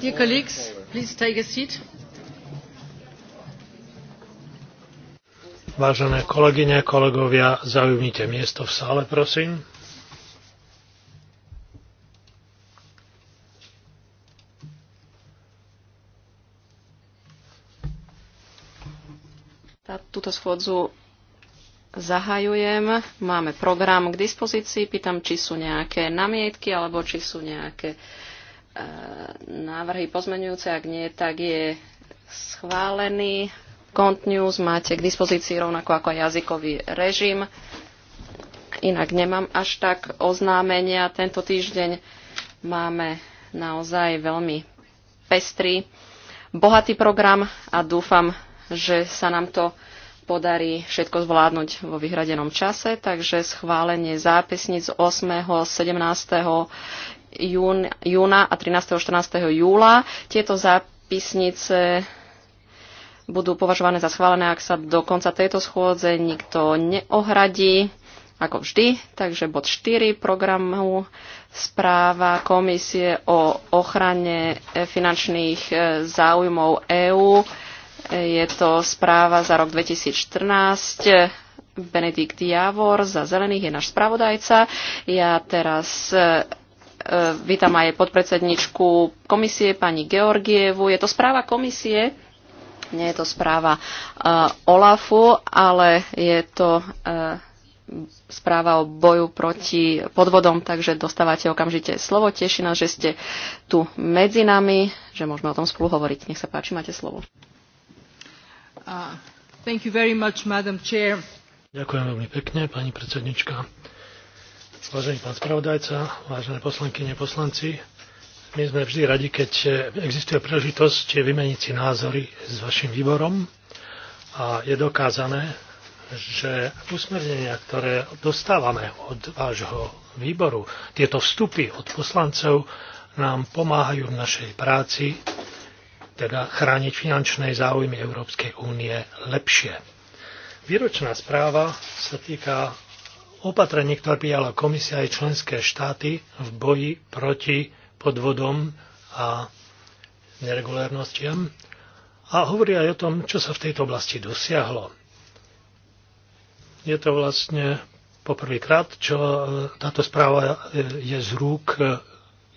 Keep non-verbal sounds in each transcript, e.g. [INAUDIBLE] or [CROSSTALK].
Dear colleagues, please take a seat. Vážené kolegyne, kolegovia, zaujímite miesto v sále, prosím. Tá, túto schôdzu zahajujem. Máme program k dispozícii. Pýtam, či sú nejaké namietky alebo či sú nejaké uh, návrhy pozmenujúce, ak nie, tak je schválený. Cont News máte k dispozícii rovnako ako jazykový režim. Inak nemám až tak oznámenia. Tento týždeň máme naozaj veľmi pestrý, bohatý program a dúfam, že sa nám to podarí všetko zvládnuť vo vyhradenom čase, takže schválenie zápisníc 8., 17., jún, júna a 13. a 14. júla. Tieto zápisnice budú považované za schválené, ak sa do konca tejto schôdze nikto neohradí, ako vždy. Takže bod 4 programu správa komisie o ochrane finančných e, záujmov EÚ. Je to správa za rok 2014. Benedikt Javor za zelených je náš spravodajca. Ja teraz e, E, vítam aj podpredsedničku komisie, pani Georgievu. Je to správa komisie, nie je to správa e, OLAFu, ale je to e, správa o boju proti podvodom, takže dostávate okamžite slovo. Teší nás, že ste tu medzi nami, že môžeme o tom spolu hovoriť. Nech sa páči, máte slovo. Uh, thank you very much, Madam Chair. Ďakujem veľmi pekne, pani predsednička. Vážený pán spravodajca, vážené poslankyne, poslanci, my sme vždy radi, keď existuje príležitosť vymeniť si názory s vašim výborom a je dokázané, že usmernenia, ktoré dostávame od vášho výboru, tieto vstupy od poslancov nám pomáhajú v našej práci, teda chrániť finančné záujmy Európskej únie lepšie. Výročná správa sa týka opatrení, ktoré prijala komisia aj členské štáty v boji proti podvodom a neregulárnostiam a hovorí aj o tom, čo sa v tejto oblasti dosiahlo. Je to vlastne poprvýkrát, čo e, táto správa e, je z rúk e,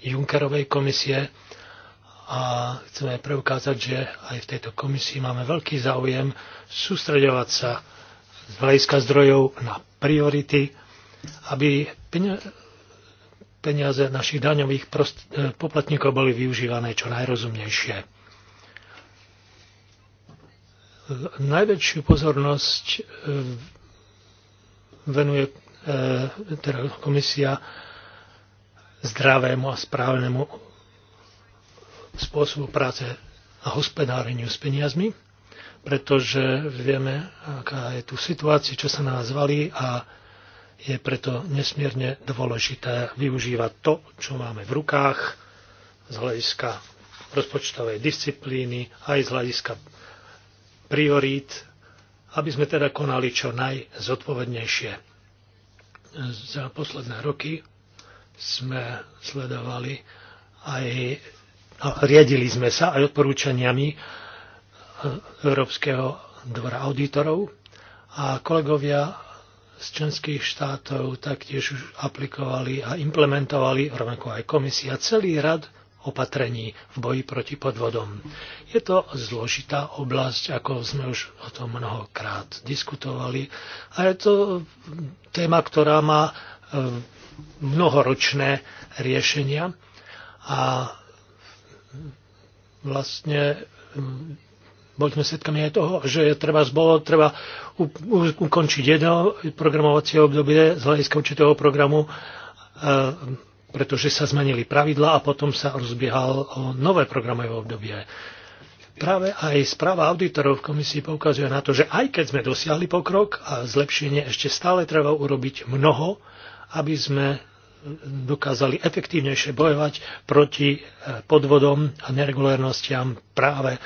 Junckerovej komisie a chceme preukázať, že aj v tejto komisii máme veľký záujem sústredovať sa z hľadiska zdrojov na priority, aby peniaze našich daňových e, poplatníkov boli využívané čo najrozumnejšie. Najväčšiu pozornosť e, venuje e, teda komisia zdravému a správnemu spôsobu práce a hospodáreniu s peniazmi pretože vieme, aká je tu situácia, čo sa na nás valí a je preto nesmierne dôležité využívať to, čo máme v rukách z hľadiska rozpočtovej disciplíny aj z hľadiska priorít, aby sme teda konali čo najzodpovednejšie. Za posledné roky sme sledovali aj a riadili sme sa aj odporúčaniami Európskeho dvora auditorov a kolegovia z členských štátov taktiež už aplikovali a implementovali, rovnako aj komisia, celý rad opatrení v boji proti podvodom. Je to zložitá oblasť, ako sme už o tom mnohokrát diskutovali. A je to téma, ktorá má e, mnohoročné riešenia. A vlastne boli sme svetkami aj toho, že treba, bolo treba u, u, ukončiť jedno programovacie obdobie z hľadiska určitého programu, e, pretože sa zmenili pravidla a potom sa rozbiehalo nové programové obdobie. Práve aj správa auditorov v komisii poukazuje na to, že aj keď sme dosiahli pokrok a zlepšenie, ešte stále treba urobiť mnoho, aby sme dokázali efektívnejšie bojovať proti e, podvodom a neregulárnostiam práve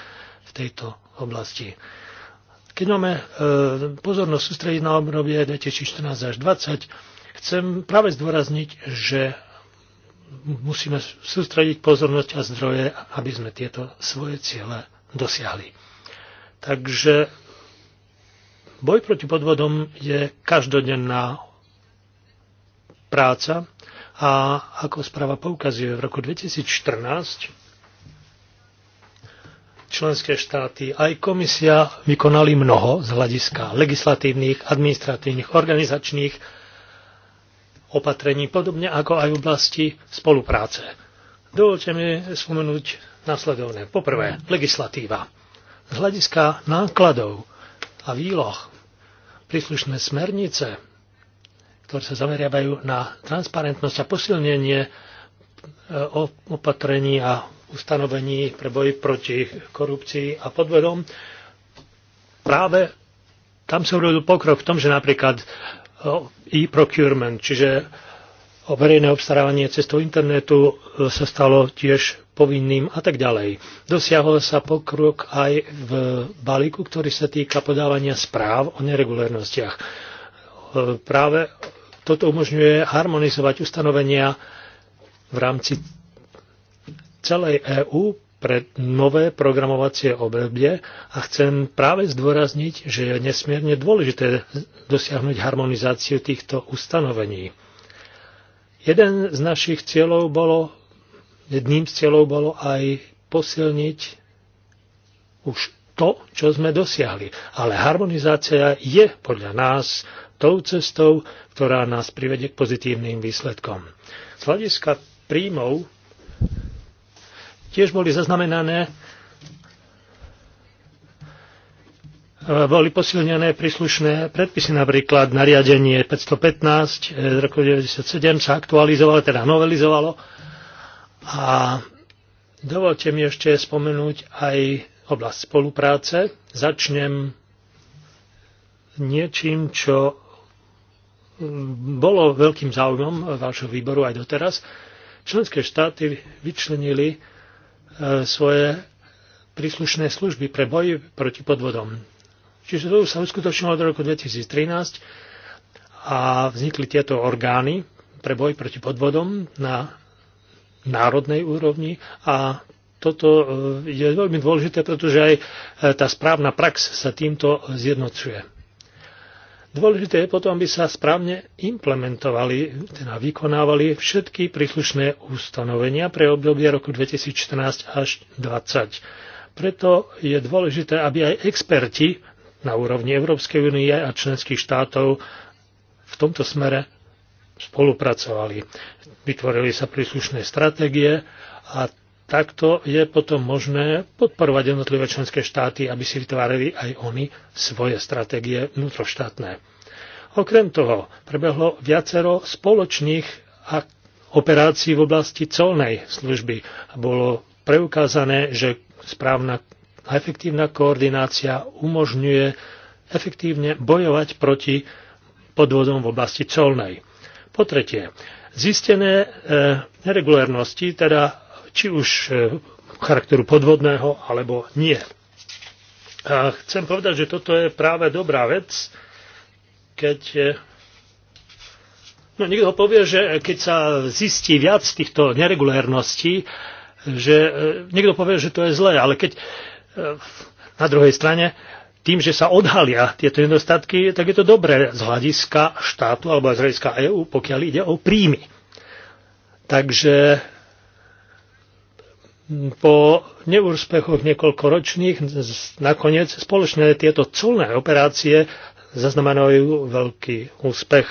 v tejto oblasti. Keď máme e, pozornosť sústrediť na obdobie 2014 až 2020, chcem práve zdôrazniť, že musíme sústrediť pozornosť a zdroje, aby sme tieto svoje ciele dosiahli. Takže boj proti podvodom je každodenná práca a ako správa poukazuje v roku 2014 členské štáty aj komisia vykonali mnoho z hľadiska legislatívnych, administratívnych, organizačných opatrení, podobne ako aj v oblasti spolupráce. Dovolte mi spomenúť nasledovné. Poprvé, legislatíva. Z hľadiska nákladov a výloh príslušné smernice, ktoré sa zameriavajú na transparentnosť a posilnenie e, opatrení a ustanovení pre boj proti korupcii a podvodom, práve tam sa urobil pokrok v tom, že napríklad e-procurement, čiže verejné obstarávanie cestou internetu e, sa stalo tiež povinným a tak ďalej. Dosiahol sa pokrok aj v balíku, ktorý sa týka podávania správ o neregulérnostiach. E, práve toto umožňuje harmonizovať ustanovenia v rámci celej EÚ pre nové programovacie obdobie a chcem práve zdôrazniť, že je nesmierne dôležité dosiahnuť harmonizáciu týchto ustanovení. Jeden z našich cieľov bolo, jedným z cieľov bolo aj posilniť už to, čo sme dosiahli. Ale harmonizácia je podľa nás tou cestou, ktorá nás privedie k pozitívnym výsledkom. Z hľadiska príjmov tiež boli zaznamenané e, boli posilnené príslušné predpisy, napríklad nariadenie 515 e, z roku 1997 sa aktualizovalo, teda novelizovalo. A dovolte mi ešte spomenúť aj oblasť spolupráce. Začnem niečím, čo bolo veľkým záujmom vášho výboru aj doteraz. Členské štáty vyčlenili E, svoje príslušné služby pre boj proti podvodom. Čiže to už sa uskutočnilo od roku 2013 a vznikli tieto orgány pre boj proti podvodom na národnej úrovni a toto e, je veľmi dôležité, pretože aj e, tá správna prax sa týmto zjednocuje. Dôležité je potom, aby sa správne implementovali, teda vykonávali všetky príslušné ustanovenia pre obdobie roku 2014 až 2020. Preto je dôležité, aby aj experti na úrovni Európskej únie a členských štátov v tomto smere spolupracovali. Vytvorili sa príslušné stratégie a takto je potom možné podporovať jednotlivé členské štáty, aby si vytvárali aj oni svoje stratégie vnútroštátne. Okrem toho prebehlo viacero spoločných operácií v oblasti colnej služby a bolo preukázané, že správna a efektívna koordinácia umožňuje efektívne bojovať proti podvodom v oblasti colnej. Po tretie, zistené e, neregulérnosti, teda či už e, charakteru podvodného alebo nie. A chcem povedať, že toto je práve dobrá vec, keď e, no niekto povie, že keď sa zistí viac týchto neregulérností, že e, niekto povie, že to je zlé, ale keď na druhej strane tým, že sa odhalia tieto nedostatky, tak je to dobré z hľadiska štátu alebo z hľadiska EÚ, pokiaľ ide o príjmy. Takže po neúspechoch niekoľkoročných nakoniec spoločné tieto colné operácie zaznamenajú veľký úspech.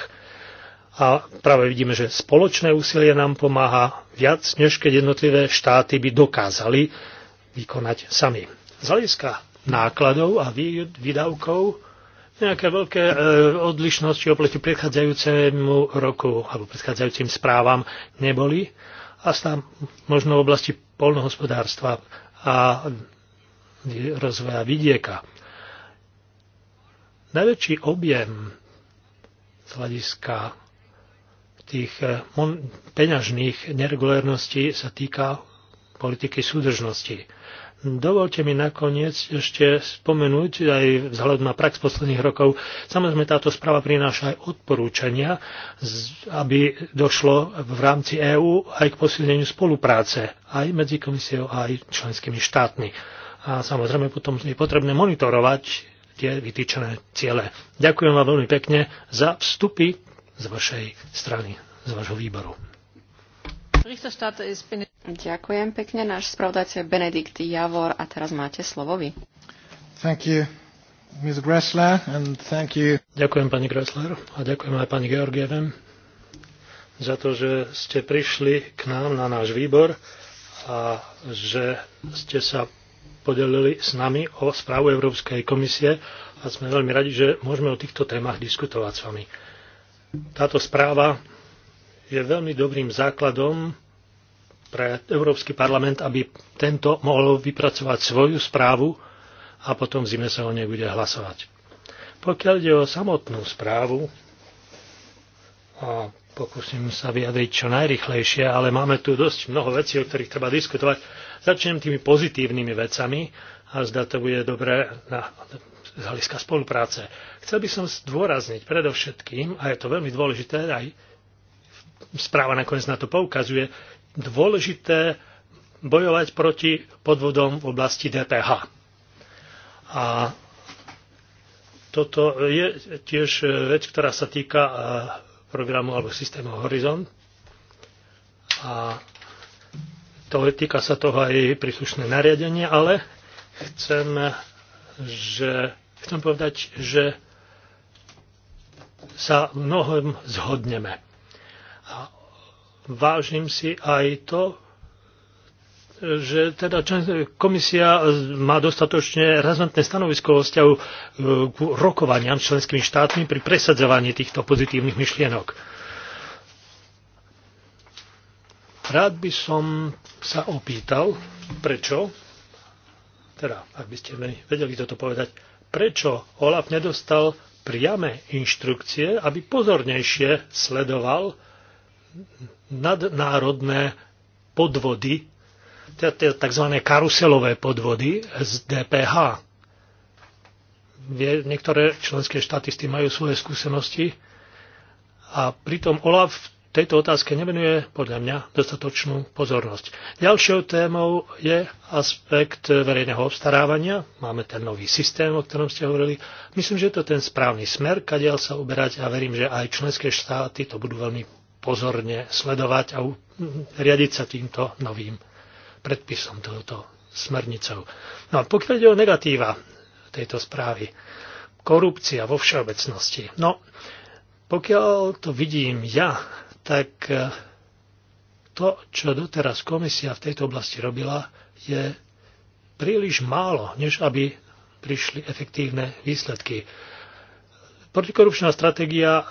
A práve vidíme, že spoločné úsilie nám pomáha viac, než keď jednotlivé štáty by dokázali vykonať sami. Z hľadiska nákladov a výdavkov nejaké veľké e, odlišnosti oproti predchádzajúcemu roku alebo predchádzajúcim správam neboli a sa možno v oblasti polnohospodárstva a rozvoja vidieka. Najväčší objem z hľadiska tých eh, peňažných neregulérností sa týka politiky súdržnosti. Dovolte mi nakoniec ešte spomenúť aj vzhľad na prax posledných rokov. Samozrejme, táto správa prináša aj odporúčania, aby došlo v rámci EÚ aj k posilneniu spolupráce aj medzi komisiou a aj členskými štátmi. A samozrejme potom je potrebné monitorovať tie vytýčené ciele. Ďakujem vám veľmi pekne za vstupy z vašej strany, z vášho výboru. Ďakujem pekne. Náš spravodajca Benedikt Javor a teraz máte slovo vy. Thank you, Ms. Gressler, and thank you. Ďakujem pani Gressler a ďakujem aj pani Georgievem za to, že ste prišli k nám na náš výbor a že ste sa podelili s nami o správu Európskej komisie a sme veľmi radi, že môžeme o týchto témach diskutovať s vami. Táto správa je veľmi dobrým základom pre Európsky parlament, aby tento mohol vypracovať svoju správu a potom v zime sa o nej bude hlasovať. Pokiaľ ide o samotnú správu, a pokúsim sa vyjadriť čo najrychlejšie, ale máme tu dosť mnoho vecí, o ktorých treba diskutovať. Začnem tými pozitívnymi vecami a zda to bude dobré na, z hľadiska spolupráce. Chcel by som zdôrazniť predovšetkým, a je to veľmi dôležité aj správa nakoniec na to poukazuje, dôležité bojovať proti podvodom v oblasti DPH. A toto je tiež vec, ktorá sa týka e, programu alebo systému Horizon. A to týka sa toho aj príslušné nariadenie, ale chcem, že, chcem povedať, že sa mnohom zhodneme. A vážim si aj to, že teda komisia má dostatočne razantné stanovisko o vzťahu e, k rokovaniam s členskými štátmi pri presadzovaní týchto pozitívnych myšlienok. Rád by som sa opýtal, prečo, teda ak by ste vedeli toto povedať, prečo Olaf nedostal priame inštrukcie, aby pozornejšie sledoval nadnárodné podvody, tzv. karuselové podvody z DPH. Niektoré členské štáty s tým majú svoje skúsenosti a pritom OLAF tejto otázke nevenuje podľa mňa dostatočnú pozornosť. Ďalšou témou je aspekt verejného obstarávania. Máme ten nový systém, o ktorom ste hovorili. Myslím, že je to ten správny smer, kadiaľ sa uberať a verím, že aj členské štáty to budú veľmi pozorne sledovať a riadiť sa týmto novým predpisom, touto smernicou. No a pokiaľ ide o negatíva tejto správy, korupcia vo všeobecnosti. No, pokiaľ to vidím ja, tak eh, to, čo doteraz komisia v tejto oblasti robila, je príliš málo, než aby prišli efektívne výsledky protikorupčná stratégia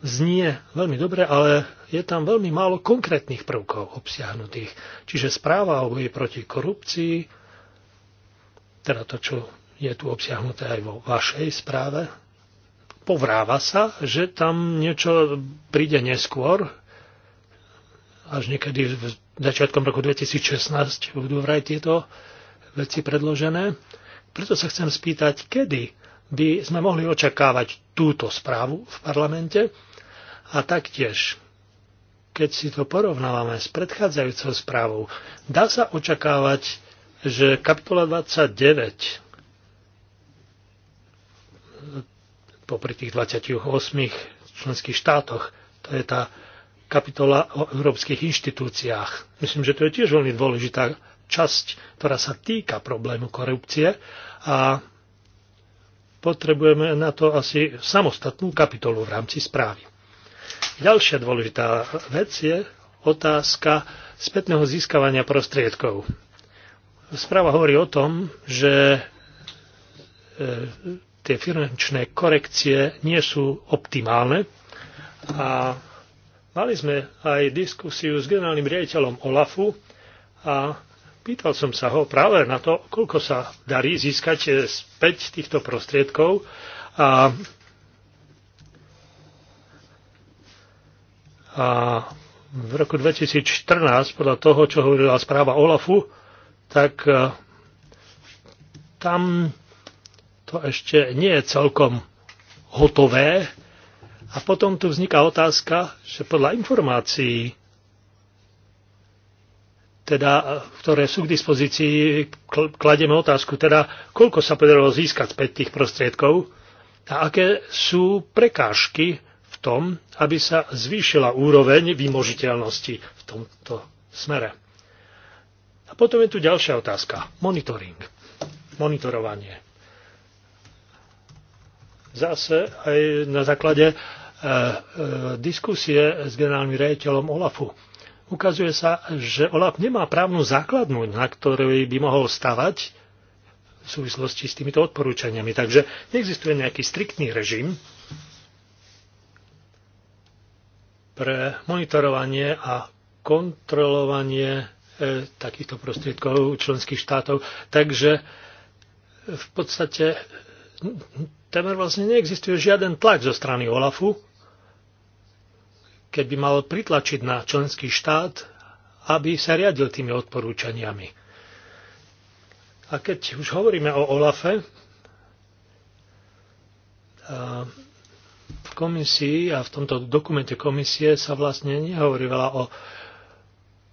znie veľmi dobre, ale je tam veľmi málo konkrétnych prvkov obsiahnutých. Čiže správa o boji proti korupcii, teda to, čo je tu obsiahnuté aj vo vašej správe, povráva sa, že tam niečo príde neskôr, až niekedy v začiatkom roku 2016 budú vraj tieto veci predložené. Preto sa chcem spýtať, kedy by sme mohli očakávať túto správu v parlamente a taktiež, keď si to porovnávame s predchádzajúcou správou, dá sa očakávať, že kapitola 29 popri tých 28 členských štátoch, to je tá kapitola o európskych inštitúciách. Myslím, že to je tiež veľmi dôležitá časť, ktorá sa týka problému korupcie a potrebujeme na to asi samostatnú kapitolu v rámci správy. Ďalšia dôležitá vec je otázka spätného získavania prostriedkov. Správa hovorí o tom, že e, tie finančné korekcie nie sú optimálne a mali sme aj diskusiu s generálnym riaditeľom OLAFu a Pýtal som sa ho práve na to, koľko sa darí získať eh, späť týchto prostriedkov a, a v roku 2014, podľa toho, čo hovorila správa Olafu, tak eh, tam to ešte nie je celkom hotové. A potom tu vzniká otázka, že podľa informácií teda, ktoré sú k dispozícii, kladieme otázku, teda, koľko sa podarilo získať späť tých prostriedkov a aké sú prekážky v tom, aby sa zvýšila úroveň vymožiteľnosti v tomto smere. A potom je tu ďalšia otázka. Monitoring. Monitorovanie. Zase aj na základe e, e, diskusie s generálnym rejiteľom Olafu ukazuje sa, že OLAF nemá právnu základnu, na ktorej by mohol stavať v súvislosti s týmito odporúčaniami. Takže neexistuje nejaký striktný režim pre monitorovanie a kontrolovanie e, takýchto prostriedkov členských štátov. Takže e, v podstate tam vlastne neexistuje žiaden tlak zo strany OLAFu keď by mal pritlačiť na členský štát, aby sa riadil tými odporúčaniami. A keď už hovoríme o OLAFe, v komisii a v tomto dokumente komisie sa vlastne nehovorí veľa o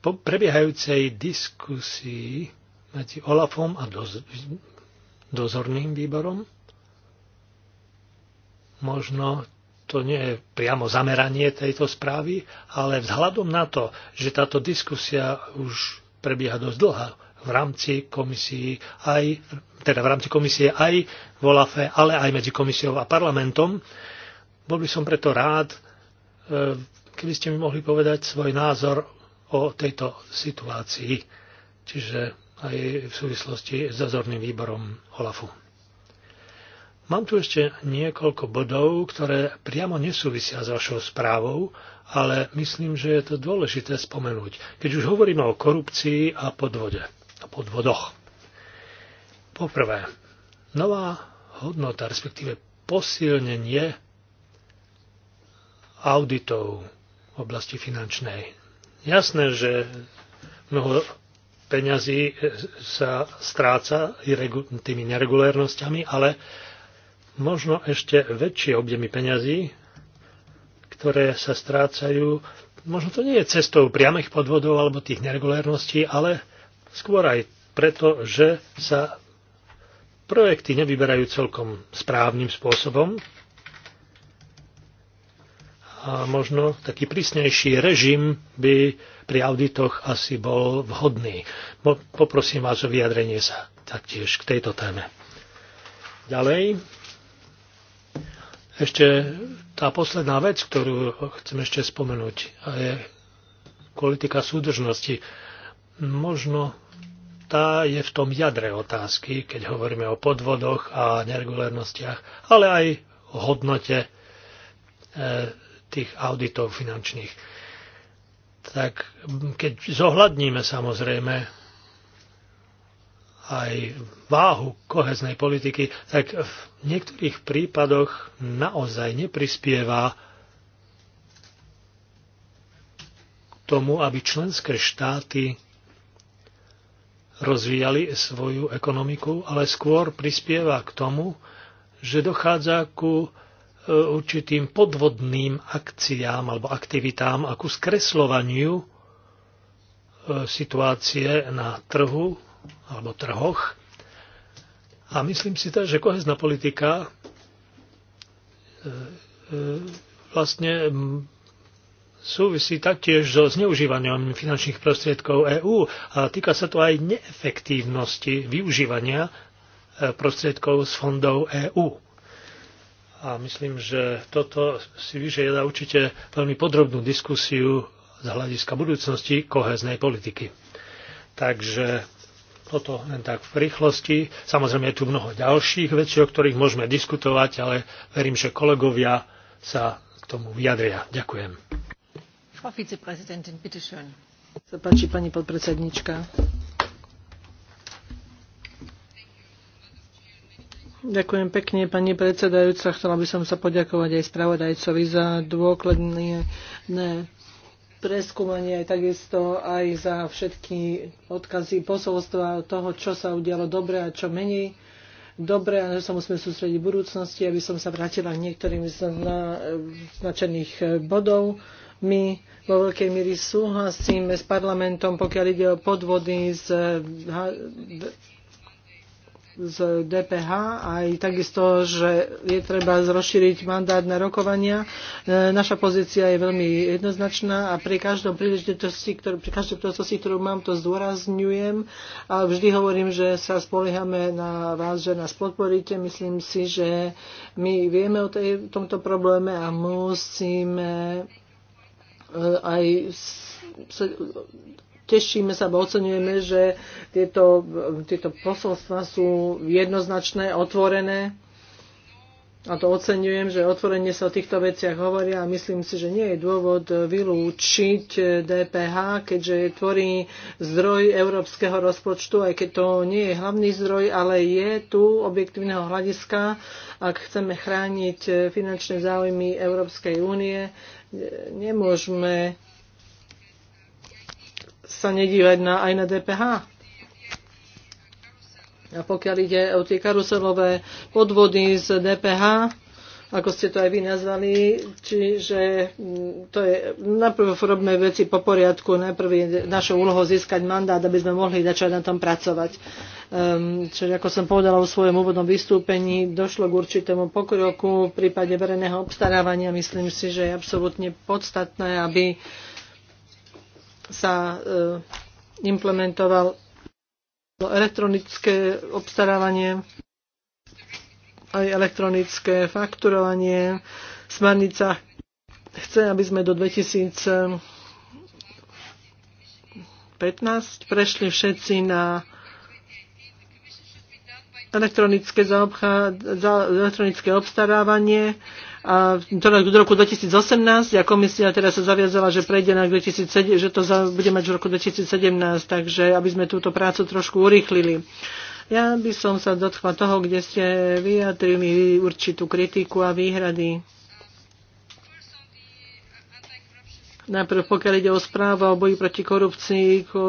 prebiehajúcej diskusii medzi OLAFom a doz- dozorným výborom. Možno to nie je priamo zameranie tejto správy, ale vzhľadom na to, že táto diskusia už prebieha dosť dlhá v rámci komisii aj, teda v rámci komisie aj v OLAFe, ale aj medzi komisiou a parlamentom, bol by som preto rád, e, keby ste mi mohli povedať svoj názor o tejto situácii, čiže aj v súvislosti s dozorným výborom OLAFu. Mám tu ešte niekoľko bodov, ktoré priamo nesúvisia s vašou správou, ale myslím, že je to dôležité spomenúť, keď už hovoríme o korupcii a podvode a podvodoch. Poprvé, nová hodnota, respektíve posilnenie auditov v oblasti finančnej. Jasné, že mnoho peňazí sa stráca tými neregulérnosťami, ale možno ešte väčšie objemy peňazí, ktoré sa strácajú. Možno to nie je cestou priamých podvodov alebo tých neregulárností, ale skôr aj preto, že sa projekty nevyberajú celkom správnym spôsobom a možno taký prísnejší režim by pri auditoch asi bol vhodný. Poprosím vás o vyjadrenie sa taktiež k tejto téme. Ďalej, ešte tá posledná vec, ktorú chcem ešte spomenúť, a je politika súdržnosti. Možno tá je v tom jadre otázky, keď hovoríme o podvodoch a neregulárnostiach, ale aj o hodnote e, tých auditov finančných. Tak keď zohľadníme samozrejme aj váhu koheznej politiky, tak v niektorých prípadoch naozaj neprispieva k tomu, aby členské štáty rozvíjali svoju ekonomiku, ale skôr prispieva k tomu, že dochádza ku e, určitým podvodným akciám alebo aktivitám a ku skresľovaniu e, situácie na trhu alebo trhoch. A myslím si teda, že kohezná politika e, e, vlastne súvisí taktiež so zneužívaním finančných prostriedkov EÚ a týka sa to aj neefektívnosti využívania e, prostriedkov z fondov EÚ. A myslím, že toto si vyžiada určite veľmi podrobnú diskusiu z hľadiska budúcnosti koheznej politiky. Takže toto len tak v rýchlosti. Samozrejme je tu mnoho ďalších vecí, o ktorých môžeme diskutovať, ale verím, že kolegovia sa k tomu vyjadria. Ďakujem. Frau Vizepräsidentin, pani podpredsednička. Ďakujem pekne, pani predsedajúca. Chcela by som sa poďakovať aj spravodajcovi za dôkladné preskúmanie aj takisto aj za všetky odkazy posolstva toho, čo sa udialo dobre a čo menej dobre a že sa musíme sústrediť v budúcnosti, aby som sa vrátila k niektorým z značených e, bodov. My vo veľkej miery súhlasíme s parlamentom, pokiaľ ide o podvody z z DPH aj takisto, že je treba rozšíriť mandát na rokovania. E, naša pozícia je veľmi jednoznačná a pri každom príležitosti, ktorú, pri každom príležitosti, ktorú mám, to zdôrazňujem a vždy hovorím, že sa spoliehame na vás, že nás podporíte. Myslím si, že my vieme o tej, tomto probléme a musíme e, aj tešíme sa, bo oceňujeme, že tieto, tieto posolstva sú jednoznačné, otvorené. A to oceňujem, že otvorene sa o týchto veciach hovoria a myslím si, že nie je dôvod vylúčiť DPH, keďže tvorí zdroj európskeho rozpočtu, aj keď to nie je hlavný zdroj, ale je tu objektívneho hľadiska, ak chceme chrániť finančné záujmy Európskej únie, nemôžeme sa nedívať na, aj na DPH. A pokiaľ ide o tie karuselové podvody z DPH, ako ste to aj vy nazvali, čiže mm, to je najprv robíme veci po poriadku, najprv je našou úlohou získať mandát, aby sme mohli začať na tom pracovať. Um, čiže ako som povedala v svojom úvodnom vystúpení, došlo k určitému pokroku v prípade verejného obstarávania. Myslím si, že je absolútne podstatné, aby sa e, implementoval elektronické obstarávanie, aj elektronické fakturovanie. Smernica chce, aby sme do 2015 prešli všetci na elektronické, zaobchá, za, elektronické obstarávanie a do roku 2018 a komisia teraz sa zaviazala, že prejde na 2007, že to za, bude mať v roku 2017, takže aby sme túto prácu trošku urýchlili. Ja by som sa dotkla toho, kde ste vyjadrili určitú kritiku a výhrady. Najprv pokiaľ ide o správu o boji proti korupcii, ko,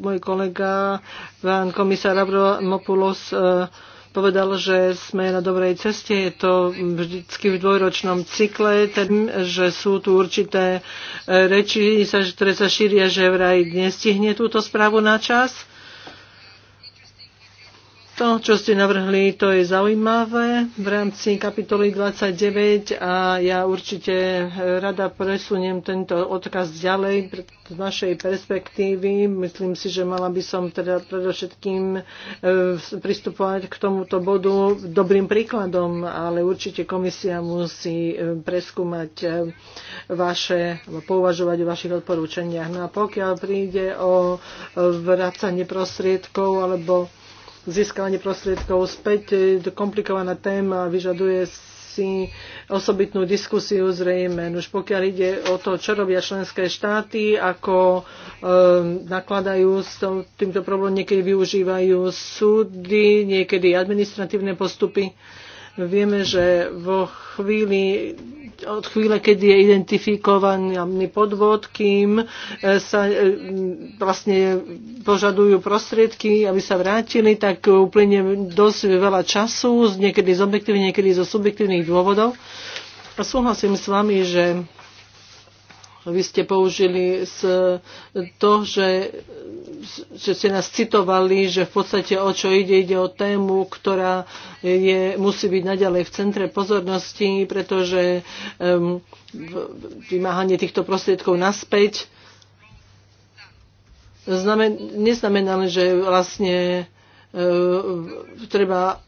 môj kolega, pán komisár Avramopoulos, uh, povedal, že sme na dobrej ceste. Je to vždycky v dvojročnom cykle, ten, že sú tu určité reči, ktoré sa šíria, že vraj nestihne túto správu na čas to, čo ste navrhli, to je zaujímavé v rámci kapitoly 29 a ja určite rada presuniem tento odkaz ďalej z našej perspektívy. Myslím si, že mala by som teda predovšetkým e, pristupovať k tomuto bodu dobrým príkladom, ale určite komisia musí e, preskúmať e, vaše, pouvažovať o vašich odporúčaniach. No a pokiaľ príde o vracanie prostriedkov alebo získavanie prostriedkov späť. E, komplikovaná téma, vyžaduje si osobitnú diskusiu zrejme. Už pokiaľ ide o to, čo robia členské štáty, ako e, nakladajú s týmto problémom, niekedy využívajú súdy, niekedy administratívne postupy. E, Vieme, že vo chvíli od chvíle, keď je identifikovaný podvod, kým e, sa e, vlastne požadujú prostriedky, aby sa vrátili, tak uplynie dosť veľa času, niekedy z objektívnych, niekedy zo subjektívnych dôvodov. A súhlasím s vami, že vy ste použili z to, že, že ste nás citovali, že v podstate o čo ide, ide o tému, ktorá je, musí byť naďalej v centre pozornosti, pretože um, vymáhanie týchto prostriedkov naspäť znamen, neznamená, že vlastne uh, treba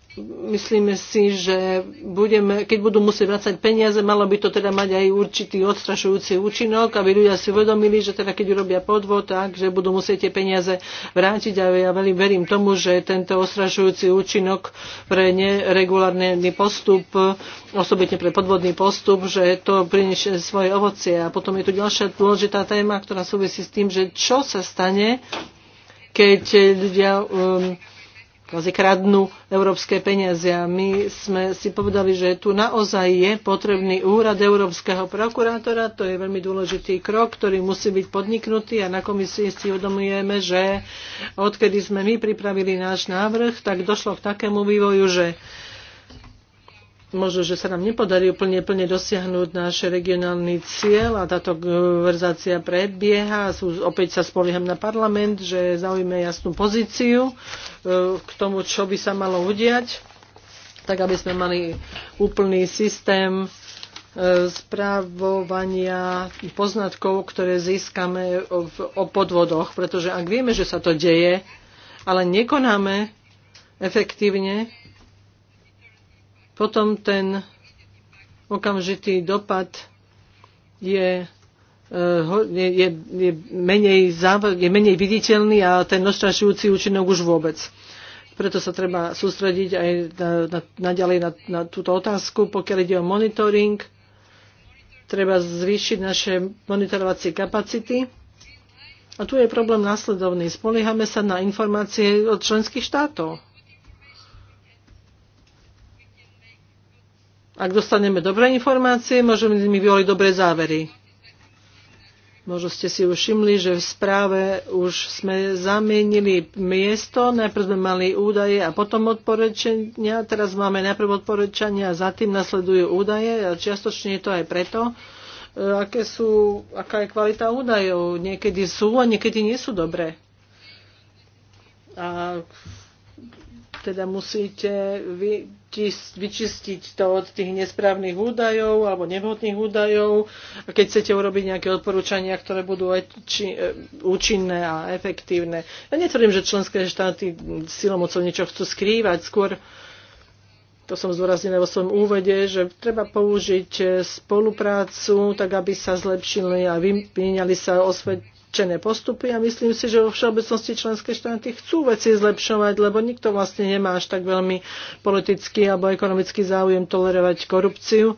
myslíme si, že budeme, keď budú musieť vrácať peniaze, malo by to teda mať aj určitý odstrašujúci účinok, aby ľudia si uvedomili, že teda keď urobia podvod, tak, že budú musieť tie peniaze vrátiť a ja veľmi verím tomu, že tento ostrašujúci účinok pre neregulárny postup, osobitne pre podvodný postup, že to priniesie svoje ovocie. A potom je tu ďalšia dôležitá téma, ktorá súvisí s tým, že čo sa stane, keď ľudia um, kvázi kradnú európske peniaze. A my sme si povedali, že tu naozaj je potrebný úrad európskeho prokurátora. To je veľmi dôležitý krok, ktorý musí byť podniknutý a na komisii si uvedomujeme, že odkedy sme my pripravili náš návrh, tak došlo k takému vývoju, že možno, že sa nám nepodarí úplne plne dosiahnuť náš regionálny cieľ a táto konverzácia prebieha, Sú, opäť sa spolieham na parlament, že zaujme jasnú pozíciu e, k tomu, čo by sa malo udiať, tak aby sme mali úplný systém e, správovania poznatkov, ktoré získame o podvodoch. Pretože ak vieme, že sa to deje, ale nekonáme efektívne, potom ten okamžitý dopad je e, je, je, je, menej je menej viditeľný a ten odstrašujúci účinok už vôbec. Preto sa treba sústrediť aj naďalej na, na, na, na túto otázku. Pokiaľ ide o monitoring, treba zvýšiť naše monitorovacie kapacity. A tu je problém následovný. Spoliehame sa na informácie od členských štátov Ak dostaneme dobré informácie, môžeme nimi vyvoliť dobré závery. Možno ste si už všimli, že v správe už sme zamienili miesto. Najprv sme mali údaje a potom odporečenia. Teraz máme najprv odporečania a za tým nasledujú údaje. A čiastočne je to aj preto, e, aké sú, aká je kvalita údajov. Niekedy sú a niekedy nie sú dobré. A teda musíte vy vyčistiť to od tých nesprávnych údajov alebo nevhodných údajov. A keď chcete urobiť nejaké odporúčania, ktoré budú aj či, e, účinné a efektívne. Ja netvrdím, že členské štáty silomocou niečo chcú skrývať, skôr to som zdôraznila vo svojom úvede, že treba použiť e, spoluprácu, tak aby sa zlepšili a vymieniali sa osvet, určené postupy a myslím si, že vo všeobecnosti členské štáty chcú veci zlepšovať, lebo nikto vlastne nemá až tak veľmi politický alebo ekonomický záujem tolerovať korupciu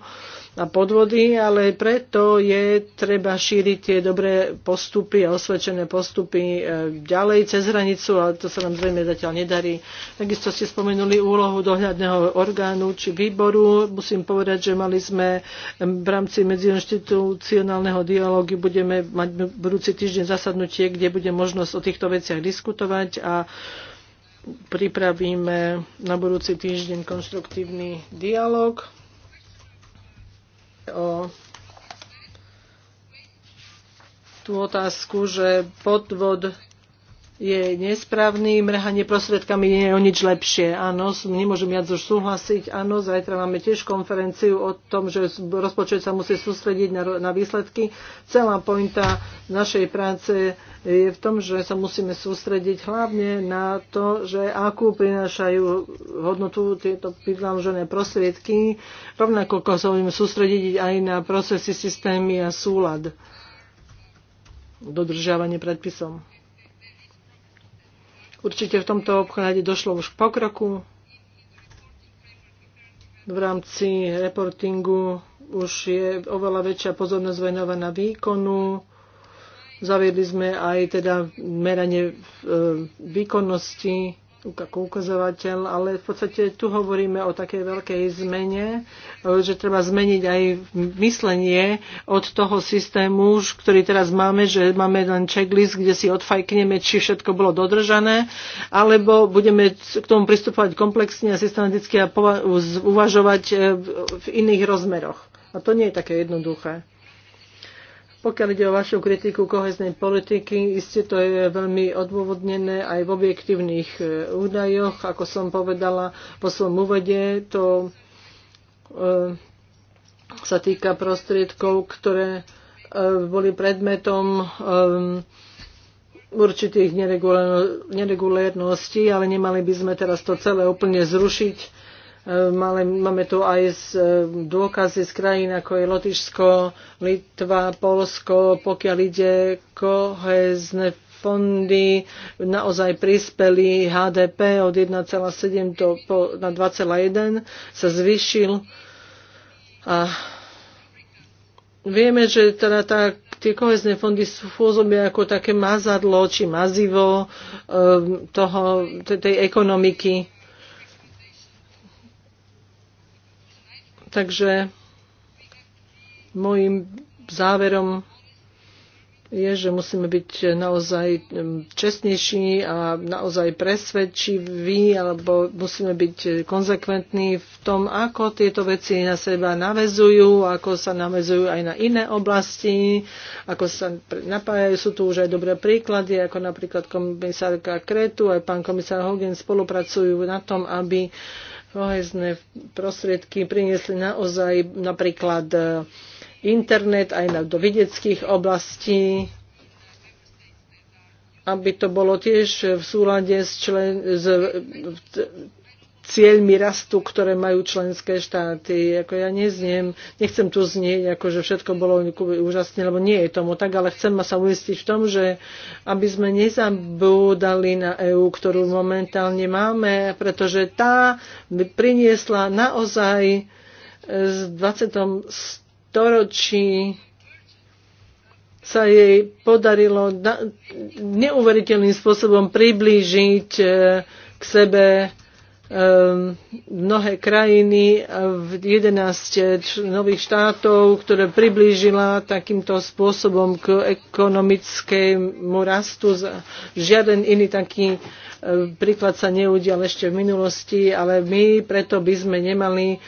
a podvody, ale preto je treba šíriť tie dobré postupy a osvedčené postupy e, ďalej cez hranicu, ale to sa nám zrejme zatiaľ nedarí. Takisto ste spomenuli úlohu dohľadného orgánu či výboru. Musím povedať, že mali sme v rámci medziinstitucionálneho dialógu budeme mať budúci týždeň zasadnutie, kde bude možnosť o týchto veciach diskutovať a pripravíme na budúci týždeň konštruktívny dialog o tú otázku, že podvod je nesprávny, mrhanie prostriedkami nie je o nič lepšie. Áno, nemôžem viac už súhlasiť. Áno, zajtra máme tiež konferenciu o tom, že rozpočet sa musí sústrediť na, na výsledky. Celá pointa našej práce je v tom, že sa musíme sústrediť hlavne na to, že akú prinášajú hodnotu tieto vynaložené prostriedky. Rovnako sa budeme sústrediť aj na procesy, systémy a súlad dodržiavanie predpisom. Určite v tomto obchode došlo už k pokroku. V rámci reportingu už je oveľa väčšia pozornosť venovaná výkonu. Zaviedli sme aj teda meranie e, výkonnosti ako ukazovateľ, ale v podstate tu hovoríme o takej veľkej zmene, e, že treba zmeniť aj myslenie od toho systému, ktorý teraz máme, že máme len checklist, kde si odfajkneme, či všetko bolo dodržané, alebo budeme k tomu pristupovať komplexne a systematicky a uvažovať e, v iných rozmeroch. A to nie je také jednoduché. Pokiaľ ide o vašu kritiku koheznej politiky, iste to je veľmi odôvodnené aj v objektívnych e, údajoch. Ako som povedala po svojom úvode, to e, sa týka prostriedkov, ktoré e, boli predmetom určitých neregulérností, ale nemali by sme teraz to celé úplne zrušiť Máme tu aj e, dôkazy z krajín ako je Lotyšsko, Litva, Polsko, pokiaľ ide kohezne fondy naozaj prispeli HDP od 1,7 do, po, na 2,1 sa zvyšil. A vieme, že teda tá, tie kohezné fondy sú pôsobe ako také mazadlo či mazivo um, toho, tej ekonomiky. Takže môjim záverom je, že musíme byť naozaj mm, čestnejší a naozaj presvedčiví, alebo musíme byť konzekventní v tom, ako tieto veci na seba navezujú, ako sa navezujú aj na iné oblasti, ako sa napájajú. Sú tu už aj dobré príklady, ako napríklad komisárka Kretu, aj pán komisár Hogan spolupracujú na tom, aby kohezné prostriedky priniesli naozaj napríklad e, internet aj na, do vidieckých oblastí, aby to bolo tiež v súlade s, člen, s cieľmi rastu, ktoré majú členské štáty. Ako ja nezniem, nechcem tu znieť, ako že všetko bolo úžasne, lebo nie je tomu tak, ale chcem sa uistiť v tom, že aby sme nezabúdali na EÚ, ktorú momentálne máme, pretože tá by priniesla naozaj e, v 20. storočí sa jej podarilo neuveriteľným spôsobom priblížiť e, k sebe Ehm, mnohé krajiny v 11 nových štátov, ktoré priblížila takýmto spôsobom k ekonomickému rastu. Žiaden iný taký e, príklad sa neudial ešte v minulosti, ale my preto by sme nemali e,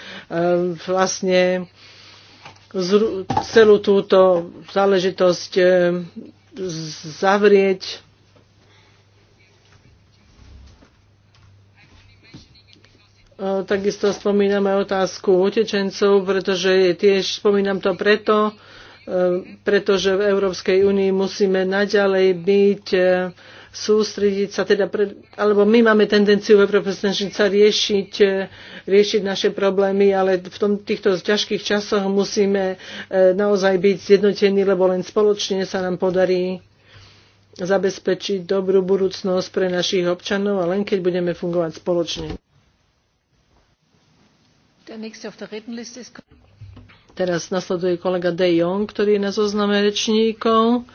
vlastne celú túto záležitosť e, zavrieť E, takisto spomínam aj otázku utečencov, pretože tiež spomínam to preto, e, pretože v Európskej únii musíme naďalej byť e, sústrediť sa, teda pre, alebo my máme tendenciu v Európe snažiť sa riešiť, riešiť naše problémy, ale v tom, týchto ťažkých časoch musíme naozaj byť zjednotení, lebo len spoločne sa nám podarí zabezpečiť dobrú budúcnosť pre našich občanov a len keď budeme fungovať spoločne. Teraz nasleduje kolega De Jong, ktorý je na zozname rečníkov.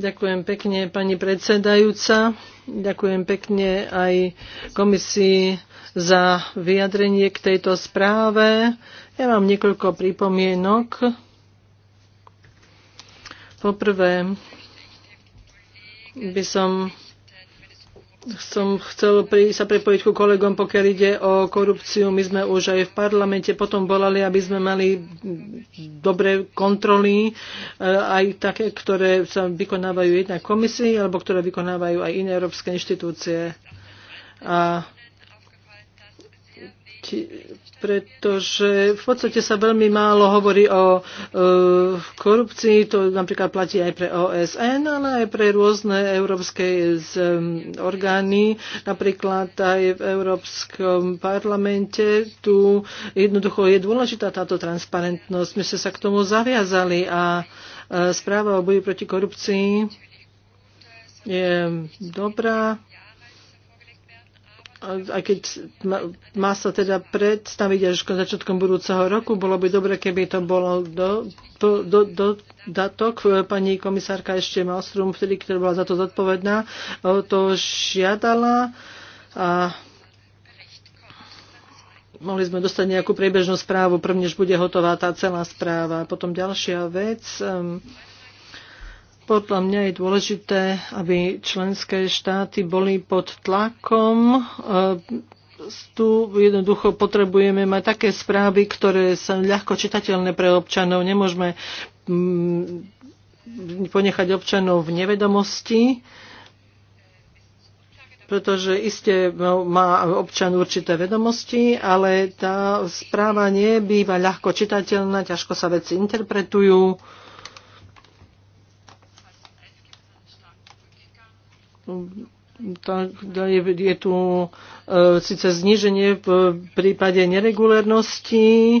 Ďakujem pekne, pani predsedajúca. Ďakujem pekne aj komisii za vyjadrenie k tejto správe. Ja mám niekoľko pripomienok. Poprvé by som som chcel pri, sa prepojiť ku kolegom, pokiaľ ide o korupciu. My sme už aj v parlamente potom volali, aby sme mali dobré kontroly, e, aj také, ktoré sa vykonávajú jednak komisii, alebo ktoré vykonávajú aj iné európske inštitúcie. A pretože v podstate sa veľmi málo hovorí o e, korupcii, to napríklad platí aj pre OSN, ale aj pre rôzne európske e, z, orgány, napríklad aj v Európskom parlamente. Tu jednoducho je dôležitá táto transparentnosť. My sme sa k tomu zaviazali a e, správa o boji proti korupcii je dobrá aj keď má sa teda predstaviť až začiatkom budúceho roku, bolo by dobre, keby to bolo do, do, do, do datok. Pani komisárka ešte Malstrom, vtedy, ktorá bola za to zodpovedná, to žiadala a mohli sme dostať nejakú priebežnú správu, prvnež bude hotová tá celá správa. Potom ďalšia vec. Um, podľa mňa je dôležité, aby členské štáty boli pod tlakom. E, tu jednoducho potrebujeme mať také správy, ktoré sú ľahko čitateľné pre občanov. Nemôžeme mm, ponechať občanov v nevedomosti pretože iste má občan určité vedomosti, ale tá správa nie býva ľahko čitateľná, ťažko sa veci interpretujú. to je, je tu e, síce zníženie v prípade neregulérnosti e,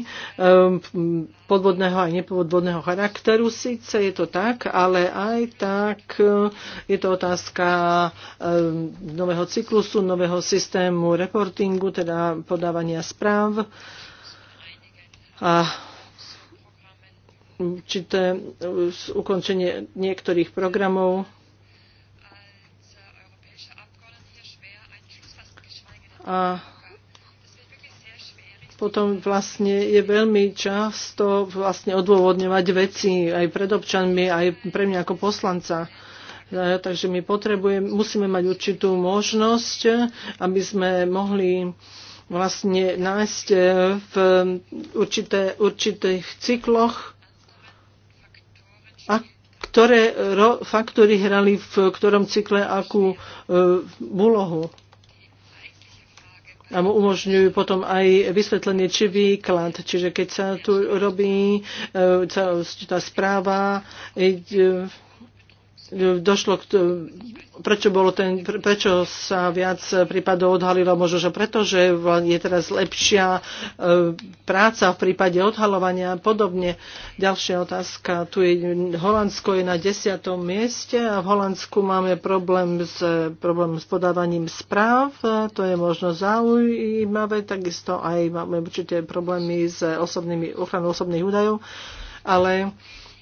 podvodného a nepodvodného charakteru. Síce je to tak, ale aj tak e, je to otázka e, nového cyklusu, nového systému reportingu, teda podávania správ. A určité e, ukončenie niektorých programov a potom vlastne je veľmi často vlastne odôvodňovať veci aj pred občanmi, aj pre mňa ako poslanca. Takže my potrebujem, musíme mať určitú možnosť, aby sme mohli vlastne nájsť v určité, určitých cykloch, a ktoré faktory hrali v ktorom cykle akú e, úlohu. E, a mu umožňujú potom aj vysvetlenie či výklad. Čiže keď sa tu robí e, tá správa, e, došlo k, prečo, bolo ten, prečo sa viac prípadov odhalilo, možno, že preto, že je teraz lepšia e, práca v prípade odhalovania a podobne. Ďalšia otázka, tu je, Holandsko je na desiatom mieste a v Holandsku máme problém s, problém s podávaním správ, to je možno zaujímavé, takisto aj máme určite problémy s osobnými, ochranou osobných údajov, ale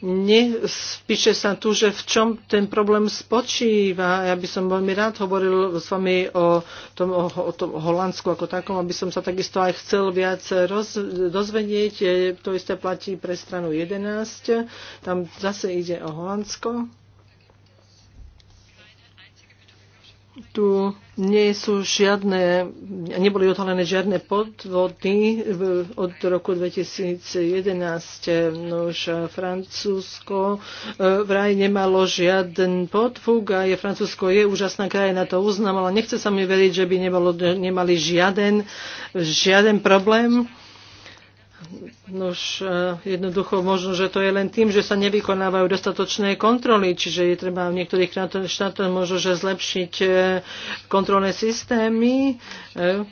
Nespíše sa tu, že v čom ten problém spočíva. Ja by som veľmi rád hovoril s vami o tom, o, o tom Holandsku ako takom, aby som sa takisto aj chcel viac roz, dozvedieť. To isté platí pre stranu 11. Tam zase ide o Holandsko. tu nie sú žiadne, neboli odhalené žiadne podvody od roku 2011. Nož Francúzsko e, vraj nemalo žiaden podfúk a je, Francúzsko je úžasná krajina, to uznám, ale nechce sa mi veriť, že by nebolo, nemali žiaden, žiaden problém Nož e, jednoducho možno, že to je len tým, že sa nevykonávajú dostatočné kontroly, čiže je treba v niektorých štátoch možno, že zlepšiť e, kontrolné systémy. E,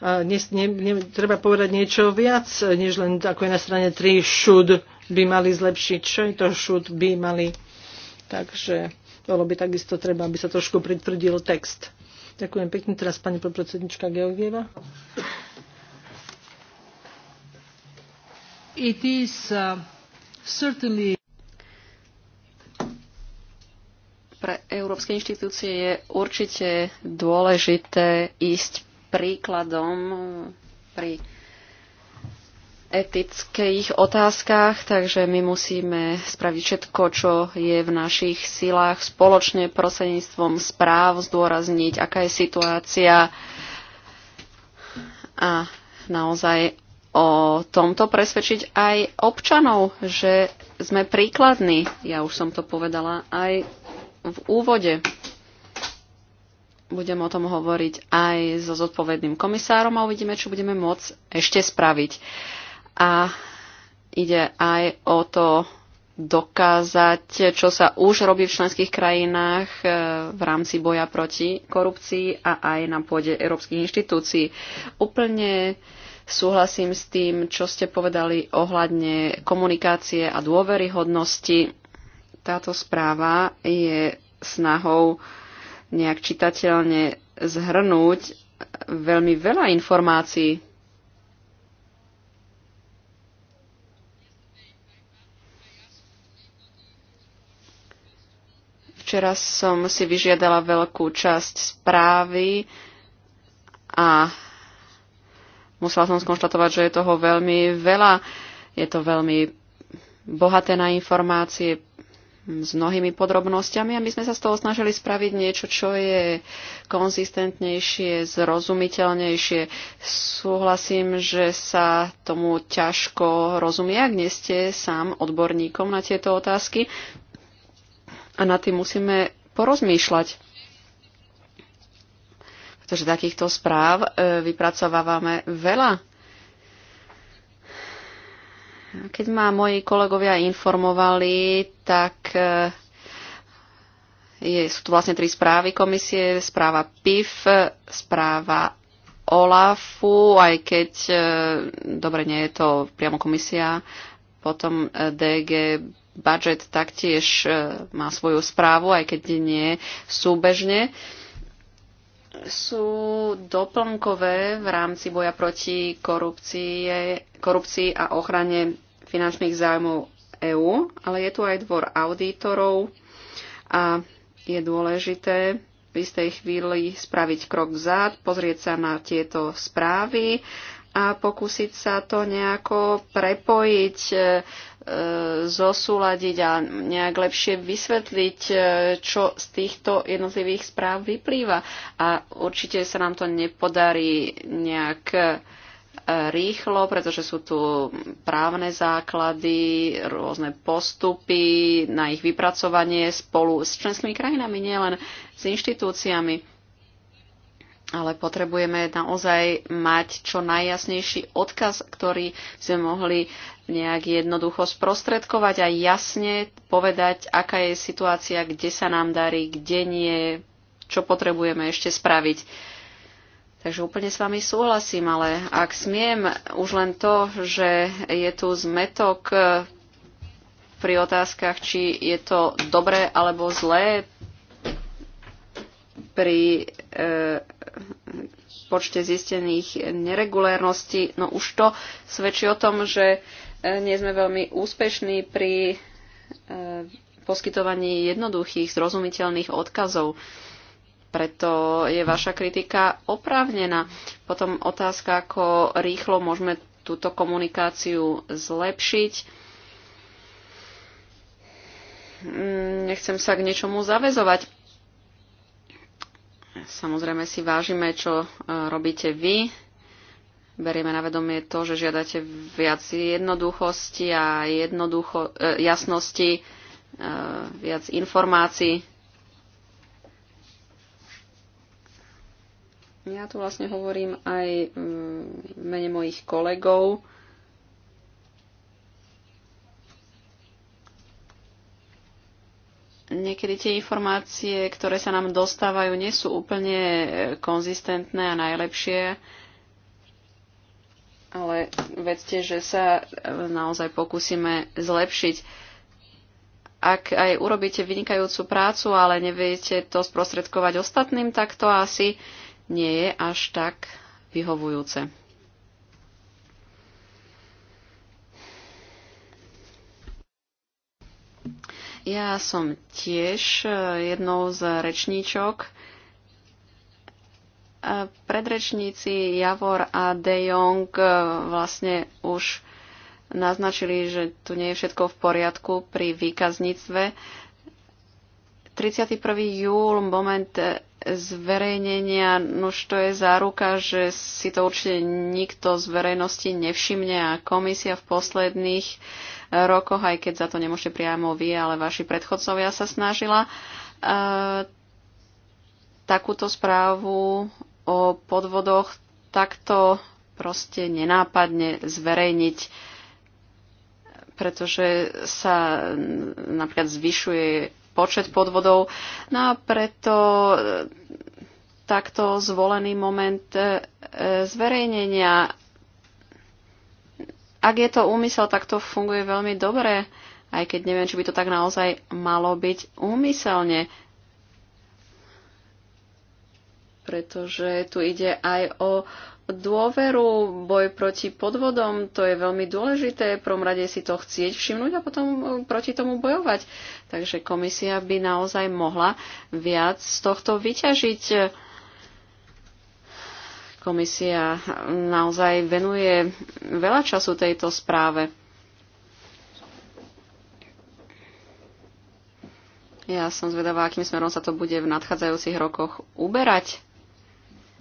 a ne, ne, ne, treba povedať niečo viac, než len ako je na strane 3 should by mali zlepšiť. Čo je to should by mali? Takže bolo by takisto treba, aby sa trošku pritvrdil text. Ďakujem pekne. Teraz pani podpredsednička Georgieva. it is uh, certainly pre európske inštitúcie je určite dôležité ísť príkladom pri etických otázkach, takže my musíme spraviť všetko, čo je v našich silách spoločne prostredníctvom správ, zdôrazniť, aká je situácia a naozaj o tomto presvedčiť aj občanov, že sme príkladní. Ja už som to povedala aj v úvode. Budem o tom hovoriť aj so zodpovedným komisárom a uvidíme, čo budeme môcť ešte spraviť. A ide aj o to dokázať, čo sa už robí v členských krajinách e, v rámci boja proti korupcii a aj na pôde európskych inštitúcií. Úplne Súhlasím s tým, čo ste povedali ohľadne komunikácie a dôveryhodnosti. Táto správa je snahou nejak čitateľne zhrnúť veľmi veľa informácií. Včera som si vyžiadala veľkú časť správy a musela som skonštatovať, že je toho veľmi veľa. Je to veľmi bohaté na informácie s mnohými podrobnosťami a my sme sa z toho snažili spraviť niečo, čo je konzistentnejšie, zrozumiteľnejšie. Súhlasím, že sa tomu ťažko rozumie, ak nie ste sám odborníkom na tieto otázky a na tým musíme porozmýšľať pretože takýchto správ e, vypracovávame veľa. Keď ma moji kolegovia informovali, tak e, je, sú tu vlastne tri správy komisie. Správa PIF, správa OLAFu, aj keď, e, dobre, nie je to priamo komisia, potom DG Budget taktiež má svoju správu, aj keď nie súbežne sú doplnkové v rámci boja proti korupcie, korupcii a ochrane finančných zájmov EÚ, ale je tu aj dvor auditorov a je dôležité v istej chvíli spraviť krok vzad, pozrieť sa na tieto správy a pokúsiť sa to nejako prepojiť, e, e, zosúľadiť a nejak lepšie vysvetliť, e, čo z týchto jednotlivých správ vyplýva. A určite sa nám to nepodarí nejak rýchlo, pretože sú tu právne základy, rôzne postupy na ich vypracovanie spolu s členskými krajinami, nielen s inštitúciami ale potrebujeme naozaj mať čo najjasnejší odkaz, ktorý sme mohli nejak jednoducho sprostredkovať a jasne povedať, aká je situácia, kde sa nám darí, kde nie, čo potrebujeme ešte spraviť. Takže úplne s vami súhlasím, ale ak smiem, už len to, že je tu zmetok eh, pri otázkach, či je to dobré alebo zlé pri e, počte zistených neregulérností. No už to svedčí o tom, že e, nie sme veľmi úspešní pri e, poskytovaní jednoduchých, zrozumiteľných odkazov. Preto je vaša kritika oprávnená. Potom otázka, ako rýchlo môžeme túto komunikáciu zlepšiť. Mm, nechcem sa k niečomu zavezovať Samozrejme si vážime, čo e, robíte vy. Berieme na vedomie to, že žiadate viac jednoduchosti a jednoducho, e, jasnosti, e, viac informácií. Ja tu vlastne hovorím aj mm, mene mojich kolegov. niekedy tie informácie, ktoré sa nám dostávajú, nie sú úplne eh, konzistentné a najlepšie. Ale vedzte, že sa eh, naozaj pokúsime zlepšiť ak aj urobíte vynikajúcu prácu, ale neviete to sprostredkovať ostatným, tak to asi nie je až tak vyhovujúce. Ja som tiež e, jednou z rečníčok. E, predrečníci Javor a De Jong e, vlastne už naznačili, že tu nie je všetko v poriadku pri výkazníctve. 31. júl, moment zverejnenia, už to je záruka, že si to určite nikto z verejnosti nevšimne a komisia v posledných eh, rokoch, aj keď za to nemôžete priamo vy, ale vaši predchodcovia sa snažila, E, takúto správu o podvodoch takto proste nenápadne zverejniť pretože sa napríklad zvyšuje počet podvodov. No a preto e, takto zvolený moment e, e, zverejnenia. Ak je to úmysel, tak to funguje veľmi dobre, aj keď neviem, či by to tak naozaj malo byť úmyselne. Pretože tu ide aj o dôveru, boj proti podvodom, to je veľmi dôležité. prvom rade si to chcieť všimnúť a potom e, proti tomu bojovať. Takže komisia by naozaj mohla viac z tohto vyťažiť. Komisia naozaj venuje veľa času tejto správe. Ja som zvedavá, akým smerom sa to bude v nadchádzajúcich rokoch uberať.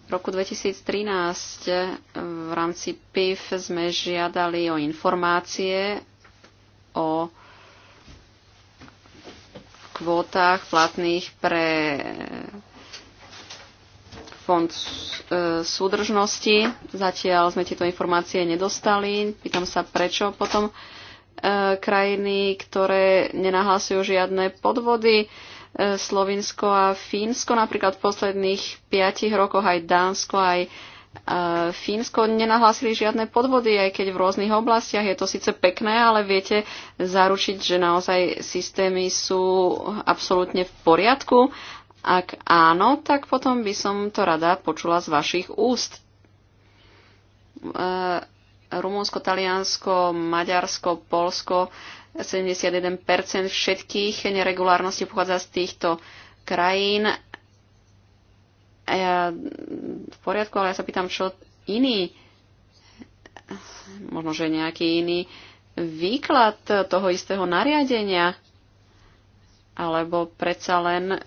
V roku 2013 eh, v rámci PIF sme žiadali o informácie o kvótach platných pre eh, fond eh, súdržnosti. Zatiaľ sme tieto informácie nedostali. Pýtam sa, prečo potom krajiny, ktoré nenahlasujú žiadne podvody, E, Slovinsko a Fínsko, napríklad v posledných piatich rokoch aj Dánsko, aj e, Fínsko nenahlásili žiadne podvody, aj keď v rôznych oblastiach je to síce pekné, ale viete zaručiť, že naozaj systémy sú absolútne v poriadku. Ak áno, tak potom by som to rada počula z vašich úst. E, Rumunsko, Taliansko, Maďarsko, Polsko 71 všetkých neregulárností pochádza z týchto krajín. A ja, v poriadku, ale ja sa pýtam, čo iný, možno, že nejaký iný výklad toho istého nariadenia, alebo predsa len e,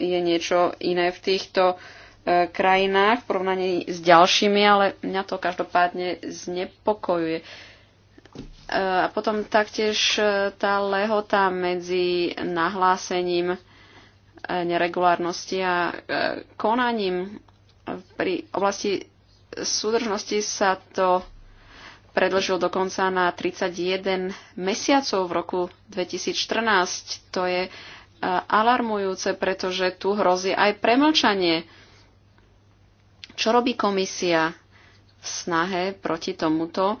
je niečo iné v týchto e, krajinách v porovnaní s ďalšími, ale mňa to každopádne znepokojuje. Eh, a potom taktiež eh, tá lehota medzi nahlásením eh, neregulárnosti a konaním pri oblasti súdržnosti sa to predlžilo dokonca na 31 mesiacov v roku 2014. To je alarmujúce, pretože tu hrozí aj premlčanie. Čo robí komisia v snahe proti tomuto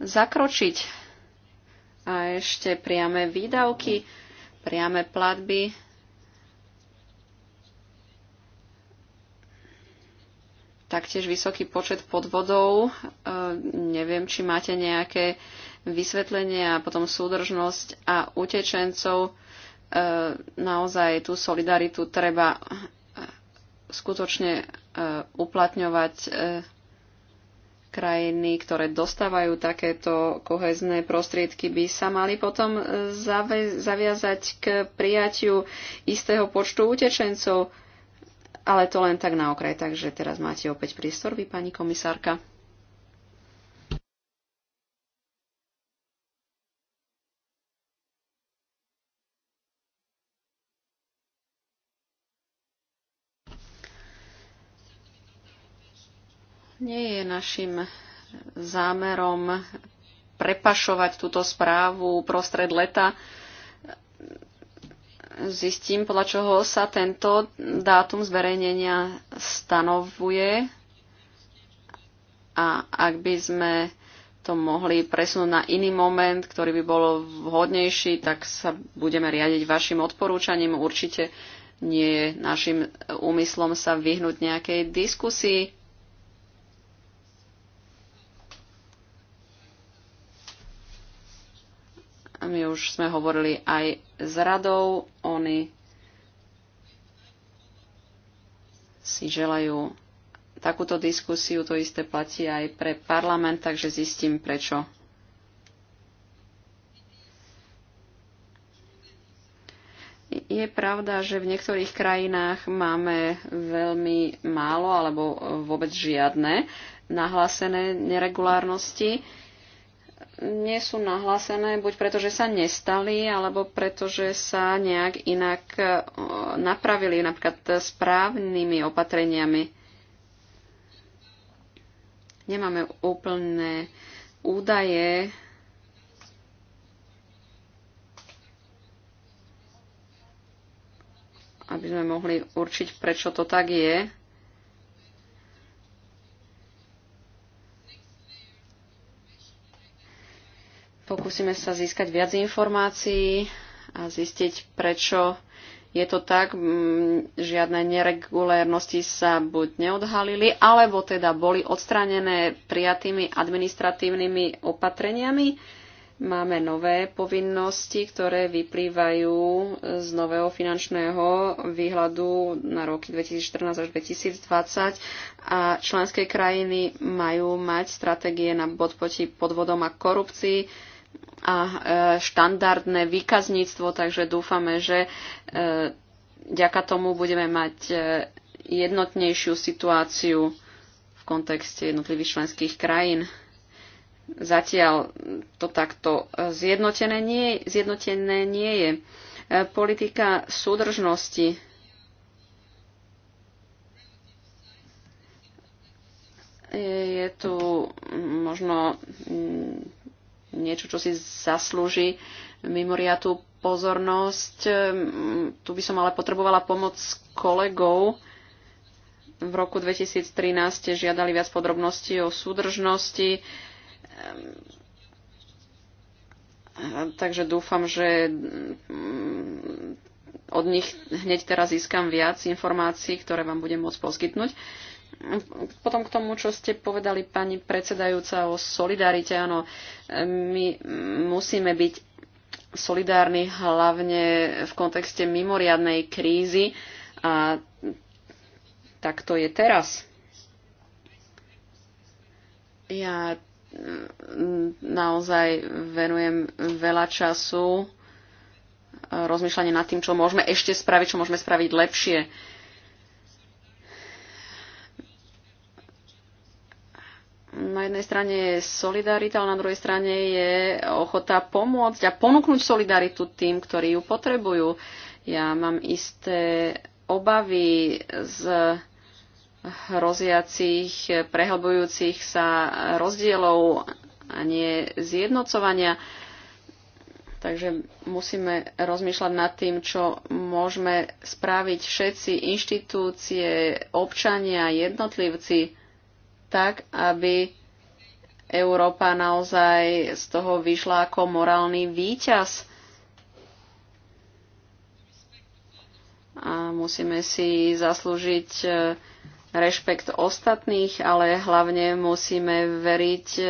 zakročiť. A ešte priame výdavky, priame platby. Taktiež vysoký počet podvodov. E, neviem, či máte nejaké vysvetlenie a potom súdržnosť a utečencov. E, naozaj tú solidaritu treba e, skutočne uplatňovať Krajiny, ktoré dostávajú takéto kohezné prostriedky, by sa mali potom e, zaviazať k prijatiu istého počtu utečencov, ale to len tak na okraj. Takže teraz máte opäť prístor, vy pani komisárka. Nie je našim zámerom prepašovať túto správu prostred leta. Zistím, podľa čoho sa tento dátum zverejnenia stanovuje a ak by sme to mohli presunúť na iný moment, ktorý by bol vhodnejší, tak sa budeme riadiť vašim odporúčaním. Určite nie je našim úmyslom sa vyhnúť nejakej diskusii My už sme hovorili aj s radou. Oni si želajú takúto diskusiu. To isté platí aj pre parlament, takže zistím prečo. Je pravda, že v niektorých krajinách máme veľmi málo alebo vôbec žiadne nahlásené neregulárnosti nie sú nahlásené, buď preto, že sa nestali, alebo preto, že sa nejak inak e, napravili, napríklad správnymi opatreniami. Nemáme úplné údaje. aby sme mohli určiť, prečo to tak je. Pokúsime sa získať viac informácií a zistiť, prečo je to tak. Mm, žiadne neregulérnosti sa buď neodhalili, alebo teda boli odstranené prijatými administratívnymi opatreniami. Máme nové povinnosti, ktoré vyplývajú z nového finančného výhľadu na roky 2014 až 2020 a členské krajiny majú mať stratégie na podpoti podvodom a korupcii a e, štandardné výkazníctvo, takže dúfame, že e, ďaka tomu budeme mať e, jednotnejšiu situáciu v kontexte jednotlivých členských krajín. Zatiaľ to takto zjednotené nie, zjednotené nie je. Politika súdržnosti je tu možno niečo, čo si zaslúži mimoriadú pozornosť. Ehm, tu by som ale potrebovala pomoc kolegov. V roku 2013 ste žiadali viac podrobností o súdržnosti. Ehm, takže dúfam, že mm, od nich hneď teraz získam viac informácií, ktoré vám budem môcť poskytnúť. Potom k tomu, čo ste povedali, pani predsedajúca, o solidarite. Áno, my musíme byť solidárni hlavne v kontexte mimoriadnej krízy a tak to je teraz. Ja naozaj venujem veľa času rozmýšľanie nad tým, čo môžeme ešte spraviť, čo môžeme spraviť lepšie. na jednej strane je solidarita, ale na druhej strane je ochota pomôcť a ponúknuť solidaritu tým, ktorí ju potrebujú. Ja mám isté obavy z hroziacich, prehlbujúcich sa rozdielov a nie zjednocovania. Takže musíme rozmýšľať nad tým, čo môžeme spraviť všetci inštitúcie, občania, jednotlivci tak, aby Európa naozaj z toho vyšla ako morálny výťaz. A musíme si zaslúžiť e, rešpekt ostatných, ale hlavne musíme veriť, e,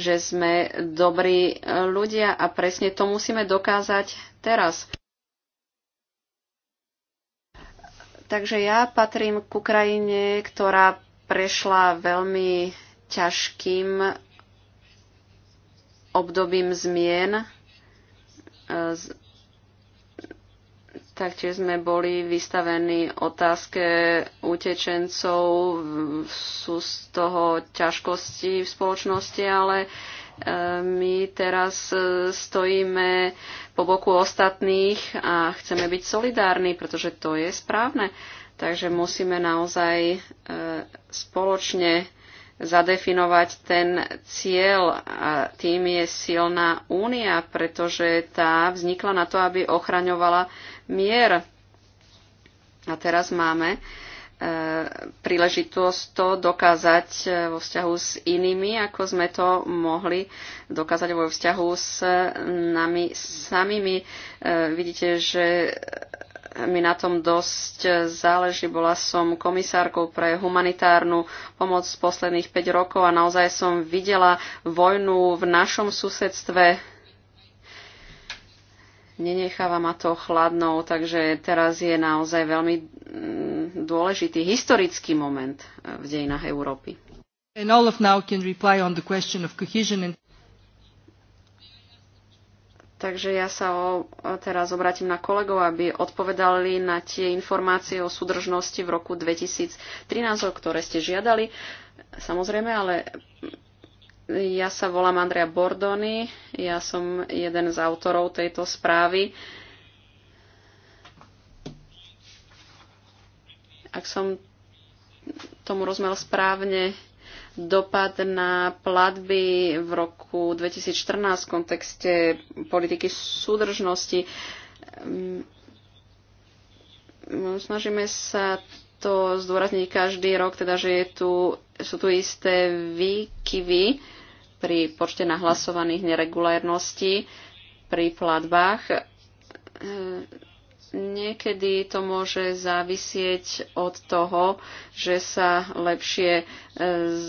že sme dobrí ľudia a presne to musíme dokázať teraz. Takže ja patrím k Ukrajine, ktorá prešla veľmi ťažkým obdobím zmien. Taktiež sme boli vystavení otázke utečencov, sú z toho ťažkosti v spoločnosti, ale e, my teraz e, stojíme po boku ostatných a chceme byť solidárni, pretože to je správne. Takže musíme naozaj e, spoločne zadefinovať ten cieľ a tým je silná únia, pretože tá vznikla na to, aby ochraňovala mier. A teraz máme e, príležitosť to dokázať e, vo vzťahu s inými, ako sme to mohli dokázať vo vzťahu s nami samými. Vidíte, že mi na tom dosť záleží. Bola som komisárkou pre humanitárnu pomoc z posledných 5 rokov a naozaj som videla vojnu v našom susedstve. Nenecháva ma to chladnou, takže teraz je naozaj veľmi mm, dôležitý historický moment v dejinách Európy. And Olaf now can reply on the question of cohesion and Takže ja sa o, teraz obratím na kolegov, aby odpovedali na tie informácie o súdržnosti v roku 2013, o ktoré ste žiadali. Samozrejme, ale ja sa volám Andrea Bordony, ja som jeden z autorov tejto správy. Ak som tomu rozumel správne, dopad na platby v roku 2014 v kontekste politiky súdržnosti. Mm, mm, snažíme sa to zdôrazniť každý rok, teda, že je tu, sú tu isté výkyvy pri počte nahlasovaných neregulárností pri platbách Niekedy to môže závisieť od toho, že sa lepšie e,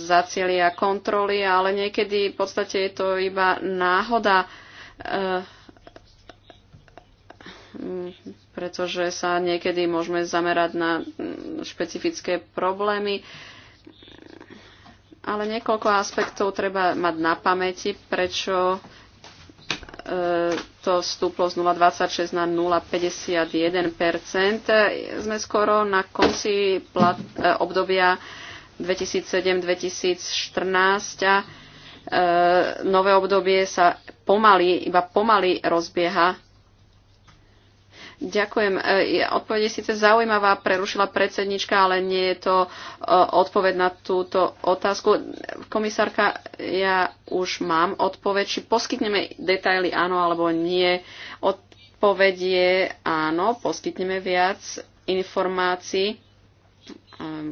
zacielia kontroly, ale niekedy v podstate je to iba náhoda, e, pretože sa niekedy môžeme zamerať na mm, špecifické problémy. Ale niekoľko aspektov treba mať na pamäti, prečo to stúplo z 0,26 na 0,51 Sme skoro na konci plat, e, obdobia 2007-2014 a e, nové obdobie sa pomaly, iba pomaly rozbieha Ďakujem. E, odpoveď je síce zaujímavá, prerušila predsednička, ale nie je to e, odpoveď na túto otázku. Komisárka, ja už mám odpoveď, či poskytneme detaily áno alebo nie. Odpoveď je áno, poskytneme viac informácií ehm,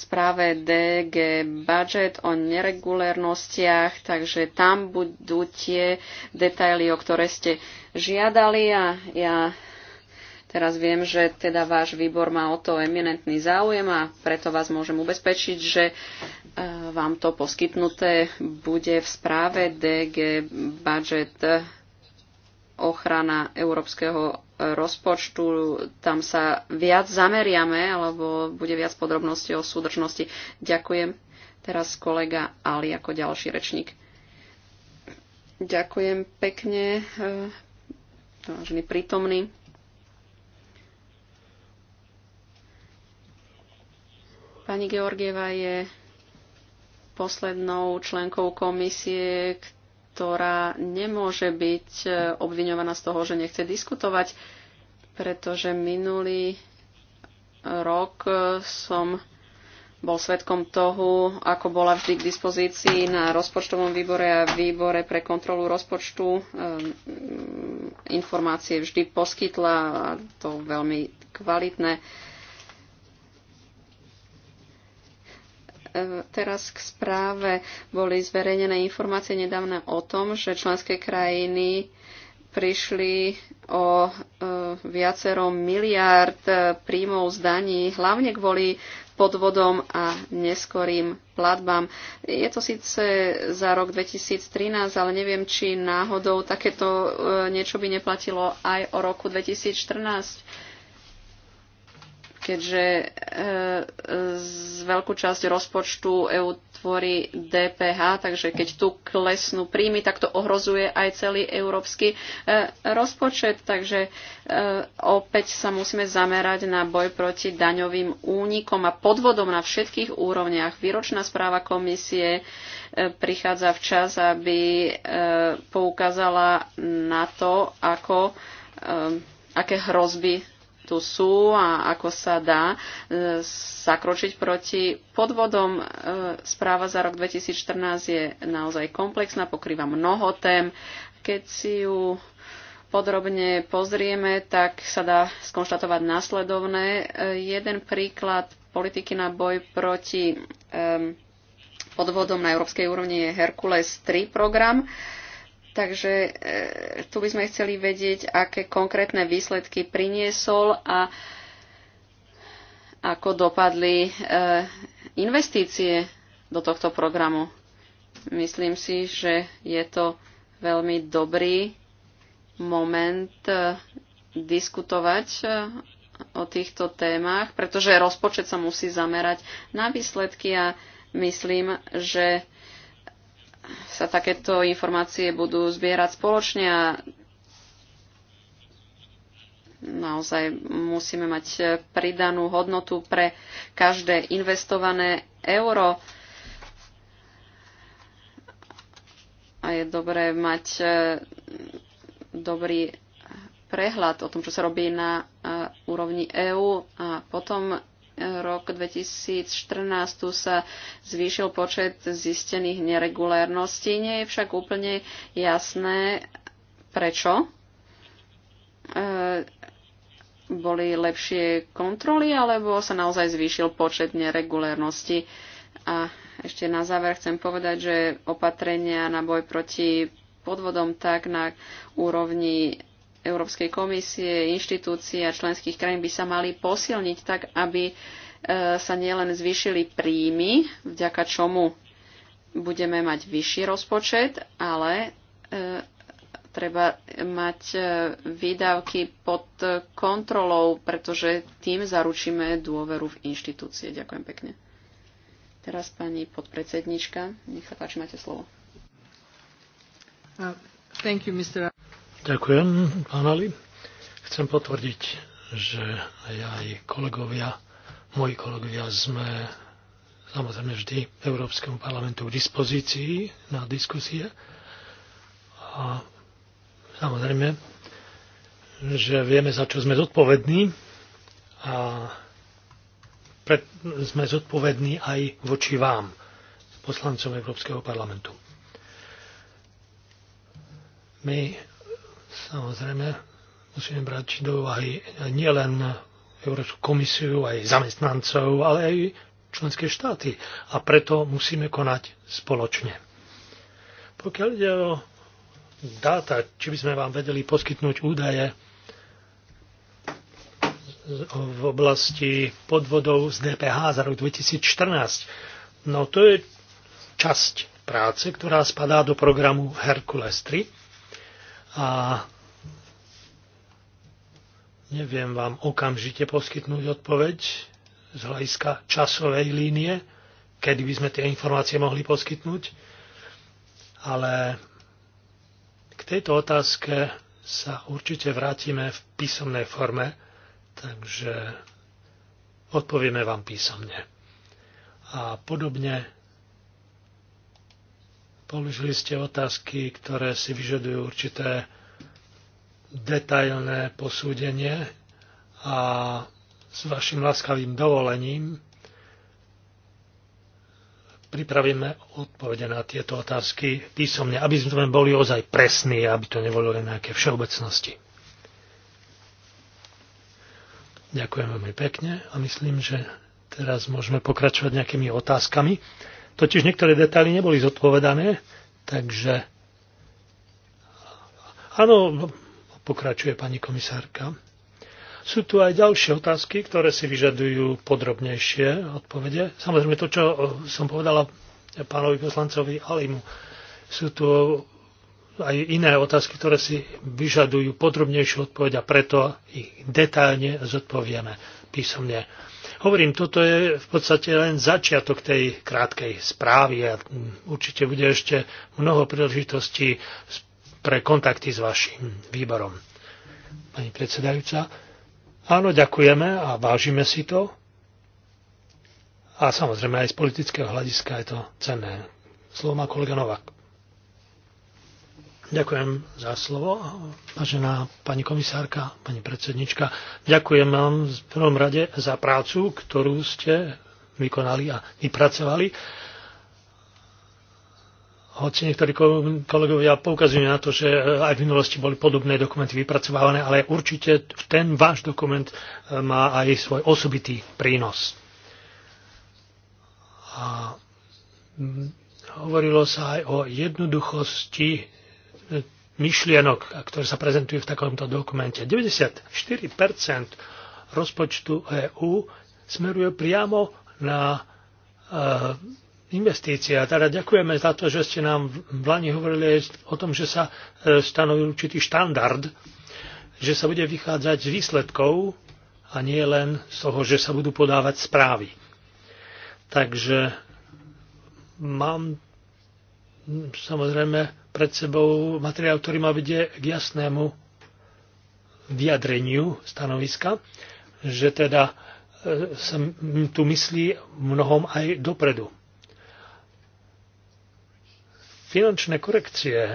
správe DG Budget o neregulérnostiach, takže tam budú tie detaily, o ktoré ste žiadali a ja teraz viem, že teda váš výbor má o to eminentný záujem a preto vás môžem ubezpečiť, že e, vám to poskytnuté bude v správe DG Budget e, ochrana európskeho rozpočtu, tam sa viac zameriame, alebo bude viac podrobností o súdržnosti. Ďakujem. Teraz kolega Ali ako ďalší rečník. Ďakujem pekne, eh, vážený prítomný. Pani Georgieva je poslednou členkou komisie, ktorá nemôže byť e, obviňovaná z toho, že nechce diskutovať, pretože minulý rok e, som bol svetkom toho, ako bola vždy k dispozícii na rozpočtovom výbore a výbore pre kontrolu rozpočtu. E, informácie vždy poskytla, a to veľmi kvalitné. E, teraz k správe boli zverejnené informácie nedávne o tom, že členské krajiny prišli o e, viacero miliárd e, príjmov z daní, hlavne kvôli podvodom a neskorým platbám. Je to síce za rok 2013, ale neviem, či náhodou takéto niečo by neplatilo aj o roku 2014 keďže z veľkú časť rozpočtu EU tvorí DPH, takže keď tu klesnú príjmy, tak to ohrozuje aj celý európsky e, rozpočet. Takže e, opäť sa musíme zamerať na boj proti daňovým únikom a podvodom na všetkých úrovniach. Výročná správa komisie e, prichádza včas, aby poukázala na to, ako, aké hrozby tu sú a ako sa dá e, zakročiť proti podvodom. E, správa za rok 2014 je naozaj komplexná, pokrýva mnoho tém. Keď si ju podrobne pozrieme, tak sa dá skonštatovať následovné. E, jeden príklad politiky na boj proti podvodom na európskej úrovni je Hercules 3 program Takže e, tu by sme chceli vedieť, aké konkrétne výsledky priniesol a ako dopadli e, investície do tohto programu. Myslím si, že je to veľmi dobrý moment e, diskutovať o týchto témach, pretože rozpočet sa musí zamerať na výsledky a myslím, že sa takéto informácie budú zbierať spoločne a naozaj musíme mať pridanú hodnotu pre každé investované euro. A je dobré mať e, dobrý prehľad o tom, čo sa robí na e, úrovni EÚ a potom rok 2014 tu sa zvýšil počet zistených neregulérností. Nie je však úplne jasné, prečo. E, boli lepšie kontroly, alebo sa naozaj zvýšil počet neregulérností. A ešte na záver chcem povedať, že opatrenia na boj proti podvodom tak na úrovni Európskej komisie, inštitúcií a členských krajín by sa mali posilniť tak, aby e, sa nielen zvýšili príjmy, vďaka čomu budeme mať vyšší rozpočet, ale e, treba mať e, výdavky pod kontrolou, pretože tým zaručíme dôveru v inštitúcie. Ďakujem pekne. Teraz pani podpredsednička, nech sa páči, máte slovo. Uh, thank you, Mr. Ďakujem, pán Ali. Chcem potvrdiť, že ja aj kolegovia, moji kolegovia sme samozrejme vždy Európskemu parlamentu k dispozícii na diskusie. A samozrejme, že vieme, za čo sme zodpovední a pred, sme zodpovední aj voči vám, poslancom Európskeho parlamentu. My Samozrejme, musíme brať do úvahy nielen Európsku komisiu, aj zamestnancov, ale aj členské štáty. A preto musíme konať spoločne. Pokiaľ ide o dáta, či by sme vám vedeli poskytnúť údaje v oblasti podvodov z DPH za rok 2014. No to je časť práce, ktorá spadá do programu Hercules 3 a neviem vám okamžite poskytnúť odpoveď z hľadiska časovej línie, kedy by sme tie informácie mohli poskytnúť, ale k tejto otázke sa určite vrátime v písomnej forme, takže odpovieme vám písomne. A podobne Položili ste otázky, ktoré si vyžadujú určité detailné posúdenie a s vašim láskavým dovolením pripravíme odpovede na tieto otázky písomne, aby sme boli ozaj presní, aby to nebolo len nejaké všeobecnosti. Ďakujem veľmi pekne a myslím, že teraz môžeme pokračovať nejakými otázkami. Totiž niektoré detaily neboli zodpovedané, takže... Áno, pokračuje pani komisárka. Sú tu aj ďalšie otázky, ktoré si vyžadujú podrobnejšie odpovede. Samozrejme to, čo eh, som povedala pánovi poslancovi Alimu, sú tu aj iné otázky, ktoré si vyžadujú podrobnejšiu odpoveď a preto ich detailne zodpovieme písomne. Hovorím, toto je v podstate len začiatok tej krátkej správy a určite bude ešte mnoho príležitostí pre kontakty s vašim výborom. Pani predsedajúca, áno, ďakujeme a vážime si to. A samozrejme aj z politického hľadiska je to cenné. Slovo má kolega Novak. Ďakujem za slovo, vážená pani komisárka, pani predsednička. Ďakujem vám v prvom rade za prácu, ktorú ste vykonali a vypracovali. Hoci niektorí kolegovia poukazujú na to, že e, aj v minulosti boli podobné dokumenty vypracovávané, ale určite ten váš dokument e, má aj svoj osobitý prínos. A mm, hovorilo sa aj o jednoduchosti myšlienok, ktoré sa prezentujú v takomto dokumente. 94% rozpočtu EÚ smeruje priamo na eh, investície. A teda ďakujeme za to, že ste nám v Lani hovorili o tom, že sa eh, stanovil určitý štandard, že sa bude vychádzať z výsledkov a nie len z toho, že sa budú podávať správy. Takže mám samozrejme pred sebou materiál, ktorý má vedie k jasnému vyjadreniu stanoviska, že teda e, sa tu myslí mnohom aj dopredu. Finančné korekcie, e,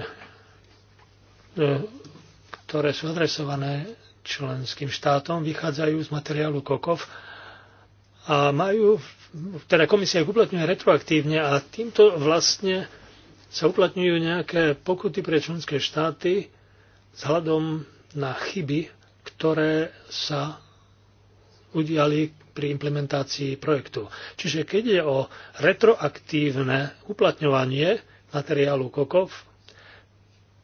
ktoré sú adresované členským štátom, vychádzajú z materiálu KOKOV a majú, teda komisia ich uplatňuje retroaktívne a týmto vlastne sa uplatňujú nejaké pokuty pre členské štáty vzhľadom na chyby, ktoré sa udiali pri implementácii projektu. Čiže keď je o retroaktívne uplatňovanie materiálu KOKOV,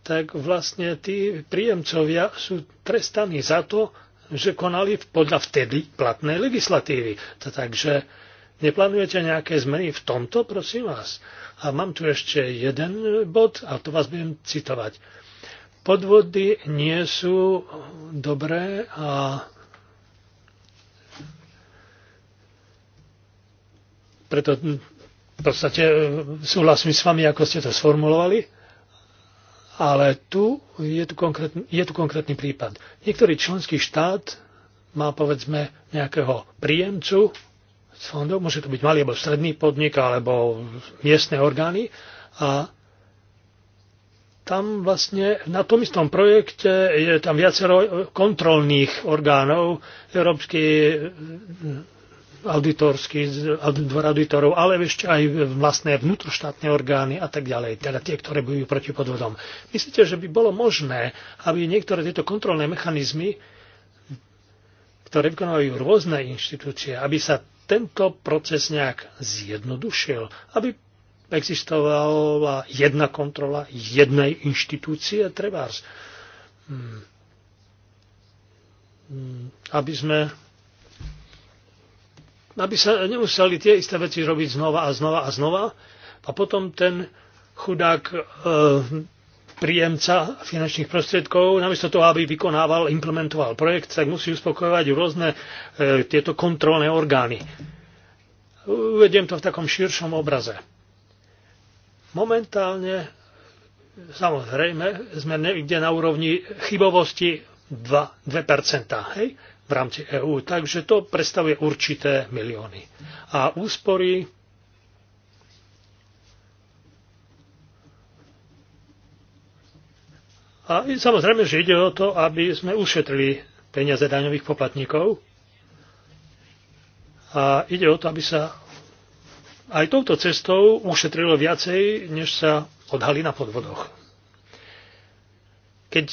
tak vlastne tí príjemcovia sú trestaní za to, že konali podľa vtedy platnej legislatívy. Takže Neplánujete nejaké zmeny v tomto, prosím vás? A mám tu ešte jeden bod a to vás budem citovať. Podvody nie sú dobré a preto v podstate e, súhlasím s vami, ako ste to sformulovali, ale tu je tu, konkrétny, je tu konkrétny prípad. Niektorý členský štát má povedzme nejakého príjemcu z fondov, môže to byť malý alebo stredný podnik alebo miestne orgány a tam vlastne na tom istom projekte je tam viacero kontrolných orgánov, Európsky mm, auditorský dvor auditorov, ale ešte aj vlastné vnútroštátne orgány a tak ďalej, teda tie, ktoré bojujú proti podvodom. Myslíte, že by bolo možné, aby niektoré tieto kontrolné mechanizmy, ktoré vykonávajú rôzne inštitúcie, aby sa tento proces nejak zjednodušil, aby existovala jedna kontrola jednej inštitúcie, trebárs. Hmm. Hmm. Aby sme aby sa nemuseli tie isté veci robiť znova a znova a znova a potom ten chudák e, príjemca finančných prostriedkov, namiesto toho, aby vykonával, implementoval projekt, tak musí uspokojovať rôzne e, tieto kontrolné orgány. Uvediem to v takom širšom obraze. Momentálne, samozrejme, sme niekde na úrovni chybovosti 2, 2% hej, v rámci EÚ, takže to predstavuje určité milióny. A úspory A samozrejme, že ide o to, aby sme ušetrili peniaze daňových poplatníkov. A ide o to, aby sa aj touto cestou ušetrilo viacej, než sa odhalí na podvodoch. Keď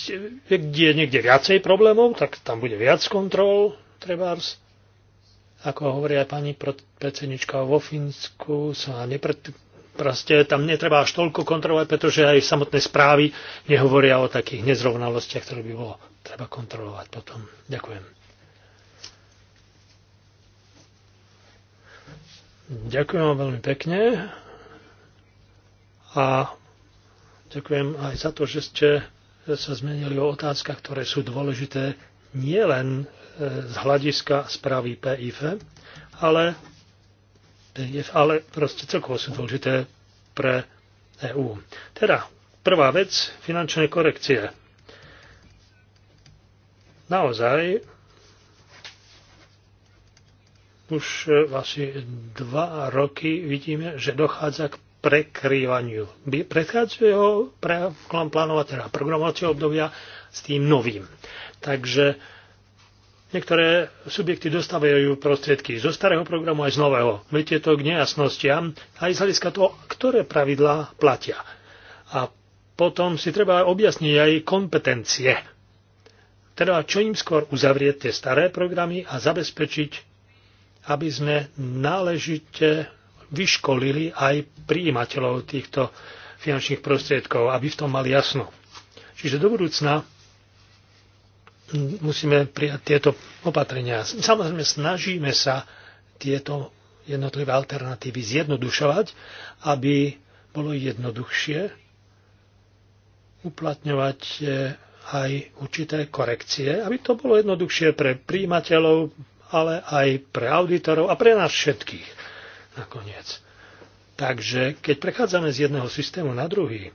je niekde viacej problémov, tak tam bude viac kontrol, trebárs. Ako hovorí aj pani predsednička, vo Fínsku sa nepred, proste tam netreba až toľko kontrolovať, pretože aj samotné správy nehovoria o takých nezrovnalostiach, ktoré by bolo treba kontrolovať potom. Ďakujem. Ďakujem vám veľmi pekne a ďakujem aj za to, že ste sa zmenili o otázkach, ktoré sú dôležité nielen e, z hľadiska správy PIF, ale je ale proste celkovo sú dôležité pre EÚ. Teda, prvá vec, finančné korekcie. Naozaj, už e, asi dva roky vidíme, že dochádza k prekrývaniu. Predchádzajú ho pre plán plánovať, teda programovacieho obdobia s tým novým. Takže Niektoré subjekty dostávajú prostriedky zo starého programu aj z nového. Viete to k nejasnostiam aj z hľadiska toho, ktoré pravidlá platia. A potom si treba objasniť aj kompetencie. Treba čo im skôr uzavrieť tie staré programy a zabezpečiť, aby sme náležite vyškolili aj príjimateľov týchto finančných prostriedkov, aby v tom mali jasno. Čiže do budúcna musíme prijať tieto opatrenia. Samozrejme, snažíme sa tieto jednotlivé alternatívy zjednodušovať, aby bolo jednoduchšie uplatňovať e, aj určité korekcie, aby to bolo jednoduchšie pre príjimateľov, ale aj pre auditorov a pre nás všetkých nakoniec. Takže keď prechádzame z jedného systému na druhý,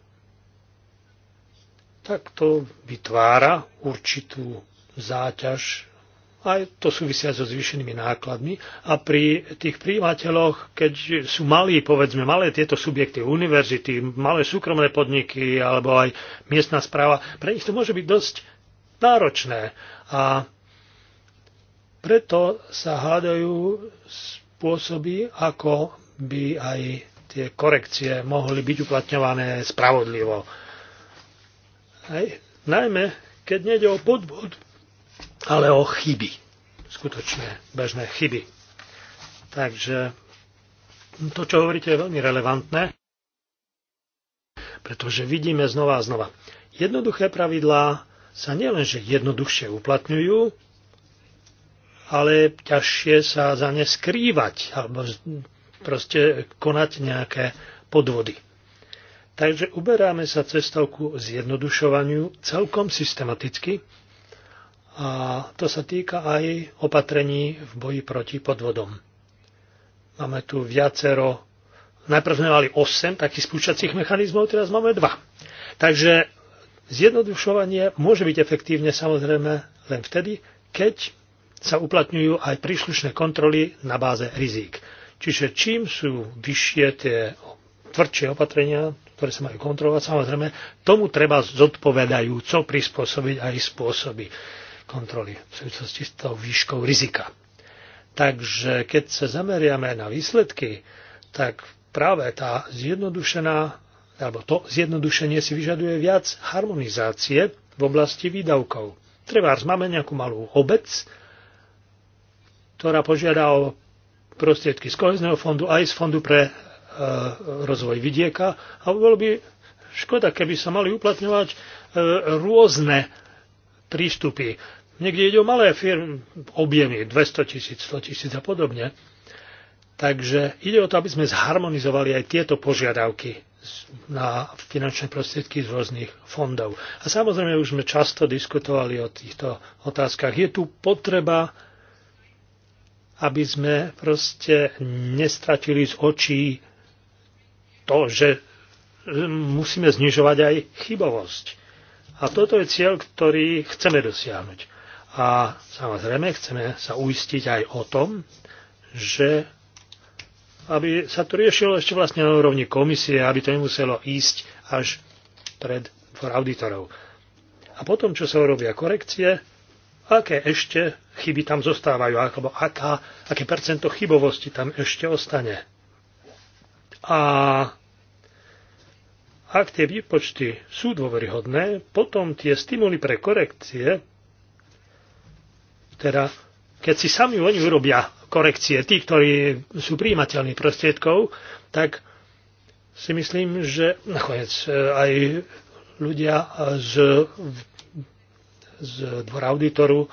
tak to vytvára určitú záťaž aj to súvisia so zvýšenými nákladmi. A pri tých príjimateľoch, keď sú malí, povedzme, malé tieto subjekty, univerzity, malé súkromné podniky alebo aj miestna správa, pre nich to môže byť dosť náročné. A preto sa hádajú spôsoby, ako by aj tie korekcie mohli byť uplatňované spravodlivo. Hej. Najmä, keď nejde o podvod, ale o chyby. Skutočné, bežné chyby. Takže to, čo hovoríte, je veľmi relevantné, pretože vidíme znova a znova. Jednoduché pravidlá sa nielenže jednoduchšie uplatňujú, ale ťažšie sa za ne skrývať alebo proste konať nejaké podvody. Takže uberáme sa cestou ku zjednodušovaniu celkom systematicky a to sa týka aj opatrení v boji proti podvodom. Máme tu viacero, najprv sme mali 8 takých spúšťacích mechanizmov, teraz máme 2. Takže zjednodušovanie môže byť efektívne samozrejme len vtedy, keď sa uplatňujú aj príslušné kontroly na báze rizík. Čiže čím sú vyššie tie tvrdšie opatrenia, ktoré sa majú kontrolovať, samozrejme, tomu treba zodpovedajúco prispôsobiť aj spôsoby kontroly v súvislosti s tou výškou rizika. Takže keď sa zameriame na výsledky, tak práve tá zjednodušená, alebo to zjednodušenie si vyžaduje viac harmonizácie v oblasti výdavkov. Treba, máme nejakú malú obec, ktorá požiada o prostriedky z kohezného fondu aj z fondu pre E, rozvoj vidieka a bolo by škoda, keby sa mali uplatňovať e, rôzne prístupy. Niekde ide o malé firmy, objemy 200 tisíc, 100 tisíc a podobne. Takže ide o to, aby sme zharmonizovali aj tieto požiadavky na finančné prostriedky z rôznych fondov. A samozrejme už sme často diskutovali o týchto otázkach. Je tu potreba, aby sme proste nestratili z očí to, že e, musíme znižovať aj chybovosť. A toto je cieľ, ktorý chceme dosiahnuť. A samozrejme chceme sa uistiť aj o tom, že aby sa to riešilo ešte vlastne na úrovni komisie, aby to nemuselo ísť až pred dvor auditorov. A potom, čo sa urobia korekcie, aké ešte chyby tam zostávajú, alebo aká, aké percento chybovosti tam ešte ostane a ak tie výpočty sú dôveryhodné, potom tie stimuly pre korekcie, teda keď si sami oni urobia korekcie, tí, ktorí sú príjimateľní prostriedkov, tak si myslím, že nakoniec e, aj ľudia z, z dvora auditoru,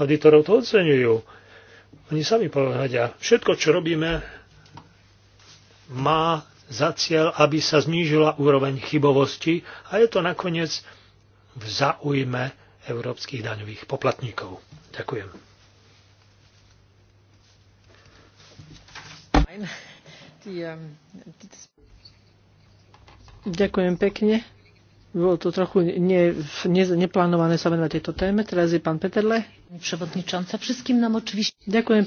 auditorov to oceňujú. Oni sami povedia, všetko, čo robíme, má za cieľ, aby sa znížila úroveň chybovosti a je to nakoniec v záujme európskych daňových poplatníkov. Ďakujem. Ďakujem pekne. Bolo to trochu ne, ne, neplánované sa venovať tejto téme. Teraz je pán Peterle. Ďakujem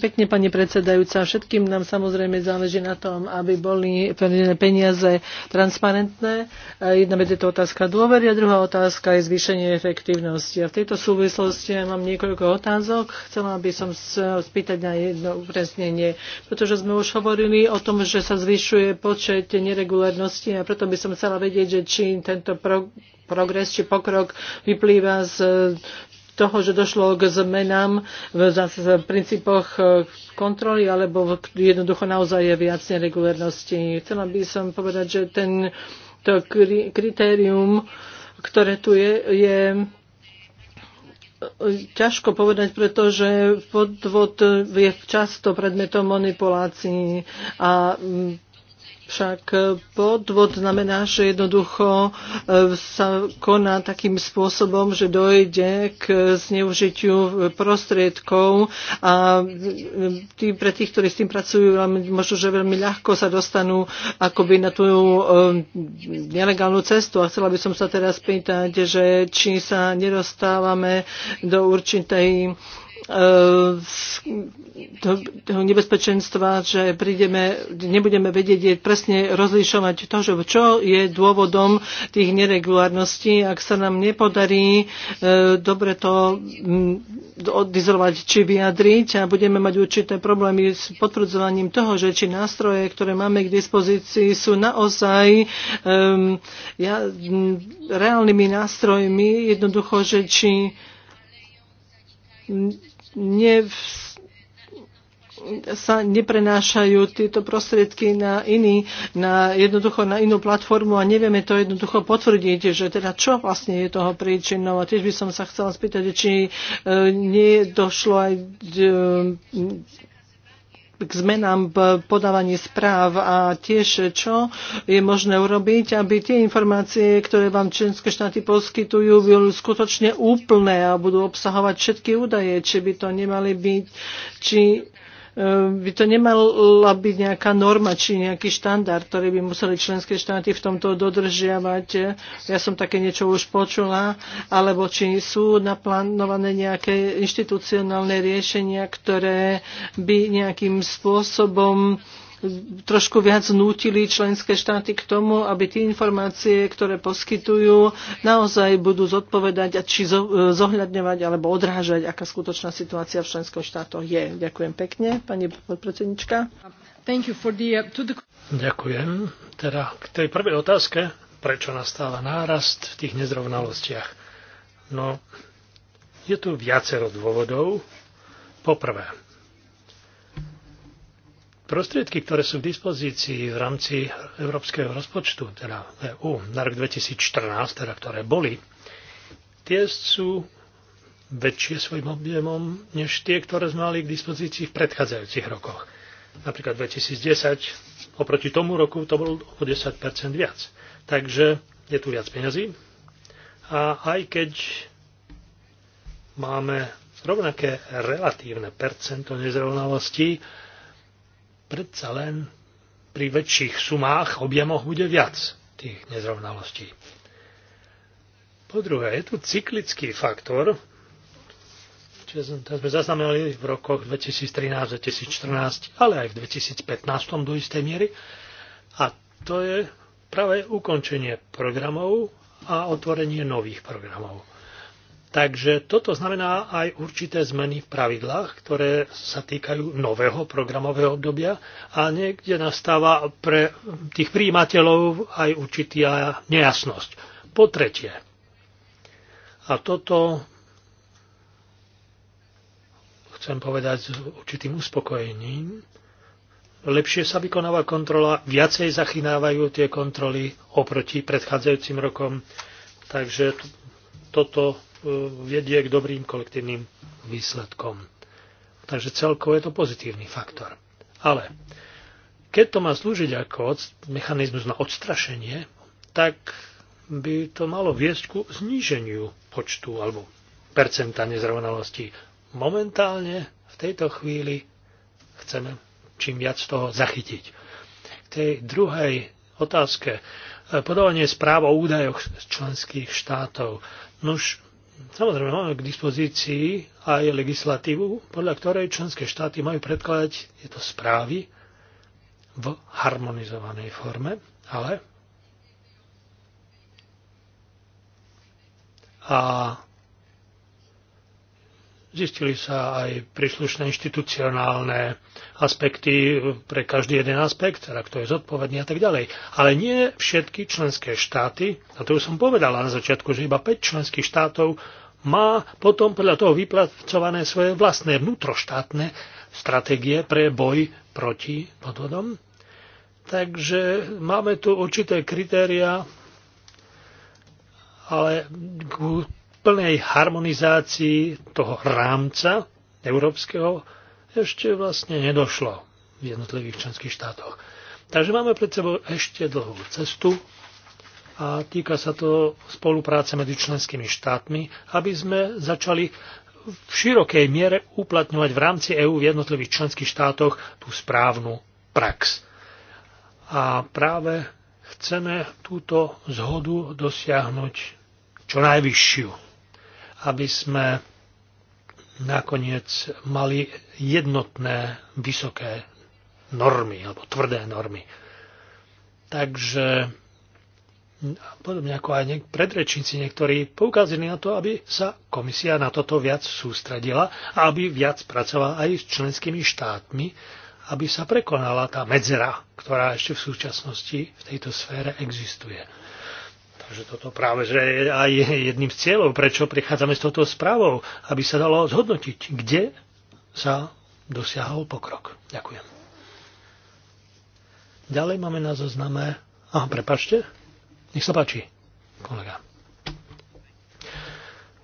pekne, pani predsedajúca. Všetkým nám samozrejme záleží na tom, aby boli peniaze transparentné. Eh, jedna je to otázka dôvery a druhá otázka je zvýšenie efektívnosti. A v tejto súvislosti ja mám niekoľko otázok. Chcela by som spýtať na jedno upresnenie, pretože sme už hovorili o tom, že sa zvyšuje počet neregulárnosti a preto by som chcela vedieť, že či tento pro progres či pokrok vyplýva z toho, že došlo k zmenám v, v princípoch e, kontroly, alebo jednoducho naozaj je viac neregulérnosti. Chcela by som povedať, že ten, to kritérium, ktoré tu je, je e, ťažko povedať, pretože podvod je často predmetom manipulácií a však eh, podvod znamená, že jednoducho eh, sa koná takým spôsobom, že dojde k zneužitiu prostriedkov a eh, tí, pre tých, ktorí s tým pracujú, možno, že veľmi ľahko sa dostanú akoby na tú nelegálnu cestu. A chcela by som sa teraz pýtať, že či sa nedostávame do určitej toho e, nebezpečenstva, že prídeme, nebudeme vedieť je presne rozlišovať to, že čo je dôvodom tých neregulárností, ak sa nám nepodarí e, dobre to odizolovať či vyjadriť a budeme mať určité problémy s potvrdzovaním toho, že či nástroje, ktoré máme k dispozícii, sú naozaj e, ja, reálnymi nástrojmi, jednoducho, že či nev sa neprenášajú tieto prostriedky na iný, na jednoducho na inú platformu a nevieme to jednoducho potvrdiť, že teda čo vlastne je toho príčinou. A tiež by som sa chcela spýtať, či e, nedošlo aj e, k zmenám v podávaní správ a tiež čo je možné urobiť, aby tie informácie, ktoré vám členské štáty poskytujú, boli skutočne úplné a budú obsahovať všetky údaje, či by to nemali byť, či Ehm, by to nemala byť nejaká norma či nejaký štandard, ktorý by museli členské štáty v tomto dodržiavať. Ja som také niečo už počula. Alebo či sú naplánované nejaké inštitucionálne riešenia, ktoré by nejakým spôsobom trošku viac nútili členské štáty k tomu, aby tie informácie, ktoré poskytujú, naozaj budú zodpovedať, a či e, zohľadňovať alebo odrážať, aká skutočná situácia v členských štátoch je. Ďakujem pekne, pani podpredsednička. Uh, Ďakujem. Teda k tej prvej otázke, prečo nastáva nárast v tých nezrovnalostiach. No, je tu viacero dôvodov. Poprvé, Prostriedky, ktoré sú k dispozícii v rámci európskeho rozpočtu, teda EU na rok 2014, teda ktoré boli, tie sú väčšie svojim objemom než tie, ktoré sme mali k dispozícii v predchádzajúcich rokoch. Napríklad 2010, oproti tomu roku to bolo o 10 viac. Takže je tu viac peňazí. A aj keď máme rovnaké relatívne percento nezrovnalostí, predsa len pri väčších sumách, objemoch bude viac tých nezrovnalostí. Po druhé, je tu cyklický faktor, čiže sme zaznamenali v rokoch 2013-2014, ale aj v 2015 do istej miery. A to je práve ukončenie programov a otvorenie nových programov. Takže toto znamená aj určité zmeny v pravidlách, ktoré sa týkajú nového programového obdobia a niekde nastáva pre tých príjimateľov aj určitá nejasnosť. Po tretie, a toto chcem povedať s určitým uspokojením, lepšie sa vykonáva kontrola, viacej zachynávajú tie kontroly oproti predchádzajúcim rokom, takže toto E, vedie k dobrým kolektívnym výsledkom. Takže celkovo je to pozitívny faktor. Ale keď to má slúžiť ako mechanizmus na odstrašenie, tak by to malo viesť ku zníženiu počtu alebo percenta nezrovnalosti. Momentálne v tejto chvíli chceme čím viac toho zachytiť. K tej druhej otázke. E, podávanie správ o údajoch z členských štátov. Nuž, Samozrejme, máme k dispozícii aj legislatívu, podľa ktorej členské štáty majú predkladať tieto správy v harmonizovanej forme, ale a Zistili sa aj príslušné inštitucionálne aspekty pre každý jeden aspekt, teda kto je zodpovedný a tak ďalej. Ale nie všetky členské štáty, a to už som povedala na začiatku, že iba 5 členských štátov má potom podľa toho vypracované svoje vlastné vnútroštátne stratégie pre boj proti podvodom. Takže máme tu určité kritéria, ale plnej harmonizácii toho rámca európskeho ešte vlastne nedošlo v jednotlivých členských štátoch. Takže máme pred sebou ešte dlhú cestu a týka sa to spolupráce medzi členskými štátmi, aby sme začali v širokej miere uplatňovať v rámci EÚ v jednotlivých členských štátoch tú správnu prax. A práve chceme túto zhodu dosiahnuť čo najvyššiu aby sme nakoniec mali jednotné vysoké normy alebo tvrdé normy. Takže podobne ako aj niek- predrečníci niektorí poukázali na to, aby sa komisia na toto viac sústredila a aby viac pracovala aj s členskými štátmi, aby sa prekonala tá medzera, ktorá ešte v súčasnosti v tejto sfére existuje. Takže toto práve že je aj jedným z cieľov, prečo prichádzame s touto správou, aby sa dalo zhodnotiť, kde sa dosiahol pokrok. Ďakujem. Ďalej máme na zozname... Aha, prepačte. Nech sa páči, kolega.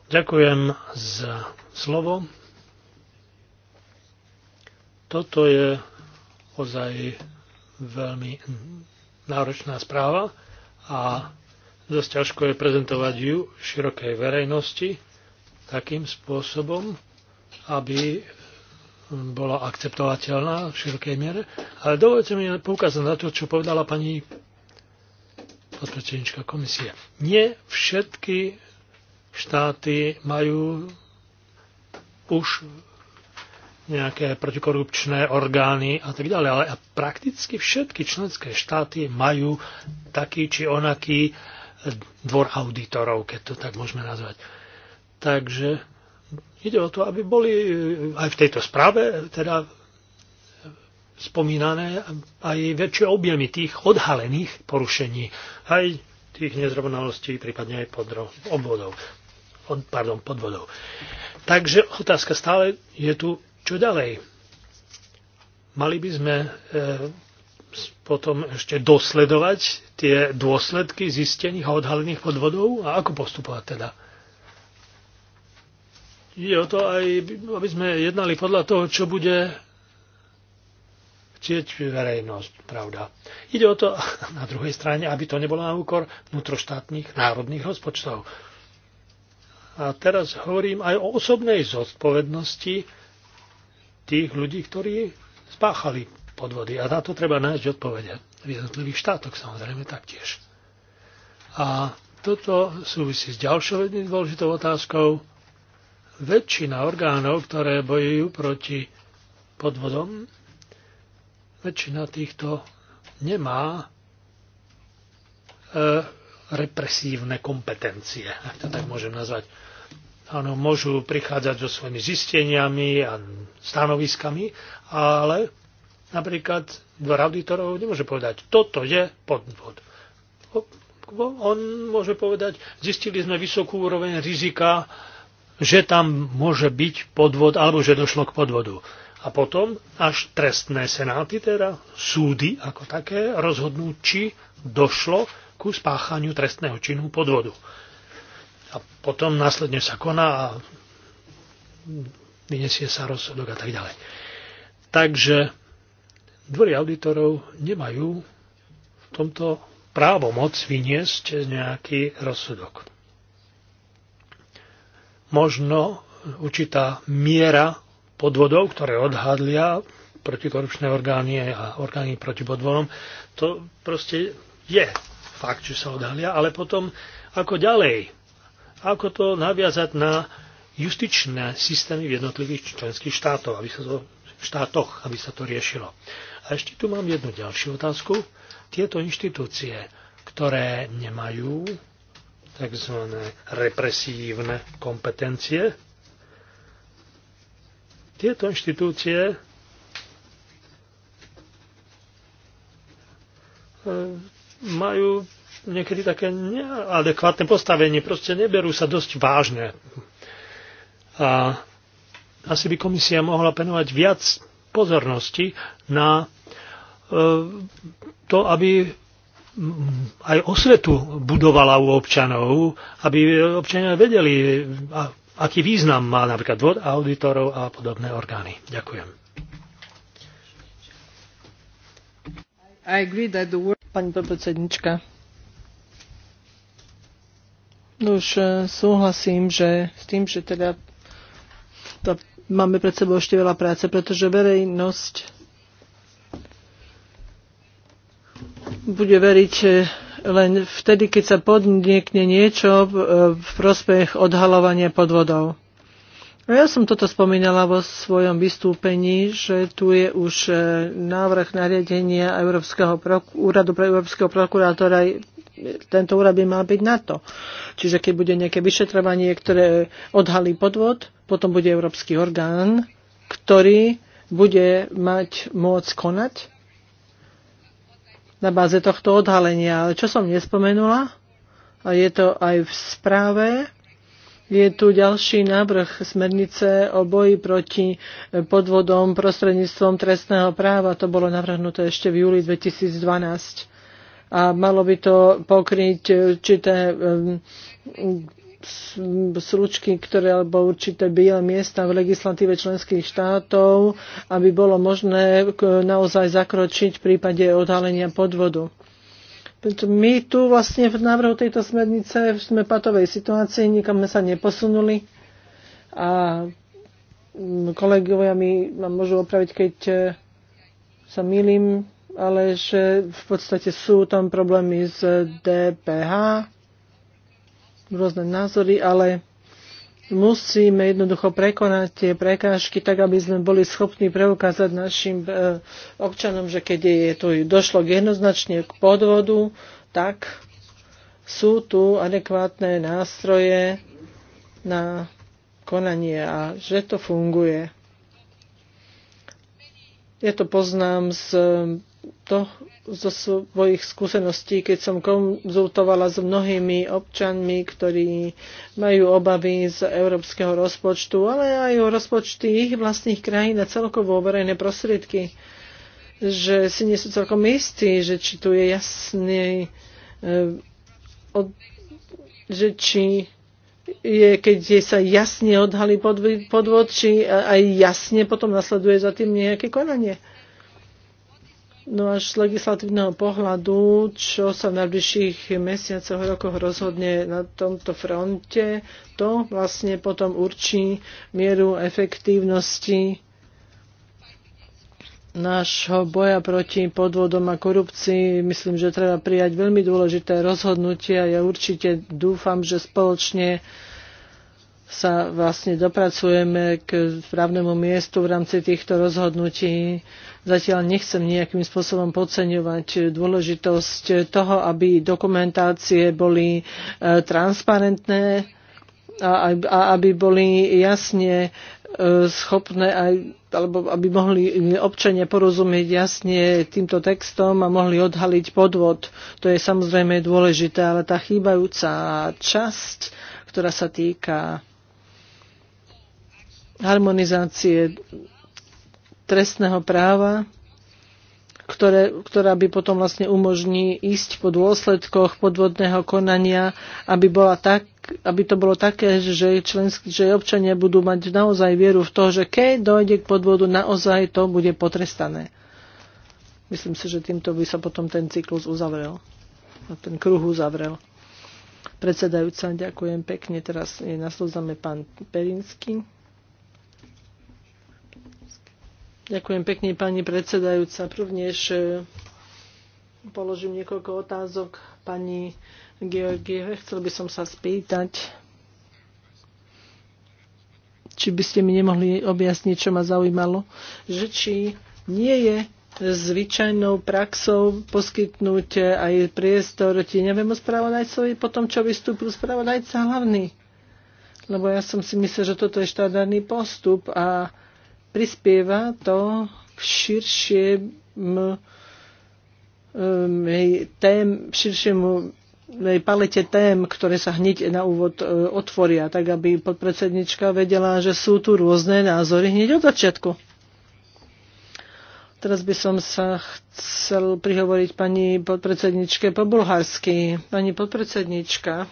Ďakujem za slovo. Toto je ozaj veľmi náročná správa a Dosť ťažko je prezentovať ju širokej verejnosti takým spôsobom, aby bola akceptovateľná v širokej miere. Ale dovolte mi poukázať na to, čo povedala pani podpredsednička komisie. Nie všetky štáty majú už nejaké protikorupčné orgány a tak ďalej, ale prakticky všetky členské štáty majú taký či onaký dvor auditorov, keď to tak môžeme nazvať. Takže ide o to, aby boli e, aj v tejto správe e, teda e, spomínané aj väčšie objemy tých odhalených porušení, aj tých nezrovnalostí, prípadne aj podro, obvodov, od, pardon, podvodov. Takže otázka stále je tu, čo ďalej. Mali by sme e, potom ešte dosledovať tie dôsledky zistených a odhalených podvodov a ako postupovať teda? Ide o to aj, aby sme jednali podľa toho, čo bude chcieť verejnosť, pravda. Ide o to [LAUGHS] na druhej strane, aby to nebolo na úkor vnútroštátnych národných rozpočtov. A teraz hovorím aj o osobnej zodpovednosti tých ľudí, ktorí spáchali podvody. A na to treba nájsť odpovede. V jednotlivých štátoch samozrejme taktiež. A toto súvisí s ďalšou jednou dôležitou otázkou. Väčšina orgánov, ktoré bojujú proti podvodom, väčšina týchto nemá e, represívne kompetencie, ak to tak môžem nazvať. Áno, môžu prichádzať so svojimi zisteniami a stanoviskami, ale Napríklad dvor auditorov nemôže povedať, toto je podvod. On môže povedať, zistili sme vysokú úroveň rizika, že tam môže byť podvod alebo že došlo k podvodu. A potom až trestné senáty, teda súdy ako také, rozhodnú, či došlo ku spáchaniu trestného činu podvodu. A potom následne sa koná a vyniesie sa rozsudok a tak ďalej. Takže dvory auditorov nemajú v tomto právo moc vyniesť nejaký rozsudok. Možno určitá miera podvodov, ktoré odhadlia protikorupčné orgány a orgány proti podvodom, to proste je fakt, že sa odhalia, ale potom ako ďalej, ako to naviazať na justičné systémy v jednotlivých členských štátoch, aby sa to, štátoch, aby sa to riešilo. A ešte tu mám jednu ďalšiu otázku. Tieto inštitúcie, ktoré nemajú tzv. represívne kompetencie, tieto inštitúcie eh, majú niekedy také neadekvátne postavenie, proste neberú sa dosť vážne. A asi by komisia mohla penovať viac pozornosti na E, to, aby aj osvetu budovala u občanov, aby občania vedeli, aký význam má napríklad dvor auditorov a podobné orgány. Ďakujem. I agree that the word... Pani predsednička, no už e, súhlasím, že s tým, že teda to máme pred sebou ešte veľa práce, pretože verejnosť bude veriť e, len vtedy, keď sa podnikne niečo e, v prospech odhalovania podvodov. Ja som toto spomínala vo svojom vystúpení, že tu je už e, návrh nariadenia Európskeho úradu pre Európskeho prokurátora. Tento úrad by mal byť na to. Čiže keď bude nejaké vyšetrovanie, ktoré odhalí podvod, potom bude Európsky orgán, ktorý bude mať môcť konať na báze tohto odhalenia. Ale čo som nespomenula, a je to aj v správe, je tu ďalší návrh smernice o boji proti podvodom prostredníctvom trestného práva. To bolo navrhnuté ešte v júli 2012 a malo by to pokryť určité um, slučky, ktoré alebo určité biele miesta v legislatíve členských štátov, aby bolo možné naozaj zakročiť v prípade odhalenia podvodu. My tu vlastne v návrhu tejto smernice sme patovej situácii, nikam sme sa neposunuli a mm, kolegovia mi ma môžu opraviť, keď e, sa milím, ale že v podstate sú tam problémy s DPH, rôzne názory, ale musíme jednoducho prekonať tie prekážky, tak aby sme boli schopní preukázať našim e, občanom, že keď je tu došlo k jednoznačne k podvodu, tak sú tu adekvátne nástroje na konanie a že to funguje. Ja to poznám z to zo svojich skúseností, keď som konzultovala s mnohými občanmi, ktorí majú obavy z európskeho rozpočtu, ale aj o rozpočty ich vlastných krajín a celkovo verejné prostriedky, že si nie sú celkom istí, že či tu je jasný, eh, že či je, keď je sa jasne odhalí podvod, či aj jasne potom nasleduje za tým nejaké konanie. No až z legislatívneho pohľadu, čo sa v najbližších mesiacoch, rokoch rozhodne na tomto fronte, to vlastne potom určí mieru efektívnosti nášho boja proti podvodom a korupcii. Myslím, že treba prijať veľmi dôležité a Ja určite dúfam, že spoločne sa vlastne dopracujeme k správnemu miestu v rámci týchto rozhodnutí. Zatiaľ nechcem nejakým spôsobom podceňovať dôležitosť toho, aby dokumentácie boli e, transparentné a aby boli jasne e, schopné aj, alebo aby mohli občania porozumieť jasne týmto textom a mohli odhaliť podvod. To je samozrejme dôležité, ale tá chýbajúca časť, ktorá sa týka harmonizácie trestného práva, ktoré, ktorá by potom vlastne umožní ísť po dôsledkoch podvodného konania, aby, bola tak, aby to bolo také, že, členský, že občania budú mať naozaj vieru v to, že keď dojde k podvodu, naozaj to bude potrestané. Myslím si, že týmto by sa potom ten cyklus uzavrel, ten kruh uzavrel. Predsedajúca, ďakujem pekne. Teraz je nasledujeme pán Perinsky. Ďakujem pekne, pani predsedajúca. Prvnež e, položím niekoľko otázok pani Georgieve. Chcel by som sa spýtať, či by ste mi nemohli objasniť, čo ma zaujímalo, že či nie je zvyčajnou praxou poskytnúť aj priestor tieňovému spravodajcovi po tom, čo vystúpil spravodajca hlavný. Lebo ja som si myslel, že toto je štandardný postup a prispieva to k širšiemu tém, širšiemu palete tém, ktoré sa hneď na úvod e, otvoria, tak aby podpredsednička vedela, že sú tu rôzne názory hneď od začiatku. Teraz by som sa chcel prihovoriť pani podpredsedničke po bulharsky. Pani podpredsednička,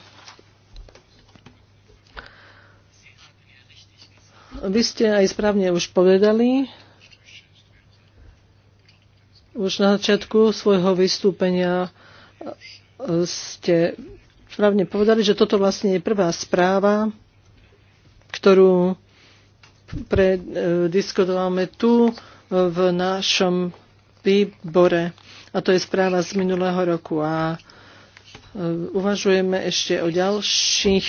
vy ste aj správne už povedali, už na začiatku svojho vystúpenia e, ste správne povedali, že toto vlastne je prvá správa, ktorú prediskutováme tu e, v našom výbore. A to je správa z minulého roku. A e, uvažujeme ešte o ďalších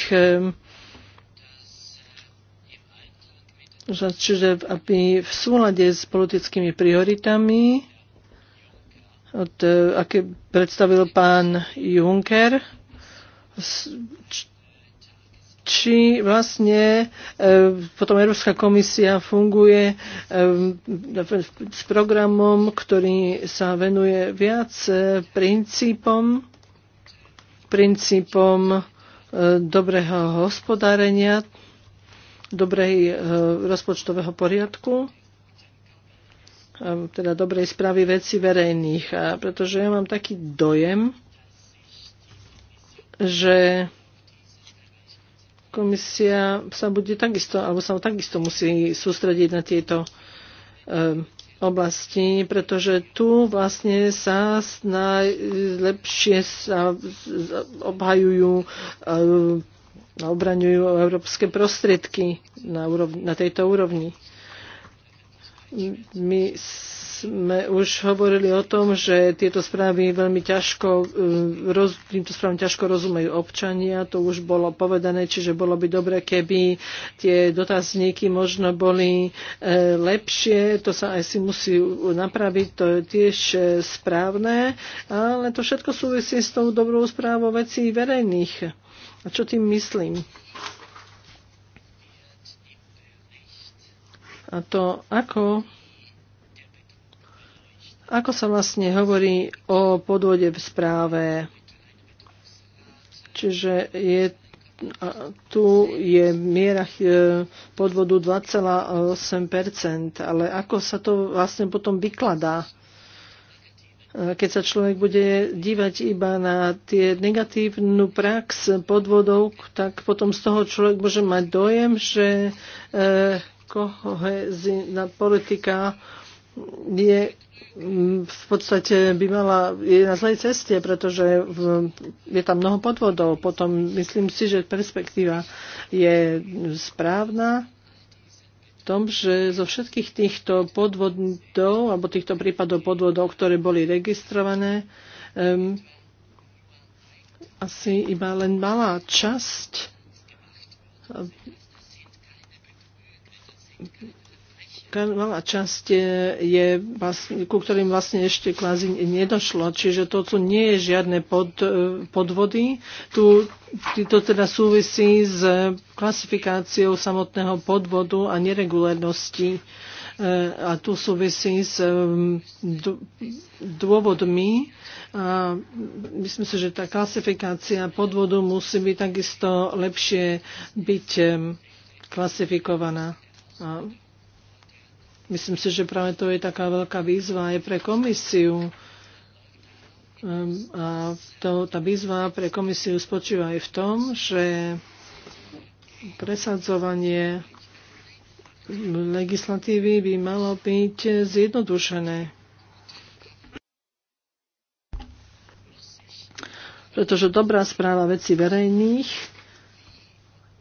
čiže aby v súlade s politickými prioritami, od, eh, aké predstavil pán Juncker, či vlastne eh, potom Európska komisia funguje eh, s programom, ktorý sa venuje viac princípom, princípom dobrého hospodárenia dobrej e, rozpočtového poriadku teda dobrej správy veci verejných. A pretože ja mám taký dojem, že komisia sa bude takisto, alebo sa takisto musí sústrediť na tieto e, oblasti, pretože tu vlastne sa najlepšie sa obhajujú e, obraňujú európske prostriedky na, úrovni, na tejto úrovni. My sme už hovorili o tom, že tieto správy veľmi ťažko, e, roz, týmto správam ťažko rozumejú občania, to už bolo povedané, čiže bolo by dobre, keby tie dotazníky možno boli e, lepšie, to sa aj si musí napraviť, to je tiež e, správne, ale to všetko súvisí s tou dobrou správou vecí verejných a čo tým myslím? A to, ako, ako sa vlastne hovorí o podvode v správe. Čiže je tu je miera e, podvodu 2,8%, ale ako sa to vlastne potom vykladá? E, keď sa človek bude dívať iba na tie negatívnu prax podvodov, tak potom z toho človek môže mať dojem, že e, kohezná politika je v podstate by mala, je na zlej ceste, pretože v, je tam mnoho podvodov. Potom myslím si, že perspektíva je správna tom, že zo všetkých týchto podvodov alebo týchto prípadov podvodov, ktoré boli registrované, um, asi iba len malá časť malá časť je, vlastne, ku ktorým vlastne ešte kvázi nedošlo. Čiže to tu nie je žiadne pod, e, podvody. Tu, to teda súvisí s klasifikáciou samotného podvodu a neregulérnosti. E, a tu súvisí s e, dôvodmi. A myslím si, že tá klasifikácia podvodu musí byť takisto lepšie byť klasifikovaná. A Myslím si, že práve to je taká veľká výzva aj pre komisiu. Ehm, a to, tá výzva pre komisiu spočíva aj v tom, že presadzovanie legislatívy by malo byť zjednodušené. Pretože dobrá správa veci verejných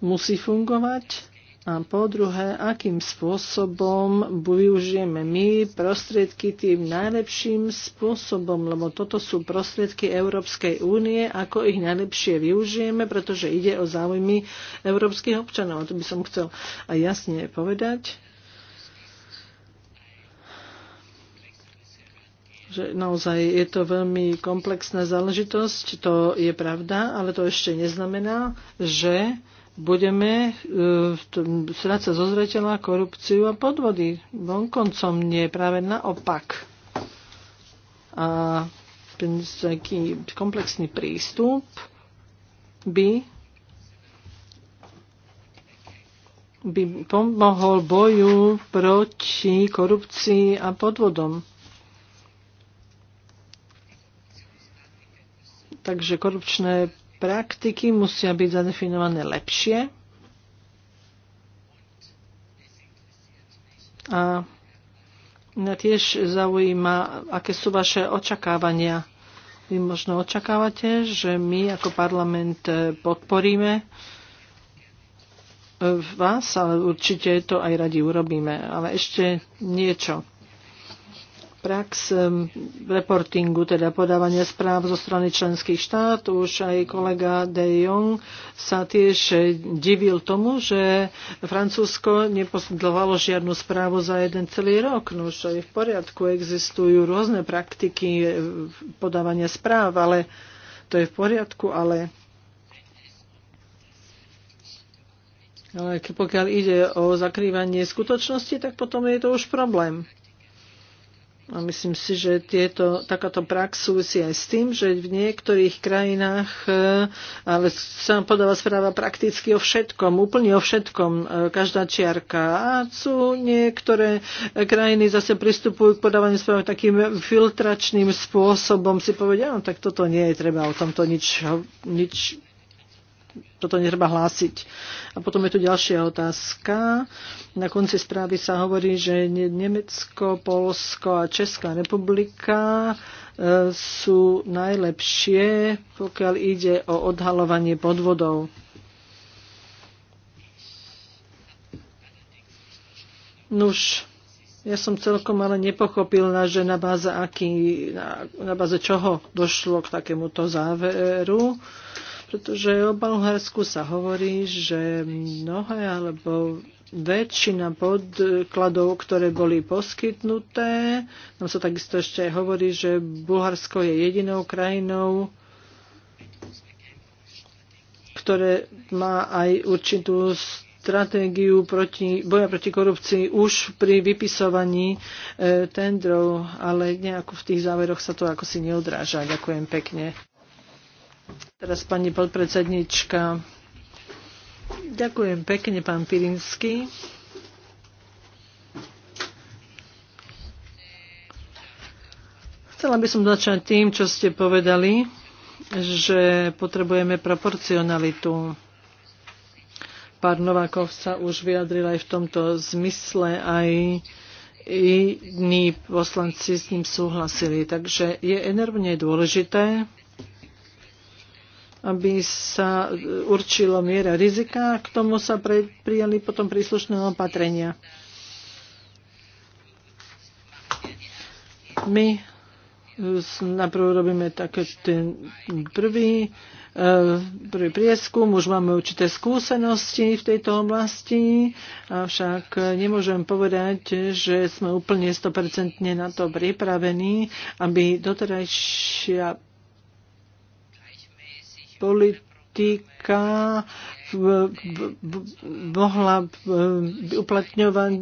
musí fungovať a po druhé, akým spôsobom využijeme my prostriedky tým najlepším spôsobom, lebo toto sú prostriedky Európskej únie, ako ich najlepšie využijeme, pretože ide o záujmy európskych občanov. A to by som chcel aj jasne povedať. že naozaj je to veľmi komplexná záležitosť, to je pravda, ale to ešte neznamená, že budeme e, strácať zo zreteľa korupciu a podvody. Vonkoncom nie, práve naopak. A taký komplexný prístup by by pomohol boju proti korupcii a podvodom. Takže korupčné praktiky musia byť zadefinované lepšie a mňa tiež zaujíma, aké sú vaše očakávania. Vy možno očakávate, že my ako parlament e, podporíme e, vás, ale určite to aj radi urobíme. Ale ešte niečo prax reportingu, teda podávania správ zo strany členských štát. Už aj kolega De Jong sa tiež divil tomu, že Francúzsko neposledovalo žiadnu správu za jeden celý rok. No už aj v poriadku existujú rôzne praktiky eh, podávania správ, ale to je v poriadku, ale ale pokiaľ ide o zakrývanie skutočnosti, tak potom je to už problém. A myslím si, že tieto, takáto prax súvisí aj s tým, že v niektorých krajinách, e, ale sa podáva správa prakticky o všetkom, úplne o všetkom, e, každá čiarka. A sú niektoré krajiny zase pristupujú k podávaniu správ takým filtračným spôsobom, si povedia, no tak toto nie je, treba o tomto nič, nič toto netreba hlásiť. A potom je tu ďalšia otázka. Na konci správy sa hovorí, že Nemecko, Polsko a Česká republika e, sú najlepšie, pokiaľ ide o odhalovanie podvodov. Nuž, ja som celkom ale nepochopil, že na báze, aký, na, na báze čoho došlo k takémuto záveru pretože o Bulharsku sa hovorí, že mnohé alebo väčšina podkladov, ktoré boli poskytnuté, tam sa takisto ešte hovorí, že Bulharsko je jedinou krajinou, ktoré má aj určitú stratégiu proti, boja proti korupcii už pri vypisovaní e, tendrov, ale nejako v tých záveroch sa to ako si neodráža. Ďakujem pekne. Teraz pani podpredsednička. Ďakujem pekne, pán Pirinsky. Chcela by som začať tým, čo ste povedali, že potrebujeme proporcionalitu. Pár Novákov sa už vyjadril aj v tomto zmysle, aj iní poslanci s ním súhlasili. Takže je enormne dôležité, aby sa e, určilo miera rizika, k tomu sa pre, prijali potom príslušné opatrenia. My e, najprv robíme také ten prvý, e, prvý prieskum, už máme určité skúsenosti v tejto oblasti, avšak nemôžem povedať, že sme úplne 100% na to pripravení, aby doterajšia politika mohla eh, uplatňovať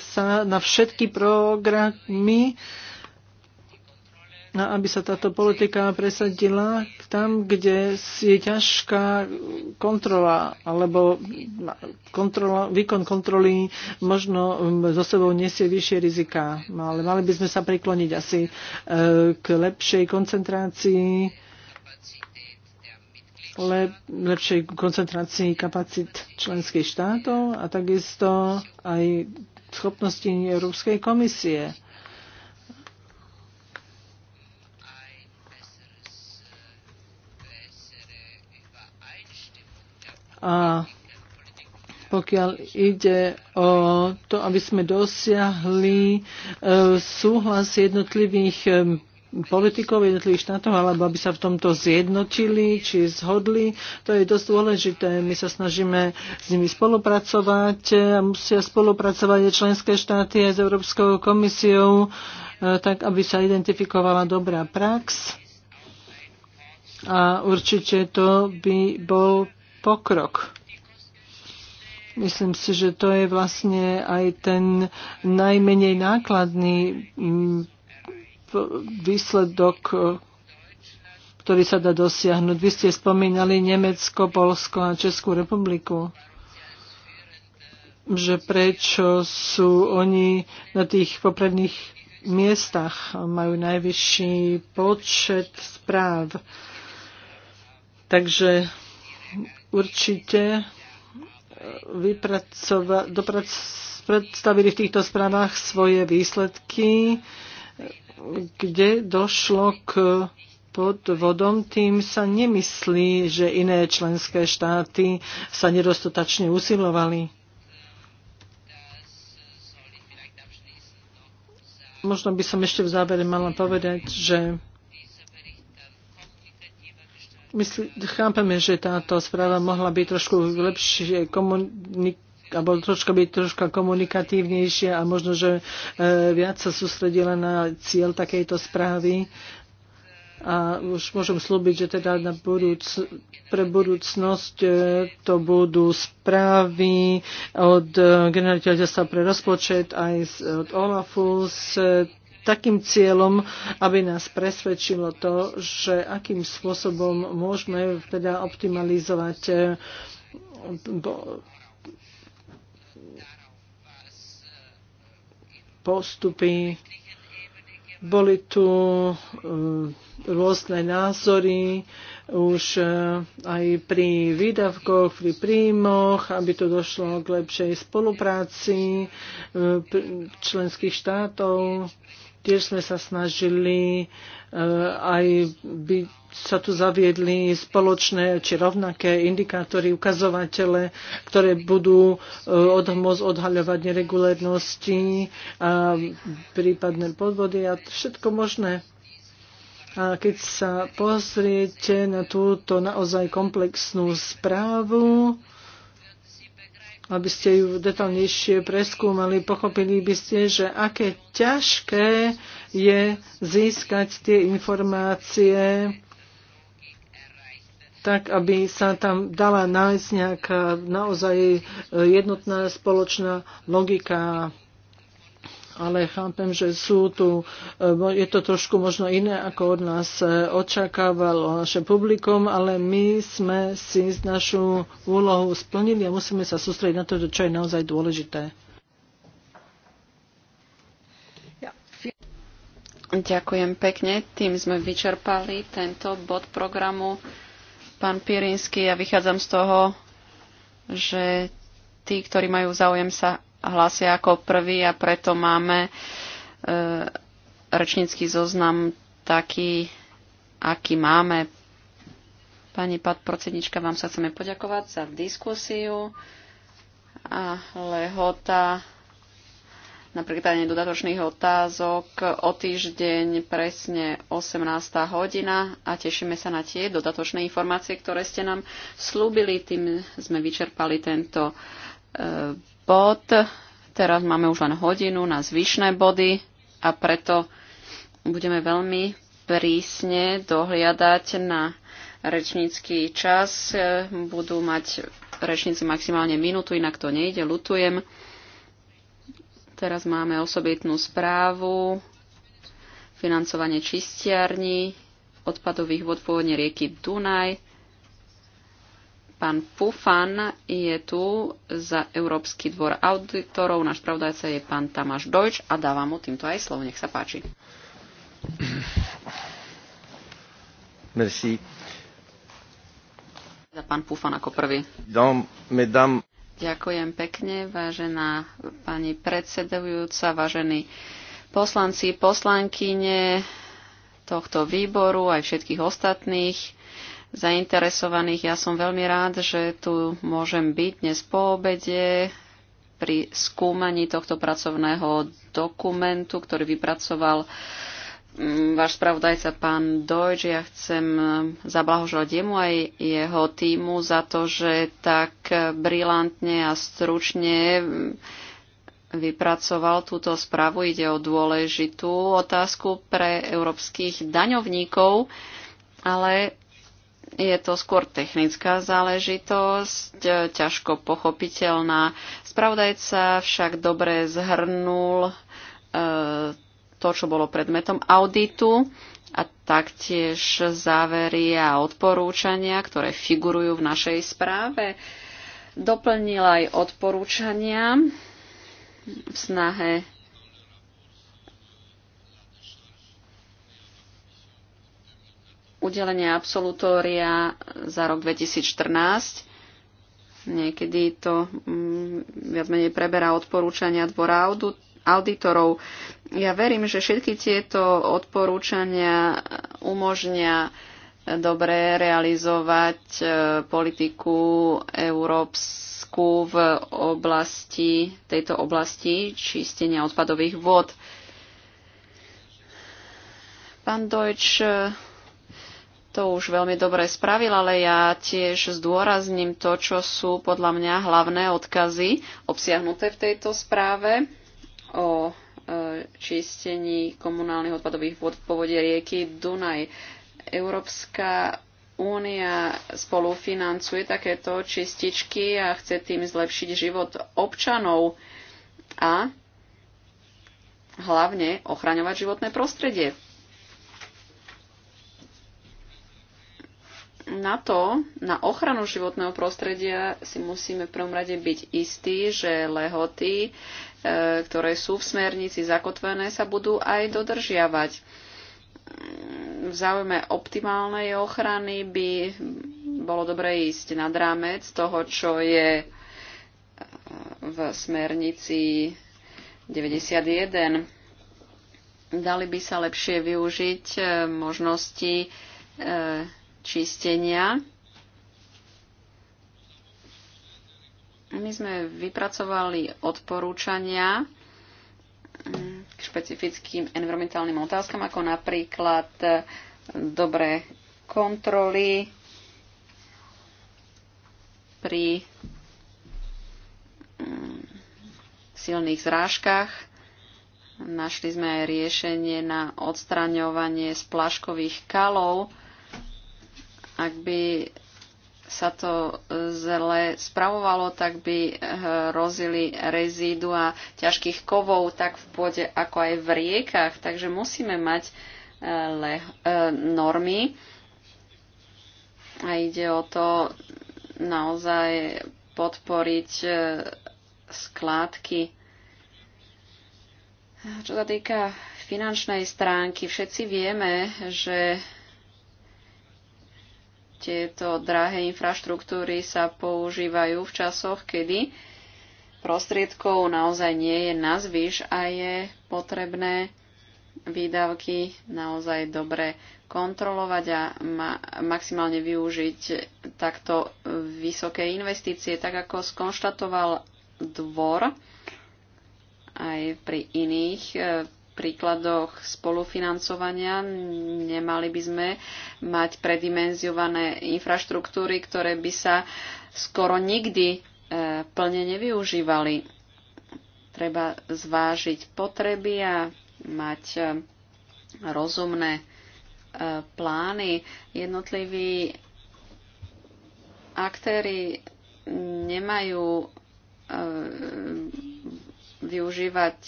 sa na všetky programy, no, aby sa táto politika presadila tam, kde je ťažká kontrola alebo kontrola, výkon kontroly možno so mm, sebou nesie vyššie rizika. No, ale mali by sme sa prikloniť asi eh, k lepšej koncentrácii le, lepšej koncentrácii kapacít členských štátov a takisto aj schopnosti Európskej komisie. A pokiaľ ide o to, aby sme dosiahli eh, súhlas jednotlivých eh, politikov jednotlivých štátov, alebo aby sa v tomto zjednotili či zhodli. To je dosť dôležité. My sa snažíme s nimi spolupracovať a musia spolupracovať aj členské štáty aj s Európskou komisiou, e, tak aby sa identifikovala dobrá prax. A určite to by bol pokrok. Myslím si, že to je vlastne aj ten najmenej nákladný výsledok, e, ktorý sa dá dosiahnuť. Vy ste spomínali Nemecko, Polsko a Českú republiku že prečo sú oni na tých popredných miestach, majú najvyšší počet správ. Takže určite e, doprac, predstavili v týchto správach svoje výsledky kde došlo k pod vodom, tým sa nemyslí, že iné členské štáty sa nedostatočne usilovali. Možno by som ešte v závere mala povedať, že My chápeme, že táto správa mohla byť trošku lepšie komunikovaná alebo troška byť troška komunikatívnejšia a možno, že e, viac sa sústredila na cieľ takejto správy. A už môžem slúbiť, že teda na budúc, pre budúcnosť e, to budú správy od e, generáliteľstva pre rozpočet aj od OLAFu s takým cieľom, aby nás presvedčilo to, že akým spôsobom môžeme teda optimalizovať postupy. Boli tu e, rôzne názory už e, aj pri výdavkoch, pri príjmoch, aby to došlo k lepšej spolupráci e, členských štátov Tiež sme sa snažili eh, aj by sa tu zaviedli spoločné či rovnaké indikátory, ukazovatele, ktoré budú eh, odmoz odhaľovať neregulérnosti a prípadné podvody a všetko možné. A keď sa pozriete na túto naozaj komplexnú správu, aby ste ju detalnejšie preskúmali, pochopili by ste, že aké ťažké je získať tie informácie tak, aby sa tam dala nájsť nejaká naozaj jednotná spoločná logika ale chápem, že sú tu, e, je to trošku možno iné, ako od nás e, očakávalo naše publikum, ale my sme si našu úlohu splnili a musíme sa sústrediť na to, čo je naozaj dôležité. Ďakujem pekne. Tým sme vyčerpali tento bod programu. Pán Pirinsky, ja vychádzam z toho, že tí, ktorí majú záujem sa hlásia ako prvý a preto máme e, rečnícky zoznam taký, aký máme. Pani podpredsednička, vám sa chceme poďakovať za diskusiu a lehota napríklad dodatočných otázok o týždeň presne 18. hodina a tešíme sa na tie dodatočné informácie, ktoré ste nám slúbili. Tým sme vyčerpali tento e, bod. Teraz máme už len hodinu na zvyšné body a preto budeme veľmi prísne dohliadať na rečnícky čas. Budú mať rečníci maximálne minútu, inak to nejde, lutujem. Teraz máme osobitnú správu, financovanie čistiarní, odpadových vod pôvodne rieky Dunaj Pán Pufan je tu za Európsky dvor auditorov. Náš pravdajca je pán Tamáš Dojč a dávam mu týmto aj slovo. Nech sa páči. Merci. Pán Pufan ako prvý. Dom, medam. Ďakujem pekne, vážená pani predsedujúca, vážení poslanci, poslankyne tohto výboru, aj všetkých ostatných zainteresovaných. Ja som veľmi rád, že tu môžem byť dnes po obede pri skúmaní tohto pracovného dokumentu, ktorý vypracoval mm, váš spravodajca pán Deutsch, Ja chcem mm, zablahožovať jemu aj jeho týmu za to, že tak brilantne a stručne mm, vypracoval túto správu. Ide o dôležitú otázku pre európskych daňovníkov, ale je to skôr technická záležitosť, e, ťažko pochopiteľná. Spravodajca však dobre zhrnul e, to, čo bolo predmetom auditu a taktiež závery a odporúčania, ktoré figurujú v našej správe. Doplnil aj odporúčania v snahe udelenie absolutória za rok 2014. Niekedy to mm, viac menej preberá odporúčania dvora auditorov. Ja verím, že všetky tieto odporúčania umožnia dobre realizovať e, politiku európsku v oblasti, tejto oblasti čistenia odpadových vod. Pán Deutsch to už veľmi dobre spravil, ale ja tiež zdôrazním to, čo sú podľa mňa hlavné odkazy obsiahnuté v tejto správe o e, čistení komunálnych odpadových vod v povode rieky Dunaj. Európska únia spolufinancuje takéto čističky a chce tým zlepšiť život občanov a hlavne ochraňovať životné prostredie. na to, na ochranu životného prostredia si musíme v prvom rade byť istí, že lehoty, e, ktoré sú v smernici zakotvené, sa budú aj dodržiavať. V záujme optimálnej ochrany by bolo dobre ísť nad rámec toho, čo je e, v smernici 91. Dali by sa lepšie využiť e, možnosti čistenia. My sme vypracovali odporúčania k špecifickým environmentálnym otázkam, ako napríklad eh, dobré kontroly pri mm, silných zrážkach. Našli sme aj riešenie na odstraňovanie splaškových kalov ak by sa to zle spravovalo, tak by eh, hrozili rezídua ťažkých kovov tak v pôde, ako aj v riekach. Takže musíme mať eh, le, eh, normy a ide o to naozaj podporiť skládky. Čo sa týka finančnej stránky, všetci vieme, že tieto drahé infraštruktúry sa používajú v časoch, kedy prostriedkov naozaj nie je nazvyš a je potrebné výdavky naozaj dobre kontrolovať a ma- maximálne využiť takto vysoké investície, tak ako skonštatoval dvor aj pri iných eh, príkladoch spolufinancovania. Nemali by sme mať predimenziované infraštruktúry, ktoré by sa skoro nikdy e, plne nevyužívali. Treba zvážiť potreby a mať e, rozumné e, plány. Jednotliví aktéry nemajú využívať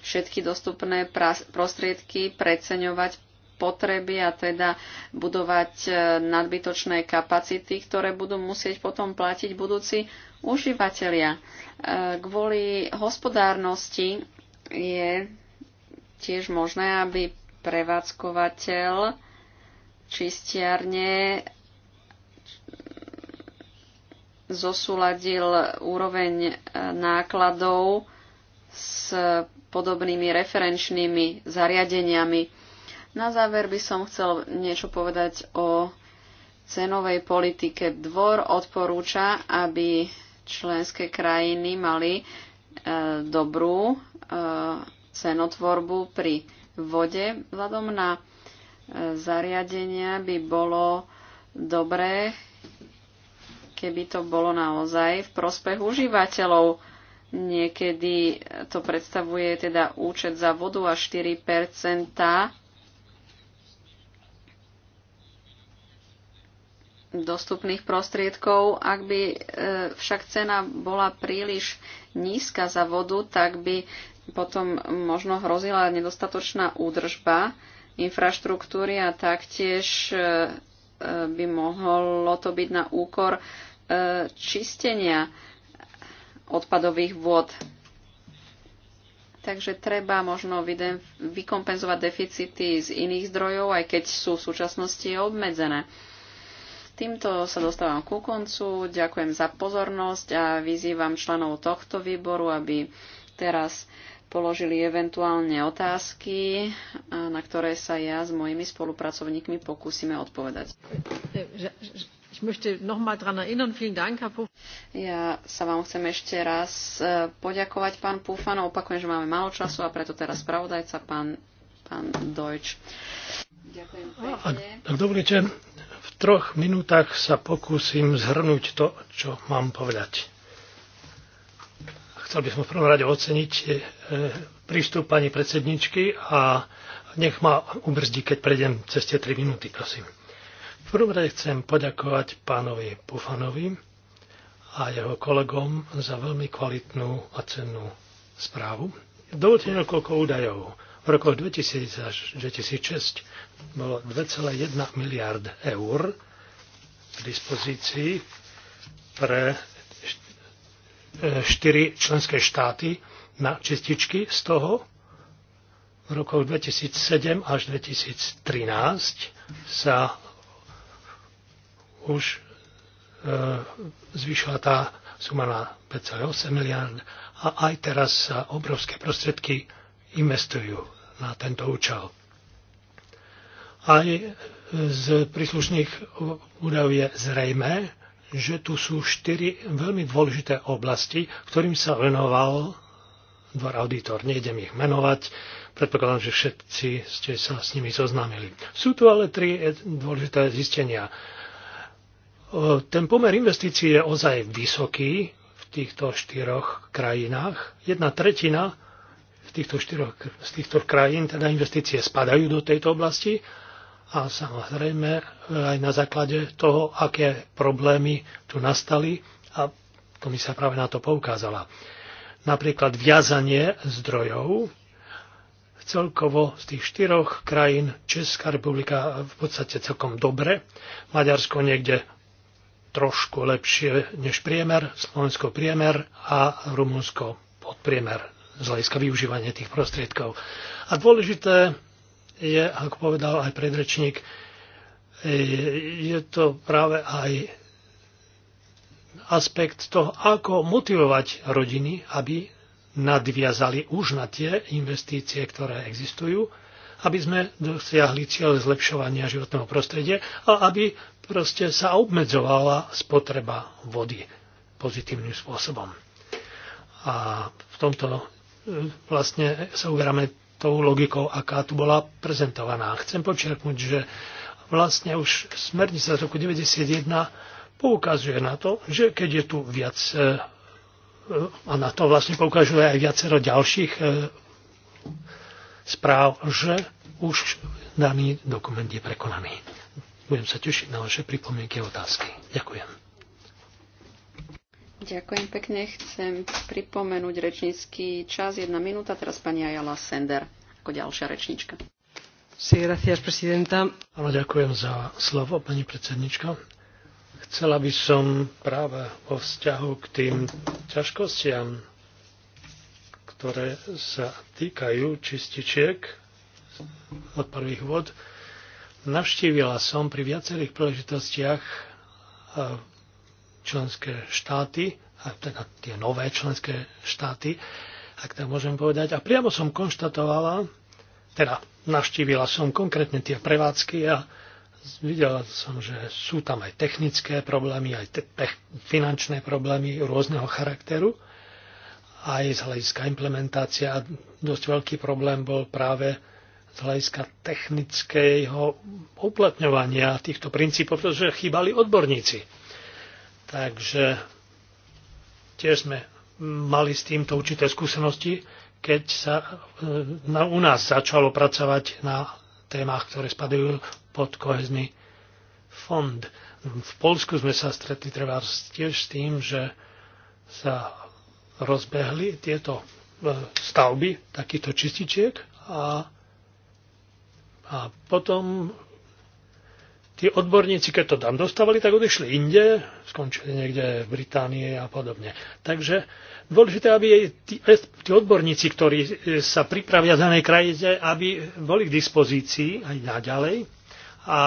všetky dostupné prostriedky, preceňovať potreby a teda budovať e, nadbytočné kapacity, ktoré budú musieť potom platiť budúci užívateľia. E, kvôli hospodárnosti je tiež možné, aby prevádzkovateľ čistiarne zosúladil úroveň e, nákladov s podobnými referenčnými zariadeniami. Na záver by som chcel niečo povedať o cenovej politike. Dvor odporúča, aby členské krajiny mali e, dobrú e, cenotvorbu pri vode. Vzhľadom na e, zariadenia by bolo dobré, keby to bolo naozaj v prospech užívateľov Niekedy to predstavuje teda účet za vodu a 4 dostupných prostriedkov. Ak by e, však cena bola príliš nízka za vodu, tak by potom možno hrozila nedostatočná údržba infraštruktúry a taktiež e, e, by mohlo to byť na úkor čistenia odpadových vôd. Takže treba možno vykompenzovať deficity z iných zdrojov, aj keď sú v súčasnosti obmedzené. Týmto sa dostávam ku koncu. Ďakujem za pozornosť a vyzývam členov tohto výboru, aby teraz položili eventuálne otázky, na ktoré sa ja s mojimi spolupracovníkmi pokúsime odpovedať. Ja sa vám chcem ešte raz e, poďakovať, pán Púfanov. Opakujem, že máme málo času a preto teraz spravodajca, pán, pán Dojč. Ďakujem pekne. Ak dovolíte, v troch minútach sa pokúsim zhrnúť to, čo mám povedať. Chcel by som v prvom rade oceniť e, prístup pani predsedničky a nech ma ubrzdí, keď prejdem cez tie tri minúty, prosím prvom rade chcem poďakovať pánovi Pufanovi a jeho kolegom za veľmi kvalitnú a cennú správu. Dovolte niekoľko údajov. V rokoch 2000 až 2006 bolo 2,1 miliard eur k dispozícii pre e, štyri členské štáty na čističky z toho v rokoch 2007 až 2013 sa už e, zvyšila tá suma na 5,8 miliard a aj teraz sa obrovské prostriedky investujú na tento účel. Aj z príslušných údajov je zrejme, že tu sú štyri veľmi dôležité oblasti, ktorým sa venoval dvor auditor. Nejdem ich menovať, predpokladám, že všetci ste sa s nimi zoznámili. Sú tu ale tri dôležité zistenia ten pomer investícií je ozaj vysoký v týchto štyroch krajinách. Jedna tretina v týchto štyroch, z týchto krajín teda investície spadajú do tejto oblasti a samozrejme e, aj na základe toho, aké problémy tu nastali a komisia práve na to poukázala. Napríklad viazanie zdrojov celkovo z tých štyroch krajín Česká republika v podstate celkom dobre, Maďarsko niekde trošku lepšie než priemer, Slovensko priemer a Rumunsko podpriemer z hľadiska využívania tých prostriedkov. A dôležité je, ako povedal aj predrečník, eh, je to práve aj aspekt toho, ako motivovať rodiny, aby nadviazali už na tie investície, ktoré existujú aby sme dosiahli cieľ zlepšovania životného prostredia a aby proste sa obmedzovala spotreba vody pozitívnym spôsobom. A v tomto e, vlastne sa uveráme tou logikou, aká tu bola prezentovaná. Chcem počerknúť, že vlastne už smernica z roku 1991 poukazuje na to, že keď je tu viac e, e, a na to vlastne poukazuje aj viacero ďalších správ, že už daný dokument je prekonaný. Budem sa tešiť na vaše pripomienky a otázky. Ďakujem. Ďakujem pekne. Chcem pripomenúť rečnícky čas. Jedna minúta. Teraz pani Ajala Sender ako ďalšia rečníčka. Sí, gracias, presidenta. Áno, ďakujem za slovo, pani predsednička. Chcela by som práve vo vzťahu k tým ťažkostiam ktoré sa týkajú čističiek od prvých vod. Navštívila som pri viacerých príležitostiach členské štáty, a teda tie nové členské štáty, ak tak môžem povedať. A priamo som konštatovala, teda navštívila som konkrétne tie prevádzky a videla som, že sú tam aj technické problémy, aj te- finančné problémy rôzneho charakteru aj z hľadiska implementácia. A dosť veľký problém bol práve z hľadiska technického uplatňovania týchto princípov, pretože chýbali odborníci. Takže tiež sme mali s týmto určité skúsenosti, keď sa e, na, u nás začalo pracovať na témach, ktoré spadajú pod kohezný fond. V Polsku sme sa stretli treba tiež s tým, že sa rozbehli tieto e, stavby takýchto čističiek a, a potom tí odborníci, keď to tam dostávali, tak odišli inde, skončili niekde v Británii a podobne. Takže dôležité, aby tí, tí odborníci, ktorí e, sa pripravia z danej krajine, aby boli k dispozícii aj naďalej. A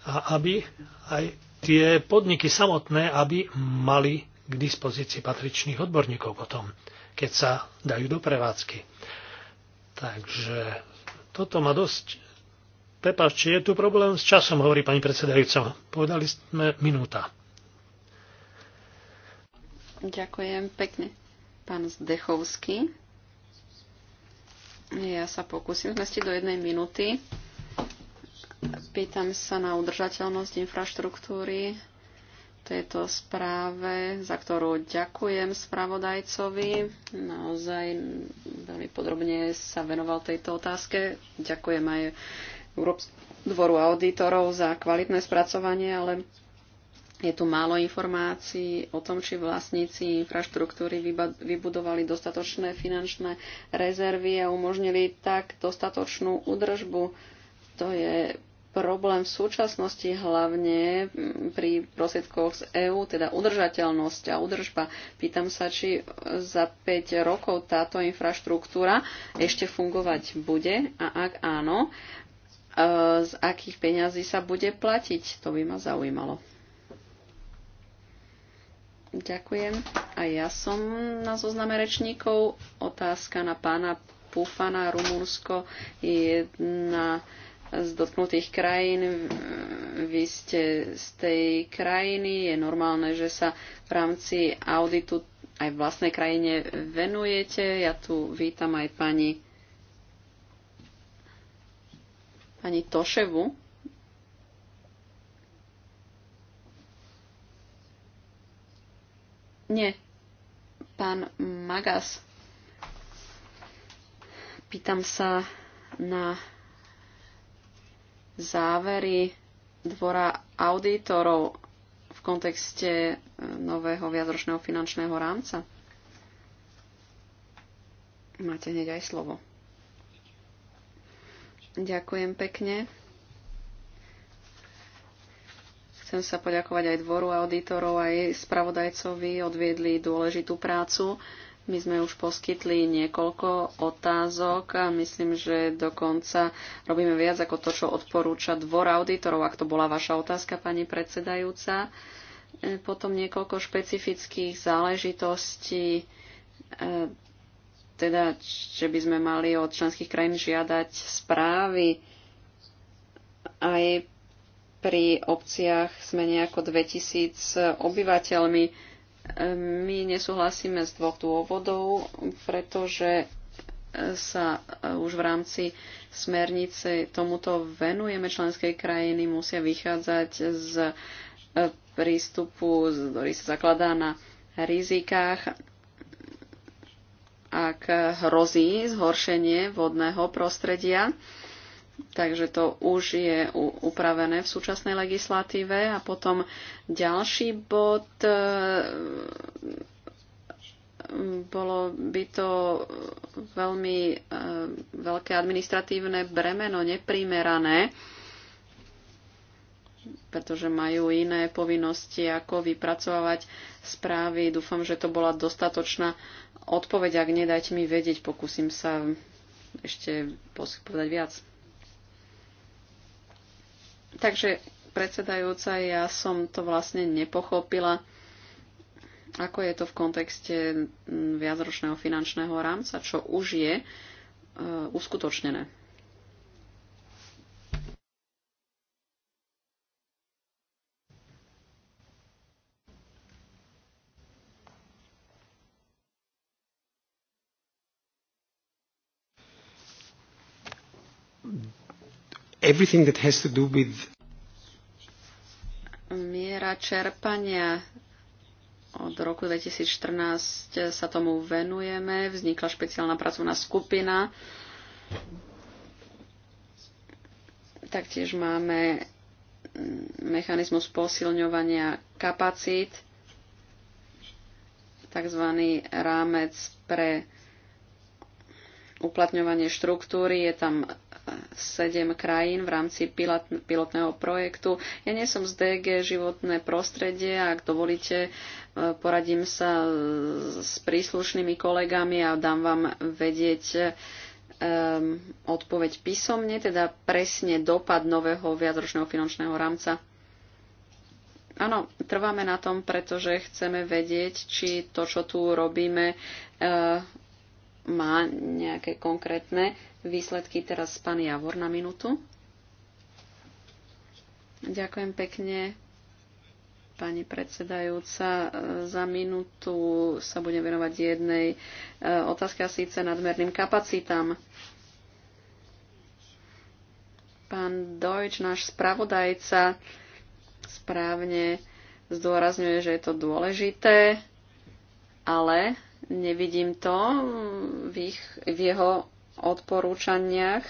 a aby aj tie podniky samotné, aby mali k dispozícii patričných odborníkov potom, keď sa dajú do prevádzky. Takže toto má dosť... či je tu problém s časom, hovorí pani predsedajúca. Povedali sme minúta. Ďakujem pekne. Pán Zdechovský. Ja sa pokúsim zmestiť do jednej minúty. Pýtam sa na udržateľnosť infraštruktúry tejto správe, za ktorú ďakujem spravodajcovi. Naozaj veľmi podrobne sa venoval tejto otázke. Ďakujem aj dvoru auditorov za kvalitné spracovanie, ale je tu málo informácií o tom, či vlastníci infraštruktúry vybudovali dostatočné finančné rezervy a umožnili tak dostatočnú údržbu. To je problém v súčasnosti hlavne mm, pri prosiedkoch z EÚ, teda udržateľnosť a udržba. Pýtam sa, či za 5 rokov táto infraštruktúra ešte fungovať bude a ak áno, e, z akých peňazí sa bude platiť. To by ma zaujímalo. Ďakujem. A ja som na zozname rečníkov. Otázka na pána Pufana, Rumunsko, jedna z dotknutých krajín. Vy ste z tej krajiny, je normálne, že sa v rámci auditu aj v vlastnej krajine venujete. Ja tu vítam aj pani, pani Toševu. Nie, pán Magas. Pýtam sa na závery dvora auditorov v kontexte e, nového viacročného finančného rámca? Máte hneď aj slovo. Ďakujem pekne. Chcem sa poďakovať aj dvoru auditorov, aj spravodajcovi, odviedli dôležitú prácu. My sme už poskytli niekoľko otázok a myslím, že dokonca robíme viac ako to, čo odporúča dvor auditorov, ak to bola vaša otázka, pani predsedajúca. E, potom niekoľko špecifických záležitostí, e, teda, že by sme mali od členských krajín žiadať správy. Aj pri obciach sme nejako 2000 obyvateľmi my nesúhlasíme z dvoch dôvodov, pretože sa e, už v rámci smernice tomuto venujeme. Členské krajiny musia vychádzať z e, prístupu, ktorý sa zakladá na rizikách, ak hrozí zhoršenie vodného prostredia Takže to už je upravené v súčasnej legislatíve. A potom ďalší bod, e, bolo by to veľmi e, veľké administratívne bremeno, neprimerané, pretože majú iné povinnosti, ako vypracovať správy. Dúfam, že to bola dostatočná odpoveď. Ak nedajte mi vedieť, pokúsim sa ešte povedať viac. Takže predsedajúca, ja som to vlastne nepochopila, ako je to v kontexte viacročného finančného rámca, čo už je uh, uskutočnené. everything that has to do with miera čerpania od roku 2014 sa tomu venujeme. Vznikla špeciálna pracovná skupina. Taktiež máme mechanizmus posilňovania kapacít, tzv. rámec pre uplatňovanie štruktúry. Je tam sedem krajín v rámci pilotného projektu. Ja nie som z DG životné prostredie a ak dovolíte, e, poradím sa s príslušnými kolegami a dám vám vedieť um, odpoveď písomne, teda presne dopad nového viacročného finančného rámca. Áno, trváme na tom, pretože chceme vedieť, či to, čo tu robíme, uh, má nejaké konkrétne výsledky. Teraz pán Javor na minútu. Ďakujem pekne, pani predsedajúca. Za minútu sa budem venovať jednej e, otázke a síce nadmerným kapacitám. Pán Dojč, náš spravodajca, správne zdôrazňuje, že je to dôležité, ale nevidím to v, ich, v jeho odporúčaniach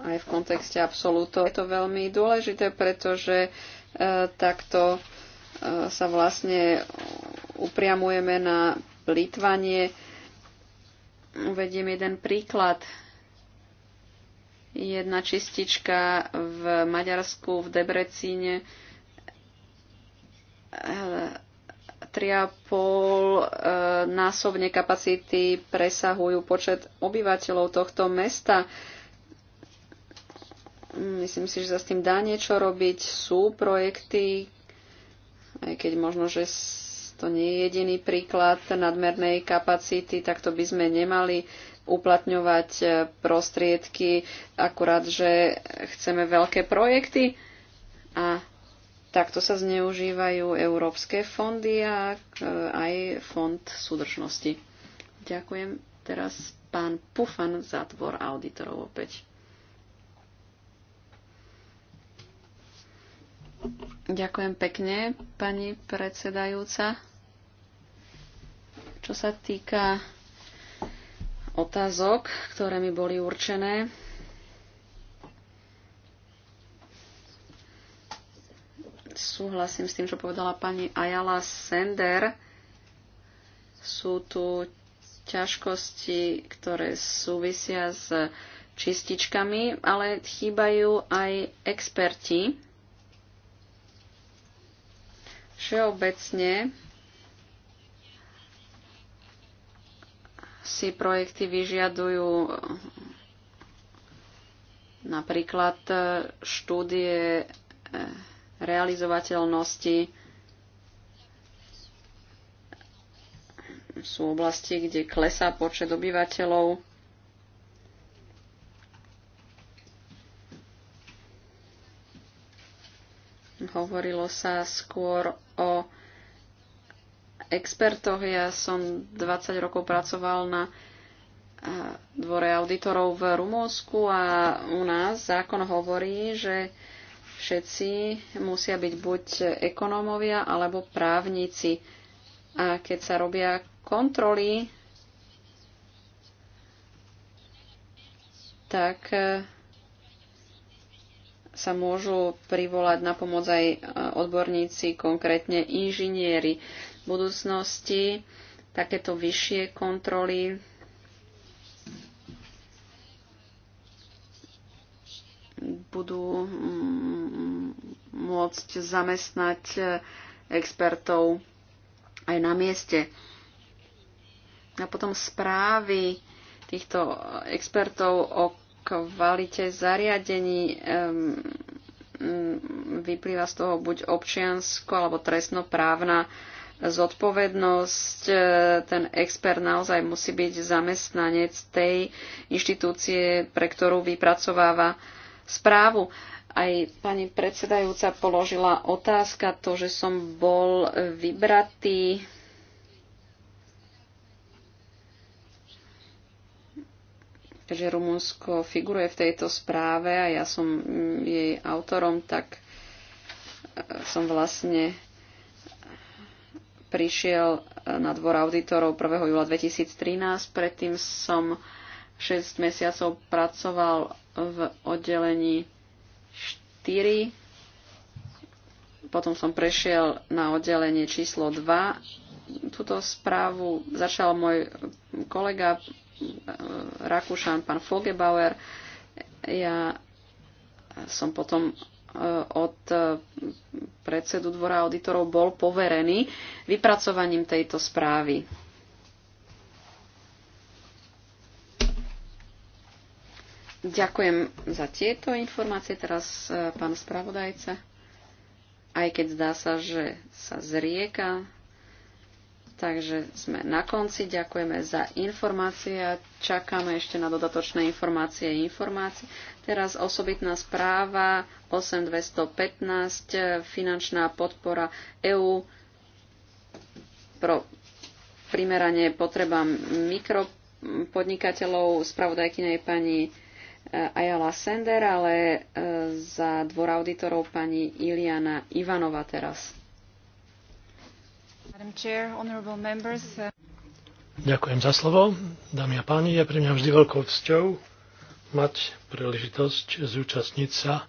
aj v kontexte absolúto. Je to veľmi dôležité, pretože e, takto e, sa vlastne upriamujeme na plýtvanie. Uvediem jeden príklad. Jedna čistička v Maďarsku, v Debrecíne, e, 3,5 e, násobne kapacity presahujú počet obyvateľov tohto mesta. Myslím si, že sa s tým dá niečo robiť. Sú projekty, aj keď možno, že to nie je jediný príklad nadmernej kapacity, tak to by sme nemali uplatňovať e, prostriedky, akurát, že chceme veľké projekty a Takto sa zneužívajú európske fondy a e, aj fond súdržnosti. Ďakujem teraz pán Pufan za dvor auditorov opäť. Ďakujem pekne, pani predsedajúca. Čo sa týka otázok, ktoré mi boli určené, súhlasím s tým, čo povedala pani Ayala Sender. Sú tu ťažkosti, ktoré súvisia s čističkami, ale chýbajú aj experti. Všeobecne si projekty vyžiadujú napríklad štúdie eh, realizovateľnosti. Sú oblasti, kde klesá počet obyvateľov. Hovorilo sa skôr o expertoch. Ja som 20 rokov pracoval na dvore auditorov v Rumúnsku a u nás zákon hovorí, že všetci musia byť buď ekonómovia alebo právnici. A keď sa robia kontroly, tak e, sa môžu privolať na pomoc aj e, odborníci, konkrétne inžinieri. V budúcnosti takéto vyššie kontroly budú mm, môcť zamestnať eh, expertov aj na mieste. A potom správy týchto expertov o kvalite zariadení ehm, vyplýva z toho buď občiansko alebo trestnoprávna zodpovednosť. Eh, ten expert naozaj musí byť zamestnanec tej inštitúcie, pre ktorú vypracováva správu aj pani predsedajúca položila otázka, to, že som bol vybratý že Rumunsko figuruje v tejto správe a ja som jej autorom, tak eh, som vlastne prišiel na dvor auditorov 1. júla 2013. Predtým som 6 mesiacov pracoval v oddelení 4. Potom som prešiel na oddelenie číslo 2. Tuto správu začal môj kolega e, Rakúšan, pán Fogebauer. Ja som potom e, od e, predsedu dvora auditorov bol poverený vypracovaním tejto správy. Ďakujem za tieto informácie. Teraz e, pán spravodajca, aj keď zdá sa, že sa zrieka, takže sme na konci. Ďakujeme za informácie a čakáme ešte na dodatočné informácie a informácie. Teraz osobitná správa 8215, finančná podpora EÚ pro primeranie potrebám mikropodnikateľov. Spravodajkyňa je pani Eh, Ayala Sender, ale eh, za dvor auditorov pani Iliana Ivanova teraz. Eh. Ďakujem za slovo. Dámy a páni, je pre mňa vždy veľkou cťou mať príležitosť zúčastniť sa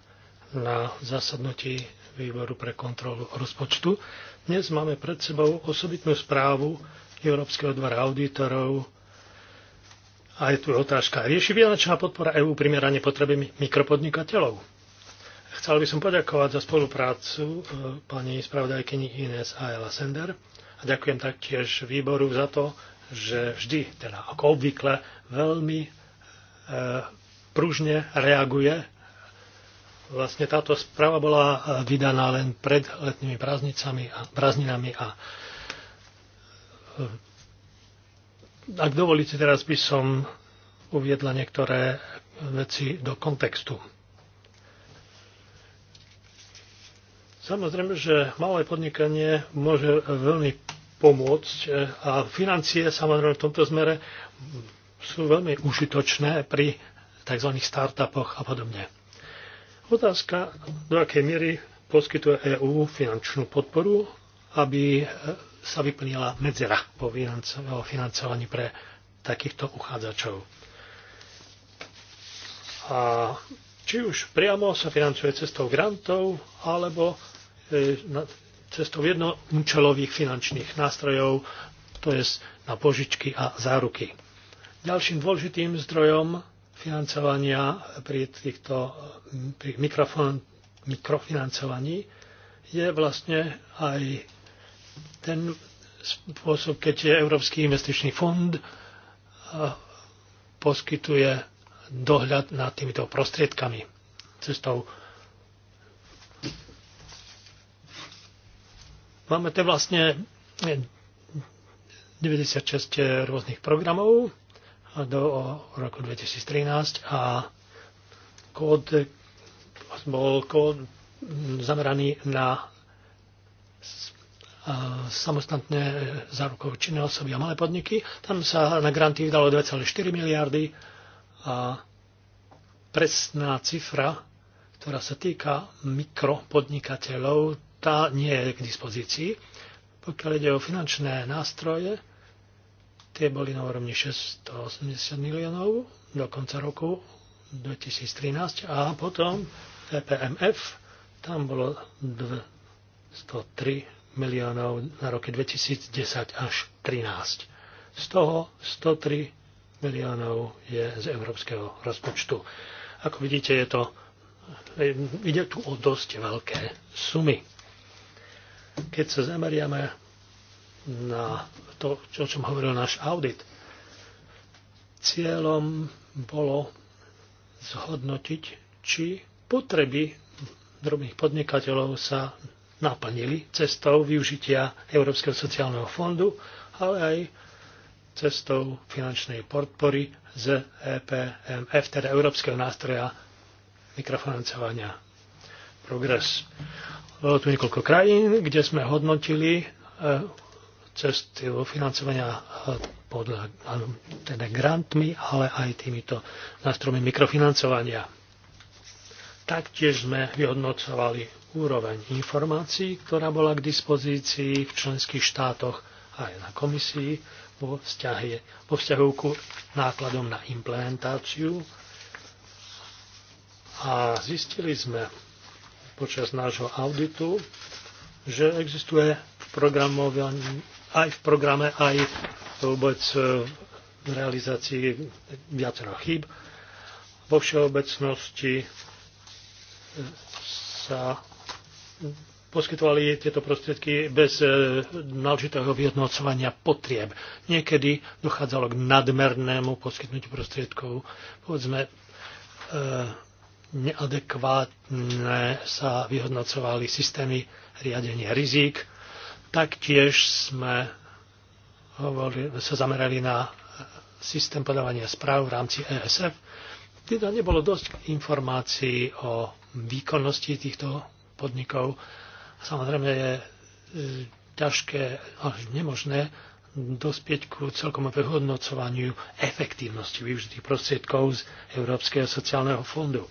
na zasadnutí výboru pre kontrolu rozpočtu. Dnes máme pred sebou osobitnú správu Európskeho dvora auditorov a je tu otázka, rieši vianočná podpora EÚ primerane potreby mikropodnikateľov? Chcel by som poďakovať za spoluprácu e, pani spravodajkyni Ines Ayala Sender a ďakujem taktiež výboru za to, že vždy, teda ako obvykle, veľmi e, pružne reaguje. Vlastne táto správa bola e, vydaná len pred letnými prázdnicami a, prázdninami a e, ak dovolíte, teraz by som uviedla niektoré veci do kontextu. Samozrejme, že malé podnikanie môže veľmi pomôcť e, a financie samozrejme v tomto zmere sú veľmi užitočné pri tzv. startupoch a podobne. Otázka, do akej miery poskytuje EÚ finančnú podporu, aby e, sa vyplnila medzera po financovaní pre takýchto uchádzačov. A či už priamo sa financuje cestou grantov, alebo e, cestou jednoúčelových finančných nástrojov, to je na požičky a záruky. Ďalším dôležitým zdrojom financovania pri týchto pri mikrofon, mikrofinancovaní je vlastne aj ten spôsob, keď je Európsky investičný fond poskytuje dohľad nad týmito prostriedkami cestou. Máme tu vlastne 96 rôznych programov do roku 2013 a kód bol kód zameraný na samostatné e, zárukové činné osoby a malé podniky. Tam sa na granty vydalo 2,4 miliardy a presná cifra, ktorá sa týka mikropodnikateľov, tá nie je k dispozícii. Pokiaľ ide o finančné nástroje, tie boli na úrovni 680 miliónov do konca roku 2013 a potom PPMF, tam bolo 203 miliónov na roky 2010 až 2013. Z toho 103 miliónov je z európskeho rozpočtu. Ako vidíte, je to, ide tu o dosť veľké sumy. Keď sa zameriame na to, o čom hovoril náš audit, cieľom bolo zhodnotiť, či potreby drobných podnikateľov sa naplnili cestou využitia Európskeho sociálneho fondu, ale aj cestou finančnej podpory z EPMF, teda Európskeho nástroja mikrofinancovania Progres. Bolo tu niekoľko krajín, kde sme hodnotili e, cesty financovania e, podľa, teda grantmi, ale aj týmito nástrojmi mikrofinancovania. Taktiež sme vyhodnocovali úroveň informácií, ktorá bola k dispozícii v členských štátoch aj na komisii vo, vzťahe, vo vzťahu ku nákladom na implementáciu. A zistili sme počas nášho auditu, že existuje v aj v programe, aj vôbec e, v realizácii viacero chýb. Vo všeobecnosti e, sa poskytovali tieto prostriedky bez e, náležitého vyhodnocovania potrieb. Niekedy dochádzalo k nadmernému poskytnutiu prostriedkov. Povedzme, e, neadekvátne sa vyhodnocovali systémy riadenia rizík. Taktiež sme sa zamerali na systém podávania správ v rámci ESF. Teda nebolo dosť informácií o výkonnosti týchto podnikov. Samozrejme je e, ťažké až no, nemožné dospieť ku celkom vyhodnocovaniu efektívnosti využitých prostriedkov z Európskeho sociálneho fondu.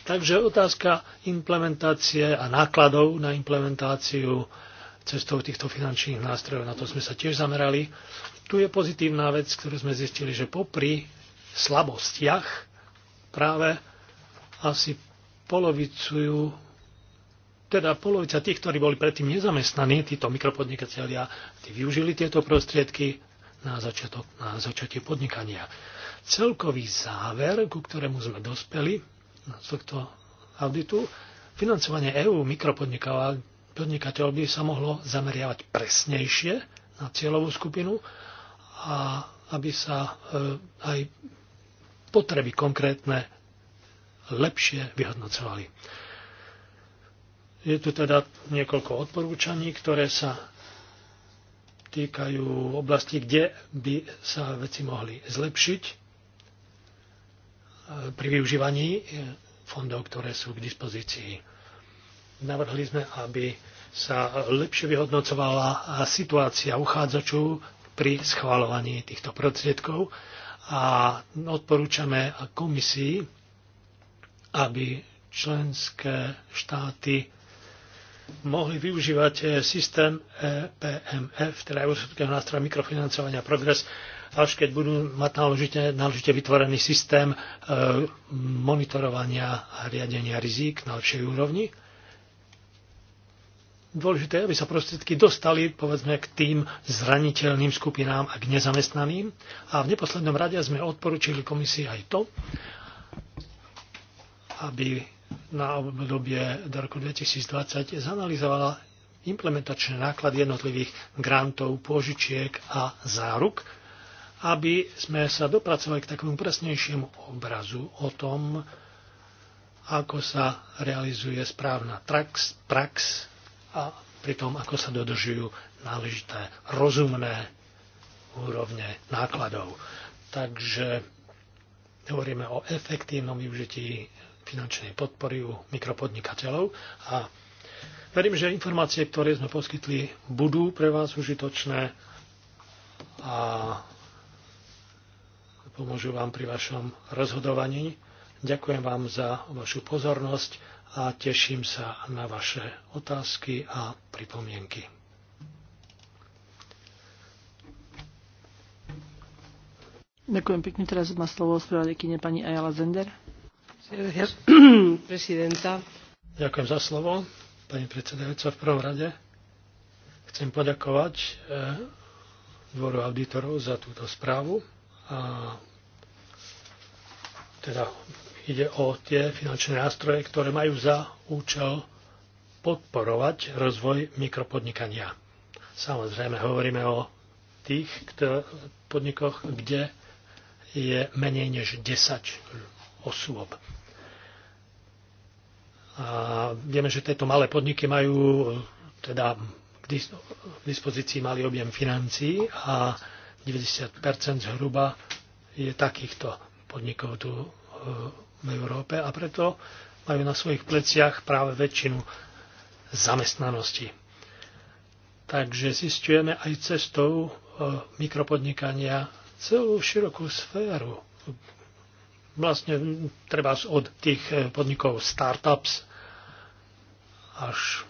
Takže otázka implementácie a nákladov na implementáciu cestou týchto finančných nástrojov, na to sme sa tiež zamerali. Tu je pozitívna vec, ktorú sme zistili, že popri slabostiach práve asi polovicujú teda polovica tých, ktorí boli predtým nezamestnaní, títo mikropodnikatelia, tí využili tieto prostriedky na, začiatok, na začiatie podnikania. Celkový záver, ku ktorému sme dospeli z tohto auditu, financovanie EÚ mikropodnikateľov by sa mohlo zameriavať presnejšie na cieľovú skupinu a aby sa e, aj potreby konkrétne lepšie vyhodnocovali. Je tu teda niekoľko odporúčaní, ktoré sa týkajú oblasti, kde by sa veci mohli zlepšiť e, pri využívaní e, fondov, ktoré sú k dispozícii. Navrhli sme, aby sa lepšie vyhodnocovala situácia uchádzačov pri schváľovaní týchto prostriedkov a odporúčame komisii, aby členské štáty mohli využívať e, systém EPMF, teda Európskeho nástroja mikrofinancovania Progres, až keď budú mať náležite, náležite vytvorený systém e, monitorovania a riadenia rizík na lepšej úrovni. Dôležité je, aby sa prostriedky dostali povedzme k tým zraniteľným skupinám a k nezamestnaným. A v neposlednom rade sme odporúčili komisii aj to, aby na obdobie do roku 2020 zanalizovala implementačné náklady jednotlivých grantov, pôžičiek a záruk, aby sme sa dopracovali k takému presnejšiemu obrazu o tom, ako sa realizuje správna trax, prax a pri tom, ako sa dodržujú náležité rozumné úrovne nákladov. Takže hovoríme o efektívnom využití finančnej podpory u mikropodnikateľov a verím, že informácie, ktoré sme poskytli, budú pre vás užitočné a pomôžu vám pri vašom rozhodovaní. Ďakujem vám za vašu pozornosť a teším sa na vaše otázky a pripomienky. Ďakujem pekne. Teraz má slovo spravodajkyne pani Ajala Zender. [CLEARS THROAT] Ďakujem za slovo, pani predsedajúca. V prvom rade chcem poďakovať e, dvoru auditorov za túto správu. A teda ide o tie finančné nástroje, ktoré majú za účel podporovať rozvoj mikropodnikania. Samozrejme, hovoríme o tých podnikoch, kde je menej než 10 osôb. A vieme, že tieto malé podniky majú e, teda k dispozícii malý objem financií a 90 zhruba je takýchto podnikov tu e, v Európe a preto majú na svojich pleciach práve väčšinu zamestnanosti. Takže zistujeme aj cestou e, mikropodnikania celú širokú sféru. Vlastne treba od tých podnikov startups až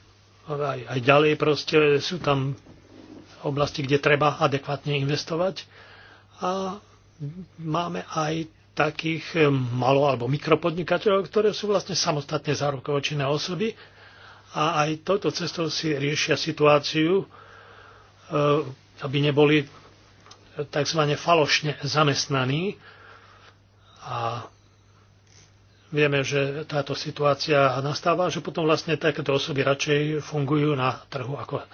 aj, aj ďalej proste sú tam oblasti, kde treba adekvátne investovať. A máme aj takých eh, malo- alebo mikropodnikateľov, ktoré sú vlastne samostatne zárukovočinné osoby a aj touto cestou si riešia situáciu, eh, aby neboli tzv. falošne zamestnaní a vieme, že táto situácia nastáva, že potom vlastne takéto osoby radšej fungujú na trhu ako e,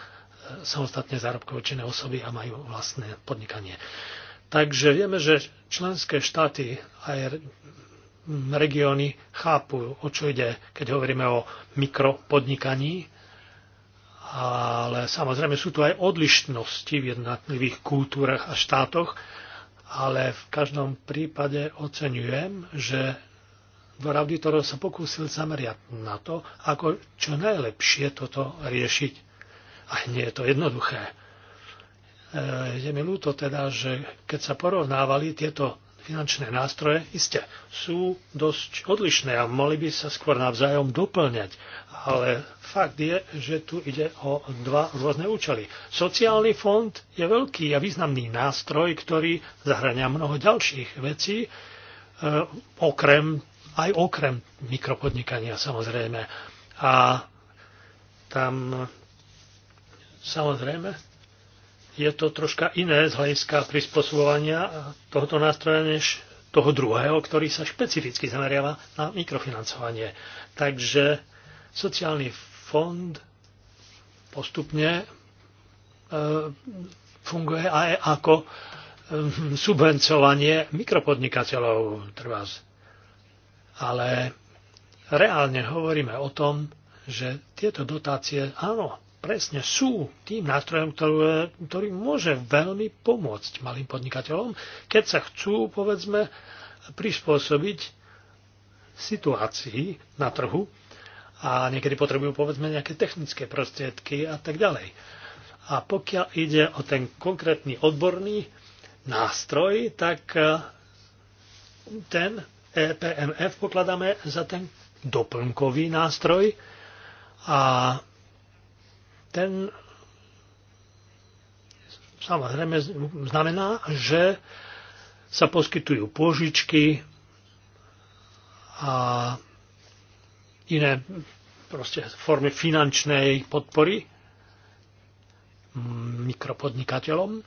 samostatne zárobkové činné osoby a majú vlastné podnikanie. Takže vieme, že členské štáty aj regióny chápu, o čo ide, keď hovoríme o mikropodnikaní, ale samozrejme sú tu aj odlišnosti v jednotlivých kultúrach a štátoch, ale v každom prípade oceňujem, že dvor auditorov sa pokúsil zameriať na to, ako čo najlepšie toto riešiť. A nie je to jednoduché. E, je mi ľúto teda, že keď sa porovnávali tieto finančné nástroje, iste sú dosť odlišné a mohli by sa skôr navzájom doplňať. Ale fakt je, že tu ide o dva rôzne účely. Sociálny fond je veľký a významný nástroj, ktorý zahrania mnoho ďalších vecí, e, okrem aj okrem mikropodnikania samozrejme. A tam samozrejme je to troška iné z hľadiska prispôsobovania tohoto nástroja než toho druhého, ktorý sa špecificky zameriava na mikrofinancovanie. Takže sociálny fond postupne e, funguje aj ako e, subvencovanie mikropodnikateľov, trvá ale reálne hovoríme o tom, že tieto dotácie, áno, presne sú tým nástrojom, ktorý, ktorý môže veľmi pomôcť malým podnikateľom, keď sa chcú, povedzme, prispôsobiť situácii na trhu a niekedy potrebujú, povedzme, nejaké technické prostriedky a tak ďalej. A pokiaľ ide o ten konkrétny odborný nástroj, tak ten EPMF pokladáme za ten doplnkový nástroj a ten samozrejme znamená, že sa poskytujú pôžičky a iné proste formy finančnej podpory mikropodnikateľom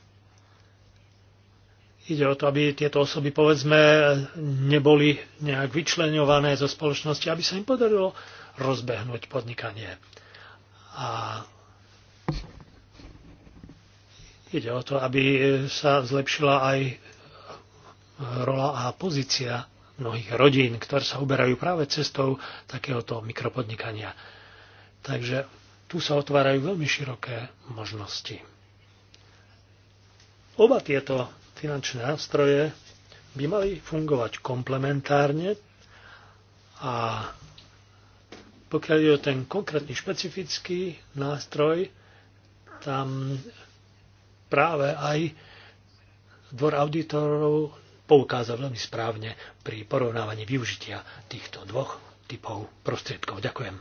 Ide o to, aby tieto osoby, povedzme, neboli nejak vyčlenované zo spoločnosti, aby sa im podarilo rozbehnúť podnikanie. A ide o to, aby sa zlepšila aj rola a pozícia mnohých rodín, ktoré sa uberajú práve cestou takéhoto mikropodnikania. Takže tu sa otvárajú veľmi široké možnosti. Oba tieto finančné nástroje by mali fungovať komplementárne a pokiaľ je o ten konkrétny špecifický nástroj, tam práve aj dvor auditorov poukázal veľmi správne pri porovnávaní využitia týchto dvoch typov prostriedkov. Ďakujem.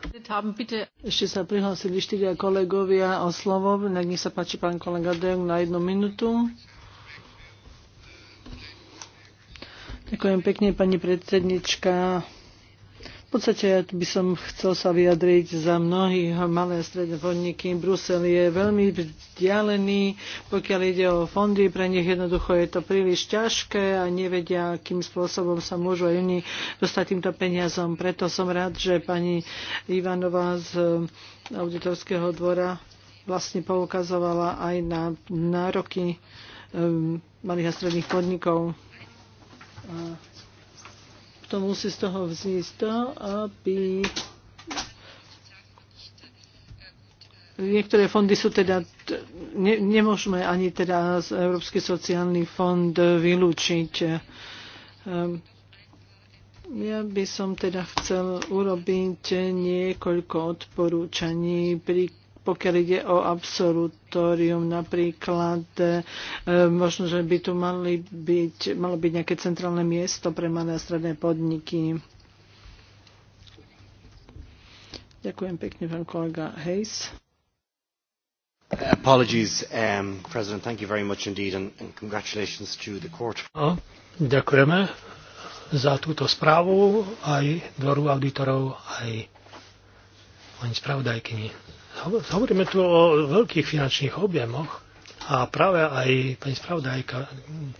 Ešte sa prihlásili štyria kolegovia o slovo. Nech sa páči pán kolega Deng na jednu minútu. Ďakujem pekne, pani predsednička. V podstate ja by som chcel sa vyjadriť za mnohých malé a stredné podniky. Brusel je veľmi vzdialený, pokiaľ ide o fondy, pre nich jednoducho je to príliš ťažké a nevedia, akým spôsobom sa môžu aj oni dostať týmto peniazom. Preto som rád, že pani Ivanová z auditorského dvora vlastne poukazovala aj na nároky ehm, malých a stredných podnikov. A to musí z toho vzísť to, aby niektoré fondy sú teda, ne, nemôžeme ani teda z Európsky sociálny fond vylúčiť. Ehm, ja by som teda chcel urobiť niekoľko odporúčaní, pri pokiaľ ide o absolutórium napríklad, e, možno, že by tu mali byť, malo byť nejaké centrálne miesto pre malé a stredné podniky. Ďakujem pekne, pán kolega Hayes. Apologies, um, President. Thank you very much indeed and, and congratulations to the court. A, no, ďakujeme za túto správu aj dvoru auditorov, aj pani spravodajkyni. Hovoríme tu o veľkých finančných objemoch a práve aj pani spravodajka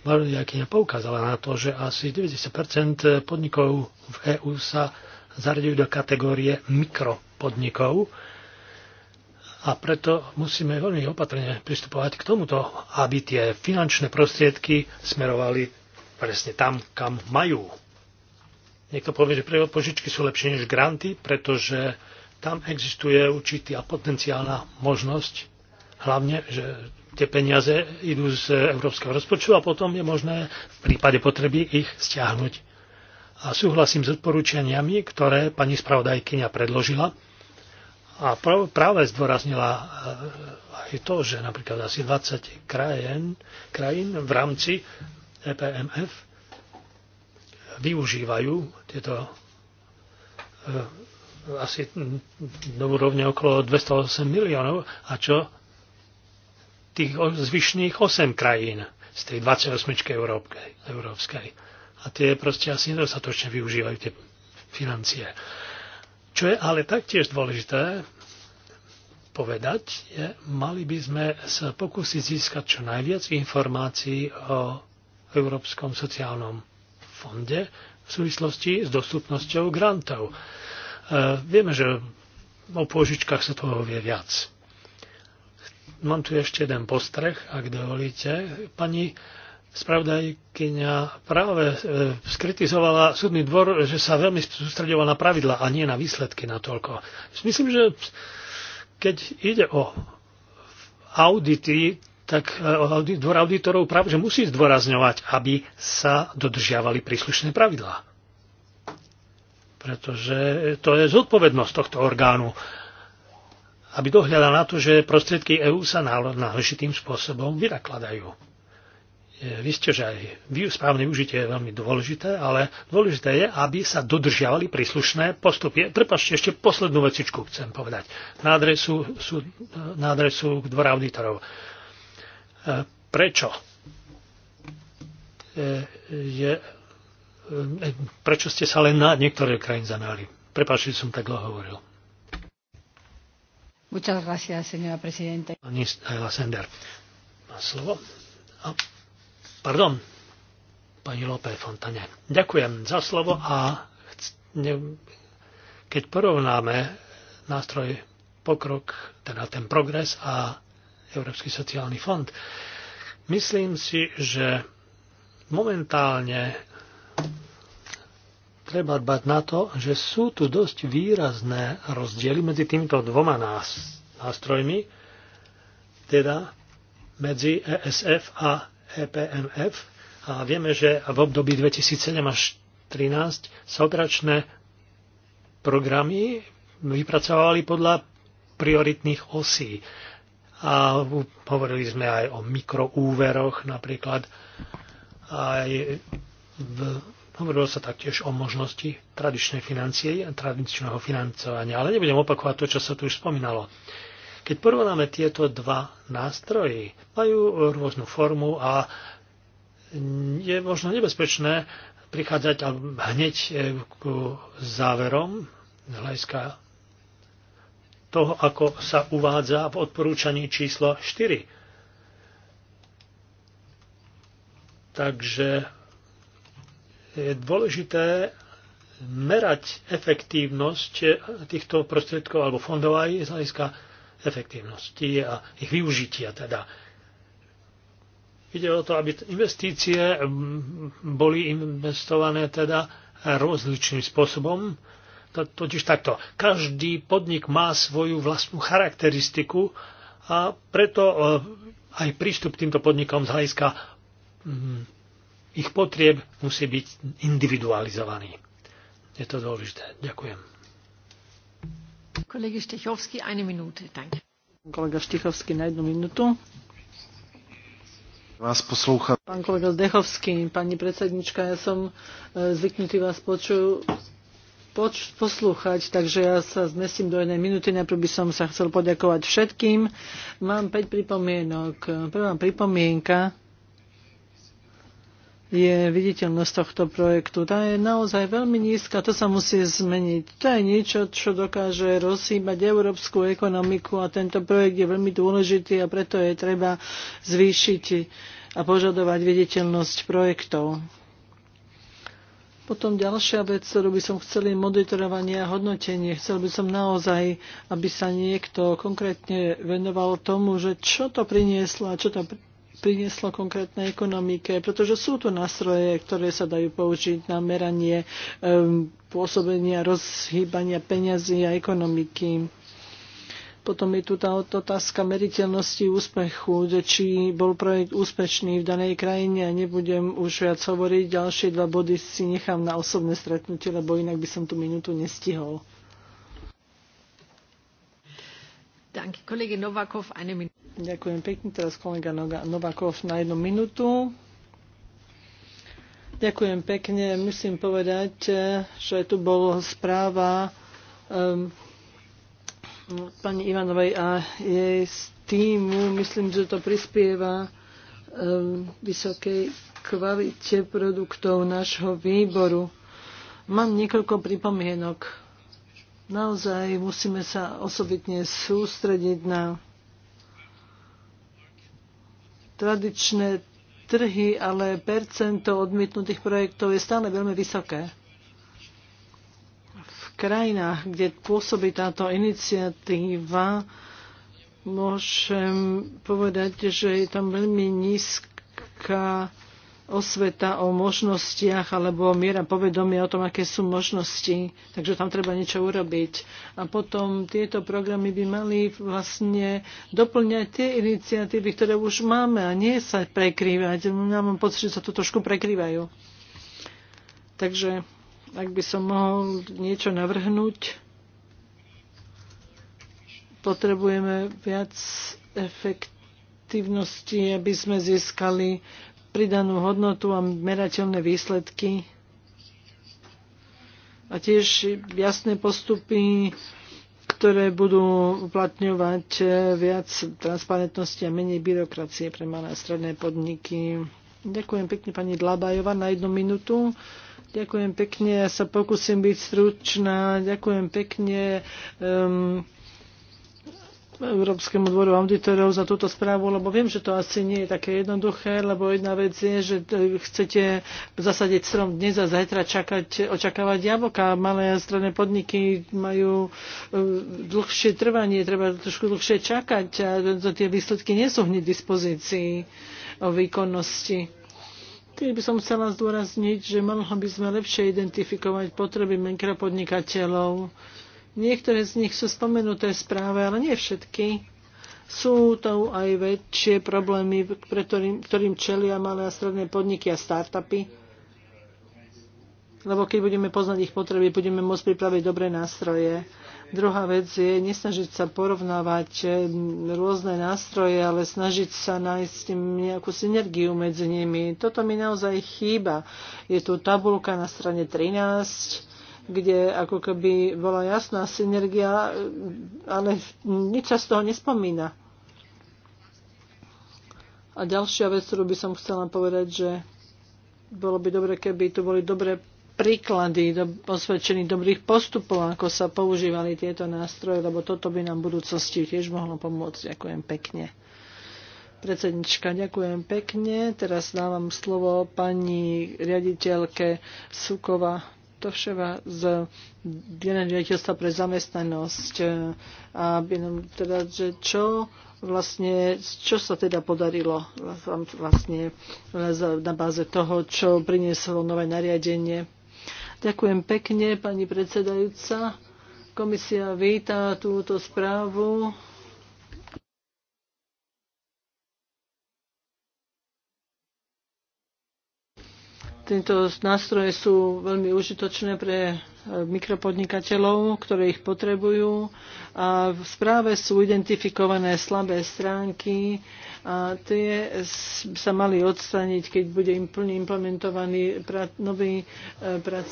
Marodiakyňa poukázala na to, že asi 90 podnikov v EÚ sa zaradujú do kategórie mikropodnikov a preto musíme veľmi opatrne pristupovať k tomuto, aby tie finančné prostriedky smerovali presne tam, kam majú. Niekto povie, že požičky sú lepšie než granty, pretože tam existuje určitá potenciálna možnosť, hlavne, že tie peniaze idú z európskeho rozpočtu a potom je možné v prípade potreby ich stiahnuť. A súhlasím s odporúčaniami, ktoré pani spravodajkyňa predložila a práve zdôraznila eh, aj to, že napríklad asi 20 krajín, krajín v rámci EPMF využívajú tieto eh, asi do úrovne okolo 208 miliónov a čo tých zvyšných 8 krajín z tej 28 európskej. A tie proste asi nedostatočne využívajú tie financie. Čo je ale taktiež dôležité povedať, je, mali by sme sa pokúsiť získať čo najviac informácií o Európskom sociálnom fonde v súvislosti s dostupnosťou grantov. Eh, vieme, že o pôžičkách sa toho vie viac. Mám tu ešte jeden postreh, ak dovolíte. Pani spravdajkyňa práve eh, skritizovala súdny dvor, že sa veľmi sústredoval na pravidla a nie na výsledky na toľko. Myslím, že keď ide o audity, tak eh, dvor auditorov práve že musí zdôrazňovať, aby sa dodržiavali príslušné pravidlá pretože to je zodpovednosť tohto orgánu, aby dohľadal na to, že prostriedky EÚ sa náležitým spôsobom vynakladajú. Vy ste, že aj správne využitie je veľmi dôležité, ale dôležité je, aby sa dodržiavali príslušné postupy. Prepašte, ešte poslednú vecičku chcem povedať na adresu, sú, na adresu dvora auditorov. E, prečo e, je E, e, prečo ste sa len na niektoré krajiny zanali? že som tak dlho hovoril. Muchas gracias, señora presidente. Pani Ayla Sender má slovo. A, pardon, pani López Fontane. Ďakujem za slovo a ne, keď porovnáme nástroj pokrok, teda ten progres a Európsky sociálny fond, myslím si, že momentálne treba dbať na to, že sú tu dosť výrazné rozdiely medzi týmito dvoma nástrojmi, teda medzi ESF a EPMF. A vieme, že v období 2007 až 2013 sa operačné programy vypracovali podľa prioritných osí. A hovorili sme aj o mikroúveroch napríklad, aj v, hovorilo sa taktiež o možnosti tradičnej financie, tradičného financovania, ale nebudem opakovať to, čo sa tu už spomínalo. Keď porovnáme tieto dva nástroje, majú rôznu formu a je možno nebezpečné prichádzať hneď e, k záverom z hľadiska toho, ako sa uvádza v odporúčaní číslo 4. Takže je dôležité merať efektívnosť týchto prostriedkov alebo fondov aj z hľadiska efektívnosti a ich využitia teda. Ide o to, aby investície boli investované teda rozličným spôsobom. Totiž takto. Každý podnik má svoju vlastnú charakteristiku a preto eh, aj prístup k týmto podnikom z hľadiska mm, ich potrieb musí byť individualizovaný. Je to dôležité. Ďakujem. Kolega Štichovský, eine Minute, Kolega Štichovský na jednu minútu. Vás poslúcha. Pán kolega Zdechovský, pani predsednička, ja som e, zvyknutý vás počuť poč- poslúchať, takže ja sa zmestím do jednej minúty. Najprv by som sa chcel poďakovať všetkým. Mám 5 pripomienok. Prvá pripomienka je viditeľnosť tohto projektu. Tá je naozaj veľmi nízka, to sa musí zmeniť. To je niečo, čo dokáže rozhýbať európsku ekonomiku a tento projekt je veľmi dôležitý a preto je treba zvýšiť a požadovať viditeľnosť projektov. Potom ďalšia vec, ktorú by som chcel je monitorovanie a hodnotenie. Chcel by som naozaj, aby sa niekto konkrétne venoval tomu, že čo to prinieslo a čo to prinieslo konkrétnej ekonomike, pretože sú tu nástroje, ktoré sa dajú použiť na meranie um, pôsobenia, rozhýbania peňazí a ekonomiky. Potom je tu tá otázka meriteľnosti úspechu, či bol projekt úspešný v danej krajine a nebudem už viac hovoriť. Ďalšie dva body si nechám na osobné stretnutie, lebo inak by som tú minútu nestihol. Danke, kolega Novakov, eine minúta. Ďakujem pekne, teraz kolega Novakov na jednu minútu. Ďakujem pekne. Musím povedať, eh, že tu bola správa um, pani Ivanovej a jej týmu. Myslím, že to prispieva um, vysokej kvalite produktov nášho výboru. Mám niekoľko pripomienok naozaj musíme sa osobitne sústrediť na tradičné trhy, ale percento odmietnutých projektov je stále veľmi vysoké. V krajinách, kde pôsobí táto iniciatíva, môžem povedať, že je tam veľmi nízka osveta o možnostiach alebo miera povedomia o tom, aké sú možnosti. Takže tam treba niečo urobiť. A potom tieto programy by mali vlastne doplňať tie iniciatívy, ktoré už máme a nie sa prekrývať. Ja mám pocit, že sa to trošku prekrývajú. Takže ak by som mohol niečo navrhnúť, potrebujeme viac efektívnosti, aby sme získali pridanú hodnotu a merateľné výsledky a tiež jasné postupy, ktoré budú uplatňovať viac transparentnosti a menej byrokracie pre malé a stredné podniky. Ďakujem pekne pani Dlabajova na jednu minútu. Ďakujem pekne, ja sa pokúsim byť stručná. Ďakujem pekne. Um, Európskemu dvoru auditorov za túto správu, lebo viem, že to asi nie je také jednoduché, lebo jedna vec je, že e, chcete zasadiť strom dnes a zajtra čakať, očakávať jablka. Malé a stredné podniky majú e, dlhšie trvanie, treba trošku dlhšie čakať a tie výsledky nie sú hneď v dispozícii o výkonnosti. Tým by som chcela zdôrazniť, že mohli by sme lepšie identifikovať potreby mikropodnikateľov podnikateľov Niektoré z nich sú spomenuté v správe, ale nie všetky. Sú to aj väčšie problémy, pre ktorým, ktorým čelia malé a stredné podniky a startupy. Lebo keď budeme poznať ich potreby, budeme môcť pripraviť dobré nástroje. Druhá vec je nesnažiť sa porovnávať eh, rôzne nástroje, ale snažiť sa nájsť nejakú synergiu medzi nimi. Toto mi naozaj chýba. Je tu tabulka na strane 13 kde ako keby bola jasná synergia, e, ale nič z toho nespomína. A ďalšia vec, ktorú by som chcela povedať, že bolo by dobre, keby tu boli dobré príklady do, osvedčených dobrých postupov, ako sa používali tieto nástroje, lebo toto by nám v budúcnosti tiež mohlo pomôcť. Ďakujem pekne. Predsednička, ďakujem pekne. Teraz dávam slovo pani riaditeľke Sukova Toševa z Generálneho pre zamestnanosť. E, a teda, že čo vlastne, čo sa teda podarilo vlastne na báze toho, čo prinieslo nové nariadenie. Ďakujem pekne, pani predsedajúca. Komisia víta túto správu Tieto nástroje sú veľmi užitočné pre e, mikropodnikateľov, ktoré ich potrebujú. A v správe sú identifikované slabé stránky a tie sa mali odstaniť, keď bude plne implementovaný nový e, prac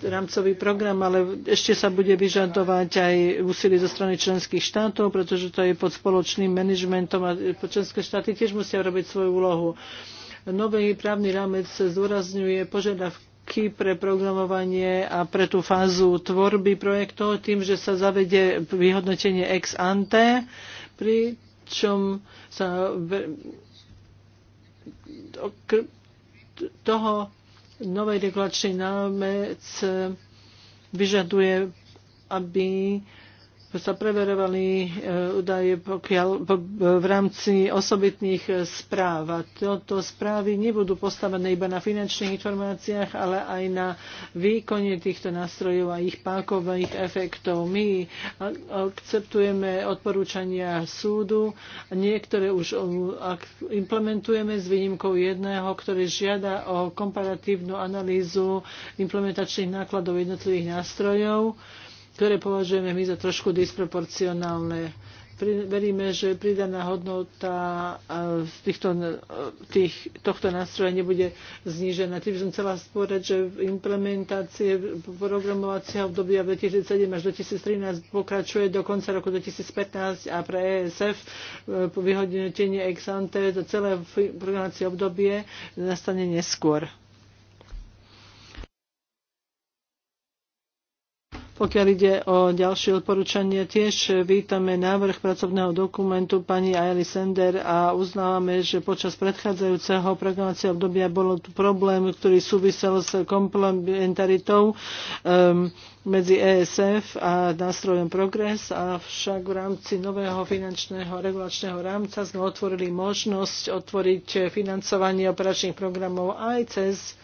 rámcový program, ale ešte sa bude vyžadovať aj úsilie zo strany členských štátov, pretože to je pod spoločným manažmentom a e, členské štáty tiež musia robiť svoju úlohu. Nový právny rámec zdôrazňuje požiadavky pre programovanie a pre tú fázu tvorby projektov tým, že sa zavede vyhodnotenie ex ante, pričom sa toho novej regulačnej námec vyžaduje, aby sa preverovali e, údaje pokiaľ, e, v rámci osobitných e, správ. A toto správy nebudú postavené iba na finančných informáciách, ale aj na výkone týchto nástrojov a ich pákových efektov. My akceptujeme odporúčania súdu, niektoré už implementujeme s výnimkou jedného, ktorý žiada o komparatívnu analýzu implementačných nákladov jednotlivých nástrojov ktoré považujeme my za trošku disproporcionálne. Veríme, že pridaná hodnota z e, týchto, e, tých, tohto nástroja nebude znížená. Tým som chcela spôrať, že implementácie programovacieho obdobia 2007 až 2013 pokračuje do konca roku 2015 a pre ESF po e, vyhodnotení ex ante za celé programovacie obdobie nastane neskôr. Pokiaľ ide o ďalšie odporúčanie, tiež vítame návrh pracovného dokumentu pani Aeli Sender a uznávame, že počas predchádzajúceho programovacieho obdobia bolo tu problém, ktorý súvisel s komplementaritou um, medzi ESF a nástrojom Progress, avšak v rámci nového finančného regulačného rámca sme otvorili možnosť otvoriť financovanie operačných programov aj cez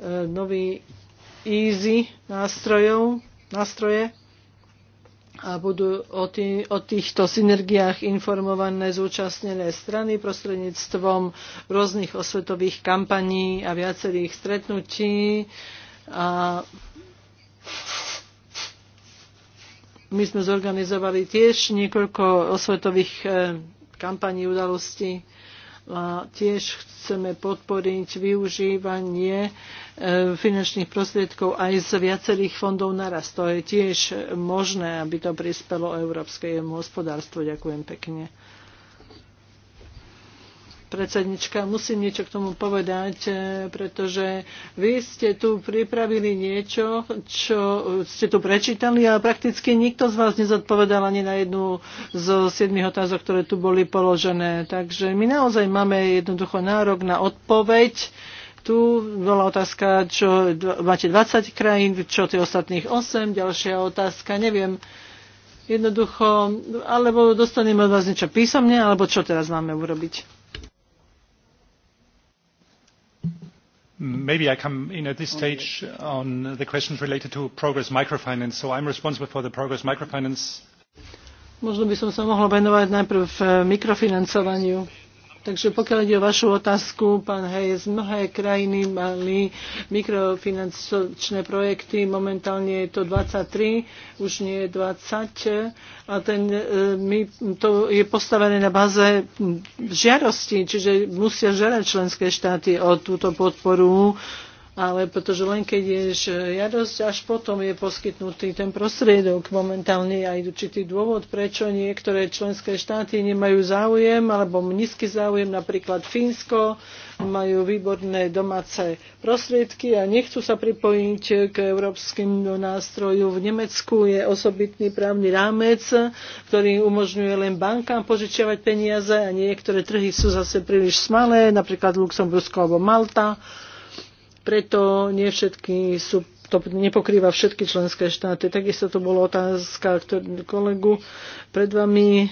e, nový easy nástrojov, nástroje a budú o, tý, o týchto synergiách informované zúčastnené strany prostredníctvom rôznych osvetových kampaní a viacerých stretnutí. A my sme zorganizovali tiež niekoľko osvetových eh, kampaní udalostí a tiež chceme podporiť využívanie e, finančných prostriedkov aj z viacerých fondov naraz. To je tiež možné, aby to prispelo európskemu hospodárstvu. Ďakujem pekne predsednička, musím niečo k tomu povedať, e, pretože vy ste tu pripravili niečo, čo ste tu prečítali a prakticky nikto z vás nezodpovedal ani na jednu z siedmých otázok, ktoré tu boli položené. Takže my naozaj máme jednoducho nárok na odpoveď. Tu bola otázka, čo máte 20 krajín, čo tie ostatných 8, ďalšia otázka, neviem, jednoducho, alebo dostaneme od vás niečo písomne, alebo čo teraz máme urobiť. Maybe I come in at this stage on the questions related to Progress Microfinance. So I'm responsible for the Progress Microfinance. Možno by som sa mohla venovať najprv eh, mikrofinancovaniu. Takže pokiaľ ide o vašu otázku, pán Hayes, mnohé krajiny mali mikrofinančné projekty, momentálne je to 23, už nie je 20 a ten, e, my, to je postavené na báze žiarosti, čiže musia žiadať členské štáty o túto podporu ale pretože len keď je žiadosť, e, až potom je poskytnutý ten prostriedok. Momentálne aj určitý dôvod, prečo niektoré členské štáty nemajú záujem alebo nízky záujem, napríklad Fínsko, majú výborné domáce prostriedky a nechcú sa pripojiť k európskym nástroju. V Nemecku je osobitný právny rámec, ktorý umožňuje len bankám požičiavať peniaze a niektoré trhy sú zase príliš smalé, napríklad Luxembursko alebo Malta preto nie všetky sú to nepokrýva všetky členské štáty. Takisto to bola otázka kolegu pred vami, e,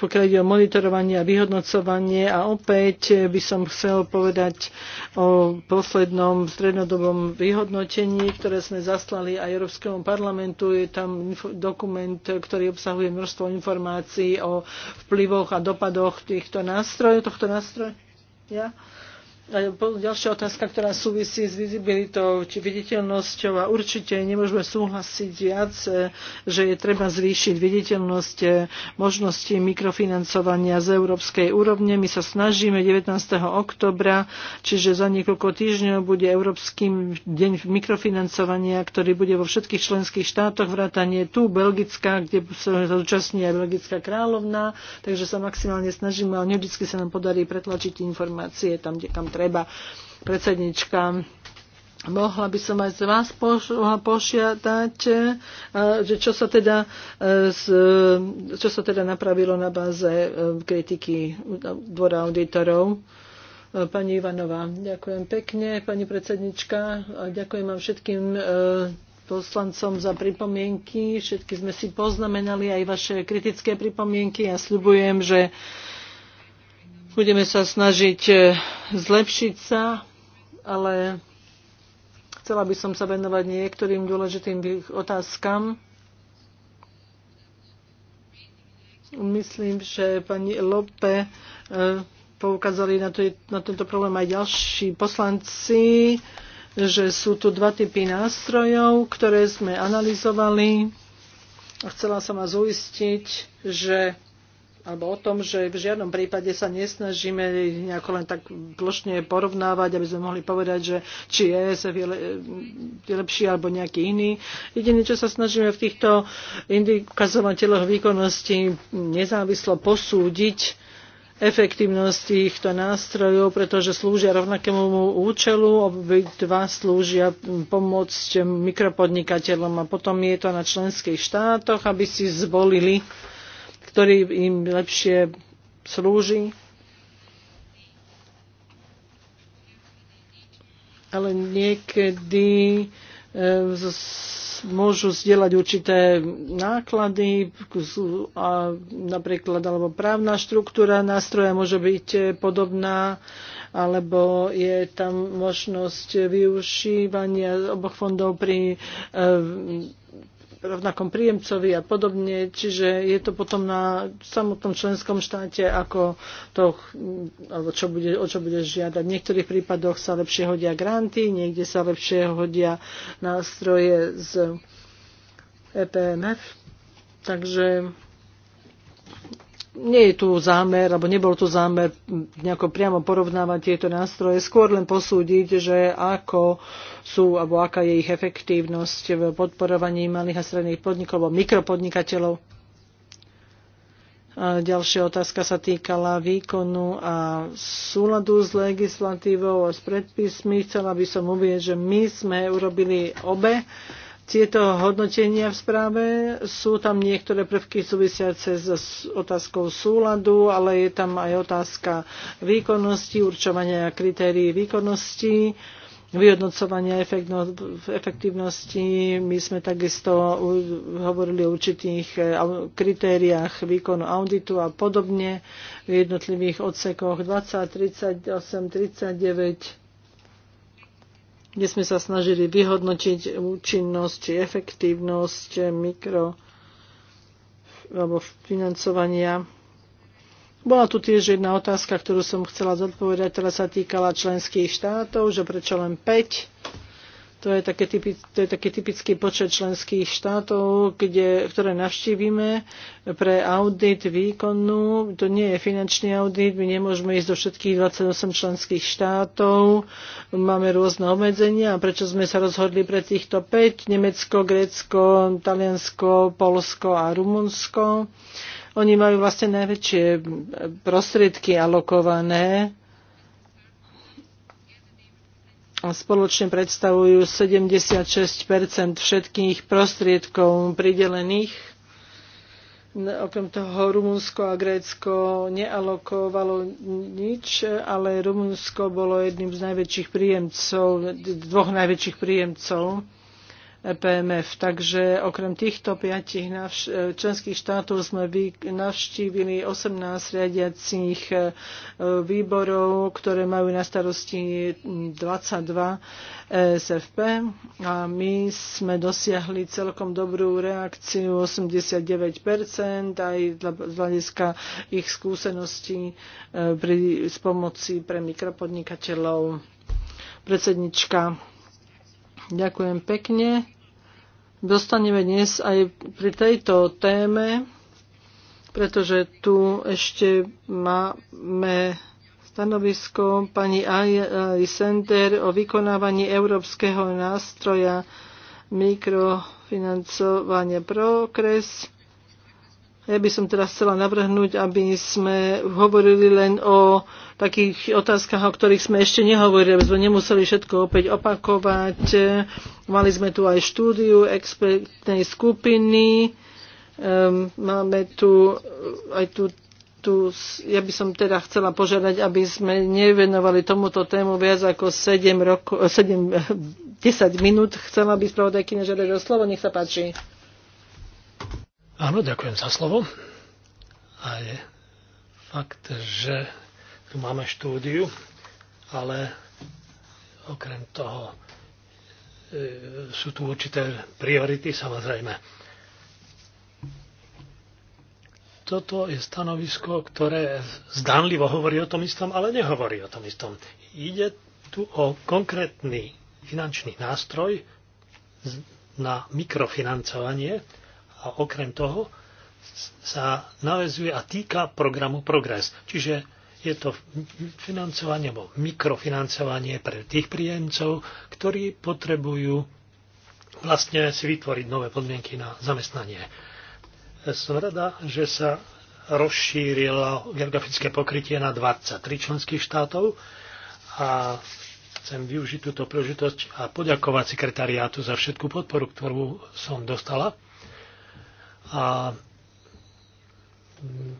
pokiaľ ide o monitorovanie a vyhodnocovanie. A opäť by som chcel povedať o poslednom strednodobom vyhodnotení, ktoré sme zaslali aj Európskemu parlamentu. Je tam dokument, ktorý obsahuje množstvo informácií o vplyvoch a dopadoch týchto nástrojov, tohto nástroja. Ja? Ďalšia otázka, ktorá súvisí s vizibilitou či viditeľnosťou a určite nemôžeme súhlasiť viac, e, že je treba zvýšiť viditeľnosť e, možnosti mikrofinancovania z európskej úrovne. My sa snažíme 19. oktobra, čiže za niekoľko týždňov bude Európsky deň mikrofinancovania, ktorý bude vo všetkých členských štátoch, vrátanie tu Belgická, kde sa zúčastní aj Belgická kráľovna, takže sa maximálne snažíme, ale nevždy sa nám podarí pretlačiť informácie tam, kde kam treba treba predsednička. Mohla by som aj z vás požiadať, eh, že čo sa teda, eh, čo sa teda napravilo na báze eh, kritiky dvora auditorov. Pani Ivanová, ďakujem pekne, pani predsednička, a ďakujem vám všetkým poslancom za pripomienky. Všetky sme si poznamenali aj vaše kritické pripomienky a ja sľubujem, že Budeme sa snažiť e, zlepšiť sa, ale chcela by som sa venovať niektorým dôležitým otázkam. Myslím, že pani Lope e, poukázali na, to, na tento problém aj ďalší poslanci, že sú tu dva typy nástrojov, ktoré sme analyzovali. A chcela som vás uistiť, že alebo o tom, že v žiadnom prípade sa nesnažíme nejako len tak plošne porovnávať, aby sme mohli povedať, že či ESF je, je lepší alebo nejaký iný. Jediné, čo sa snažíme v týchto indikazovateľoch výkonnosti nezávislo posúdiť, efektivnosť týchto nástrojov, pretože slúžia rovnakému účelu, obidva slúžia pomôcť mikropodnikateľom a potom je to na členských štátoch, aby si zvolili ktorý im lepšie slúži. Ale niekedy e, môžu zdieľať určité náklady a napríklad alebo právna štruktúra nástroja môže byť e, podobná alebo je tam možnosť využívania oboch fondov pri e, rovnakom príjemcovi a podobne, čiže je to potom na samotnom členskom štáte, ako to, alebo čo bude, o čo bude žiadať. V niektorých prípadoch sa lepšie hodia granty, niekde sa lepšie hodia nástroje z EPMF, takže nie je tu zámer, alebo nebol tu zámer nejako priamo porovnávať tieto nástroje, skôr len posúdiť, že ako sú, alebo aká je ich efektívnosť v podporovaní malých a stredných podnikov, alebo mikropodnikateľov. A ďalšia otázka sa týkala výkonu a súladu s legislatívou a s predpismi. Chcela by som uvieť, že my sme urobili obe tieto hodnotenia v správe. Sú tam niektoré prvky súvisiace s otázkou súladu, ale je tam aj otázka výkonnosti, určovania kritérií výkonnosti vyhodnocovania efektívnosti. My sme takisto hovorili o určitých eh, kritériách výkonu auditu a podobne v jednotlivých odsekoch 20, 38, 39 kde sme sa snažili vyhodnotiť účinnosť či efektívnosť mikro alebo financovania. Bola tu tiež jedna otázka, ktorú som chcela zodpovedať, ktorá sa týkala členských štátov, že prečo len 5 to je, také typi, to je taký typický počet členských štátov, kde, ktoré navštívime pre audit výkonu. To nie je finančný audit, my nemôžeme ísť do všetkých 28 členských štátov. Máme rôzne obmedzenia a prečo sme sa rozhodli pre týchto 5? Nemecko, Grécko, Taliansko, Polsko a Rumunsko. Oni majú vlastne najväčšie prostriedky alokované spoločne predstavujú 76 všetkých prostriedkov pridelených. Okrem toho Rumunsko a Grécko nealokovalo nič, ale Rumunsko bolo jedným z najväčších príjemcov, dvoch najväčších príjemcov E PMF. Takže okrem týchto piatich e, členských štátov sme navštívili 18 riadiacich e, výborov, ktoré majú na starosti 22 SFP a my sme dosiahli celkom dobrú reakciu 89% aj z hľadiska ich skúseností pri, s pomoci pre mikropodnikateľov. Predsednička Ďakujem pekne. Dostaneme dnes aj pri tejto téme, pretože tu ešte máme stanovisko pani Ari Sender o vykonávaní európskeho nástroja mikrofinancovania ProKres. Ja by som teraz chcela navrhnúť, aby sme hovorili len o takých otázkach, o ktorých sme ešte nehovorili, aby sme nemuseli všetko opäť opakovať. Mali sme tu aj štúdiu expertnej skupiny. Ehm, máme tu aj tu tu, ja by som teda chcela požiadať, aby sme nevenovali tomuto tému viac ako 7 rokov, 7, 10 minút. Chcela by spravodajkyňa žiadať o slovo, nech sa páči. Áno, ďakujem za slovo. A je fakt, že tu máme štúdiu, ale okrem toho e, sú tu určité priority, samozrejme. Toto je stanovisko, ktoré zdanlivo hovorí o tom istom, ale nehovorí o tom istom. Ide tu o konkrétny finančný nástroj na mikrofinancovanie, a okrem toho sa navezuje a týka programu Progress. Čiže je to financovanie alebo mikrofinancovanie pre tých príjemcov, ktorí potrebujú vlastne si vytvoriť nové podmienky na zamestnanie. Som rada, že sa rozšírilo geografické pokrytie na 23 členských štátov a chcem využiť túto príležitosť a poďakovať sekretariátu za všetku podporu, ktorú som dostala a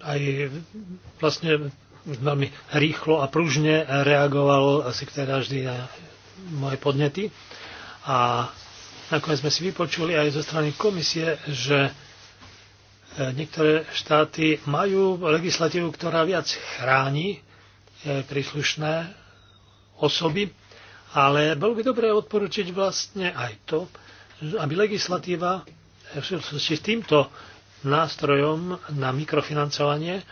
aj vlastne veľmi rýchlo a pružne reagoval teda vždy na moje podnety. A nakoniec sme si vypočuli aj zo strany komisie, že e, niektoré štáty majú legislatívu, ktorá viac chráni e, príslušné osoby, ale bolo by dobré odporučiť vlastne aj to, aby legislatíva si s týmto nástrojom na mikrofinancovanie, e,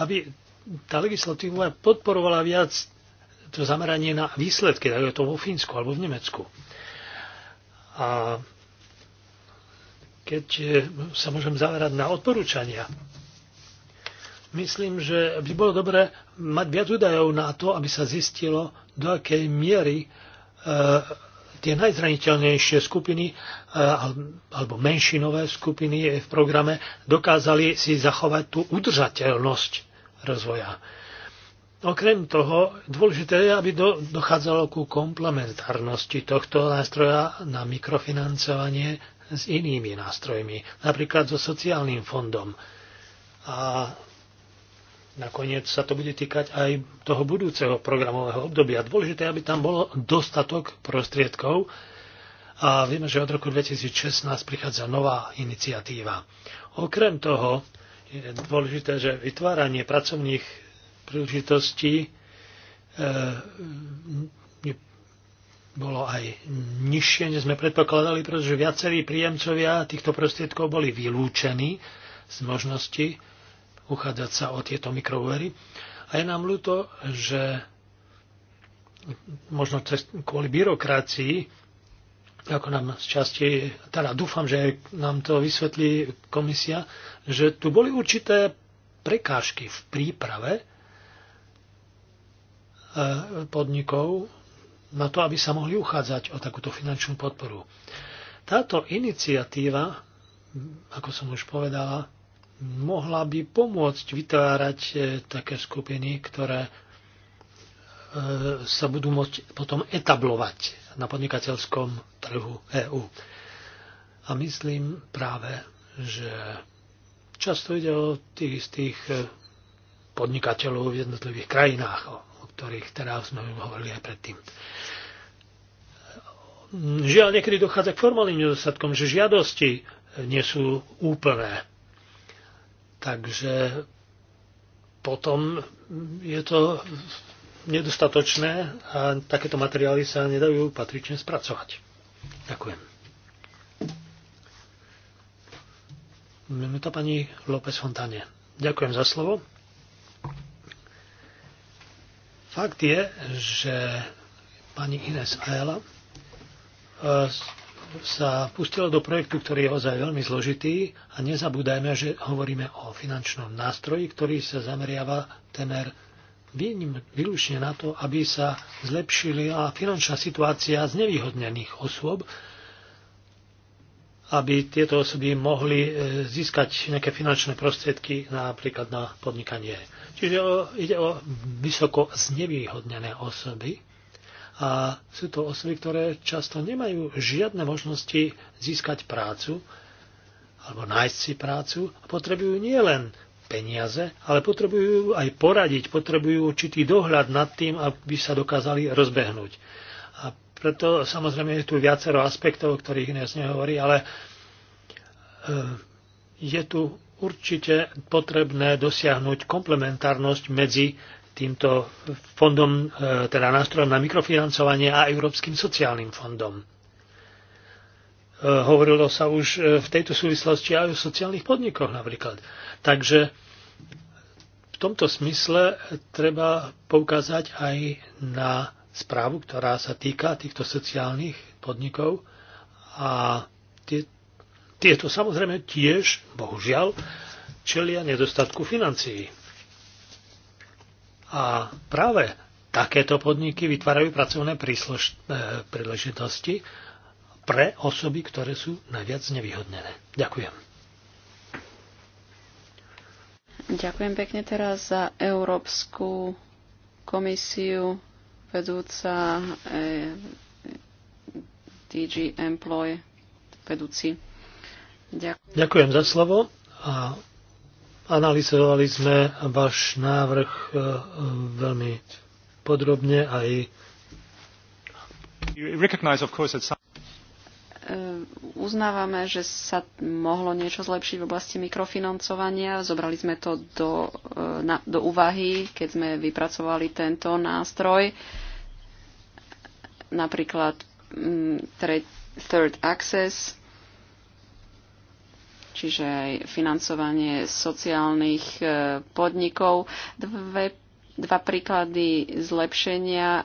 aby tá legislatíva podporovala viac to zameranie na výsledky, tak je to vo Fínsku alebo v Nemecku. A keď e, sa môžem zamerať na odporúčania, myslím, že by bolo dobré mať viac údajov na to, aby sa zistilo, do akej miery e, tie najzraniteľnejšie skupiny eh, alebo menšinové skupiny v programe dokázali si zachovať tú udržateľnosť rozvoja. Okrem toho, dôležité je, aby dochádzalo ku komplementárnosti tohto nástroja na mikrofinancovanie s inými nástrojmi, napríklad so sociálnym fondom. A nakoniec sa to bude týkať aj toho budúceho programového obdobia. Dôležité, aby tam bolo dostatok prostriedkov a vieme, že od roku 2016 prichádza nová iniciatíva. Okrem toho je dôležité, že vytváranie pracovných príležitostí e, bolo aj nižšie, než sme predpokladali, pretože viacerí príjemcovia týchto prostriedkov boli vylúčení z možnosti uchádzať sa o tieto mikroúvery. A je nám ľúto, že možno cez, kvôli byrokracii, ako nám z časti, teda dúfam, že nám to vysvetlí komisia, že tu boli určité prekážky v príprave e, podnikov na to, aby sa mohli uchádzať o takúto finančnú podporu. Táto iniciatíva, ako som už povedala, mohla by pomôcť vytvárať e, také skupiny, ktoré e, sa budú môcť potom etablovať na podnikateľskom trhu EÚ. A myslím práve, že často ide o tých istých e, podnikateľov v jednotlivých krajinách, o ktorých teraz sme hovorili aj predtým. Žiaľ, niekedy dochádza k formálnym nedostatkom, že žiadosti nie sú úplné Takže potom je to nedostatočné a takéto materiály sa nedajú patrične spracovať. Ďakujem. Minuta pani López Fontáne. Ďakujem za slovo. Fakt je, že pani Ines Aela e, sa pustila do projektu, ktorý je ozaj veľmi zložitý a nezabúdajme, že hovoríme o finančnom nástroji, ktorý sa zameriava tener výlučne na to, aby sa zlepšila finančná situácia znevýhodnených osôb, aby tieto osoby mohli e, získať nejaké finančné prostriedky napríklad na podnikanie. Čiže ide o vysoko znevýhodnené osoby, a sú to osoby, ktoré často nemajú žiadne možnosti získať prácu alebo nájsť si prácu a potrebujú nielen peniaze, ale potrebujú aj poradiť, potrebujú určitý dohľad nad tým, aby sa dokázali rozbehnúť. A preto samozrejme je tu viacero aspektov, o ktorých dnes nehovorí, ale e, je tu určite potrebné dosiahnuť komplementárnosť medzi týmto fondom, e, teda nástrojom na mikrofinancovanie a Európskym sociálnym fondom. E, hovorilo sa už e, v tejto súvislosti aj o sociálnych podnikoch napríklad. Takže v tomto smysle treba poukázať aj na správu, ktorá sa týka týchto sociálnych podnikov a tie, tieto samozrejme tiež, bohužiaľ, čelia nedostatku financií. A práve takéto podniky vytvárajú pracovné príslož, e, príležitosti pre osoby, ktoré sú najviac nevyhodnené. Ďakujem. Ďakujem pekne teraz za Európsku komisiu vedúca e, DG Employ vedúci. Ďakujem. Ďakujem za slovo a Analizovali sme váš návrh e, veľmi podrobne aj e, uznávame, že sa mohlo niečo zlepšiť v oblasti mikrofinancovania. Zobrali sme to do, e, na, do úvahy, keď sme vypracovali tento nástroj. Napríklad mm, Third Access čiže aj financovanie sociálnych e, podnikov. Dve, dva príklady zlepšenia, e,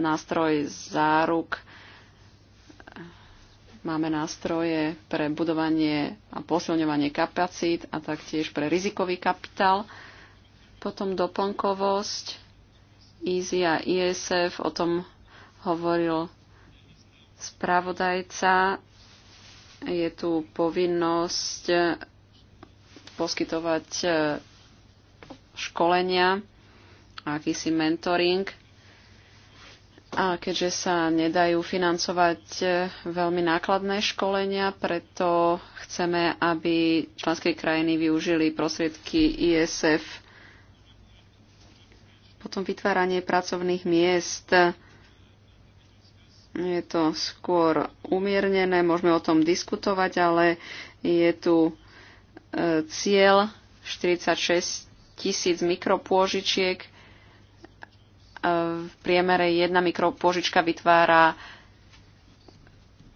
nástroj záruk, máme nástroje pre budovanie a posilňovanie kapacít a taktiež pre rizikový kapitál. Potom doplnkovosť, EASY a ISF, e o tom hovoril spravodajca. Je tu povinnosť poskytovať e, školenia, akýsi mentoring. A keďže sa nedajú financovať e, veľmi nákladné školenia, preto chceme, aby členské krajiny využili prostriedky ISF. Potom vytváranie pracovných miest je to skôr umiernené, môžeme o tom diskutovať, ale je tu e, cieľ 46 tisíc mikropôžičiek. E, v priemere jedna mikropôžička vytvára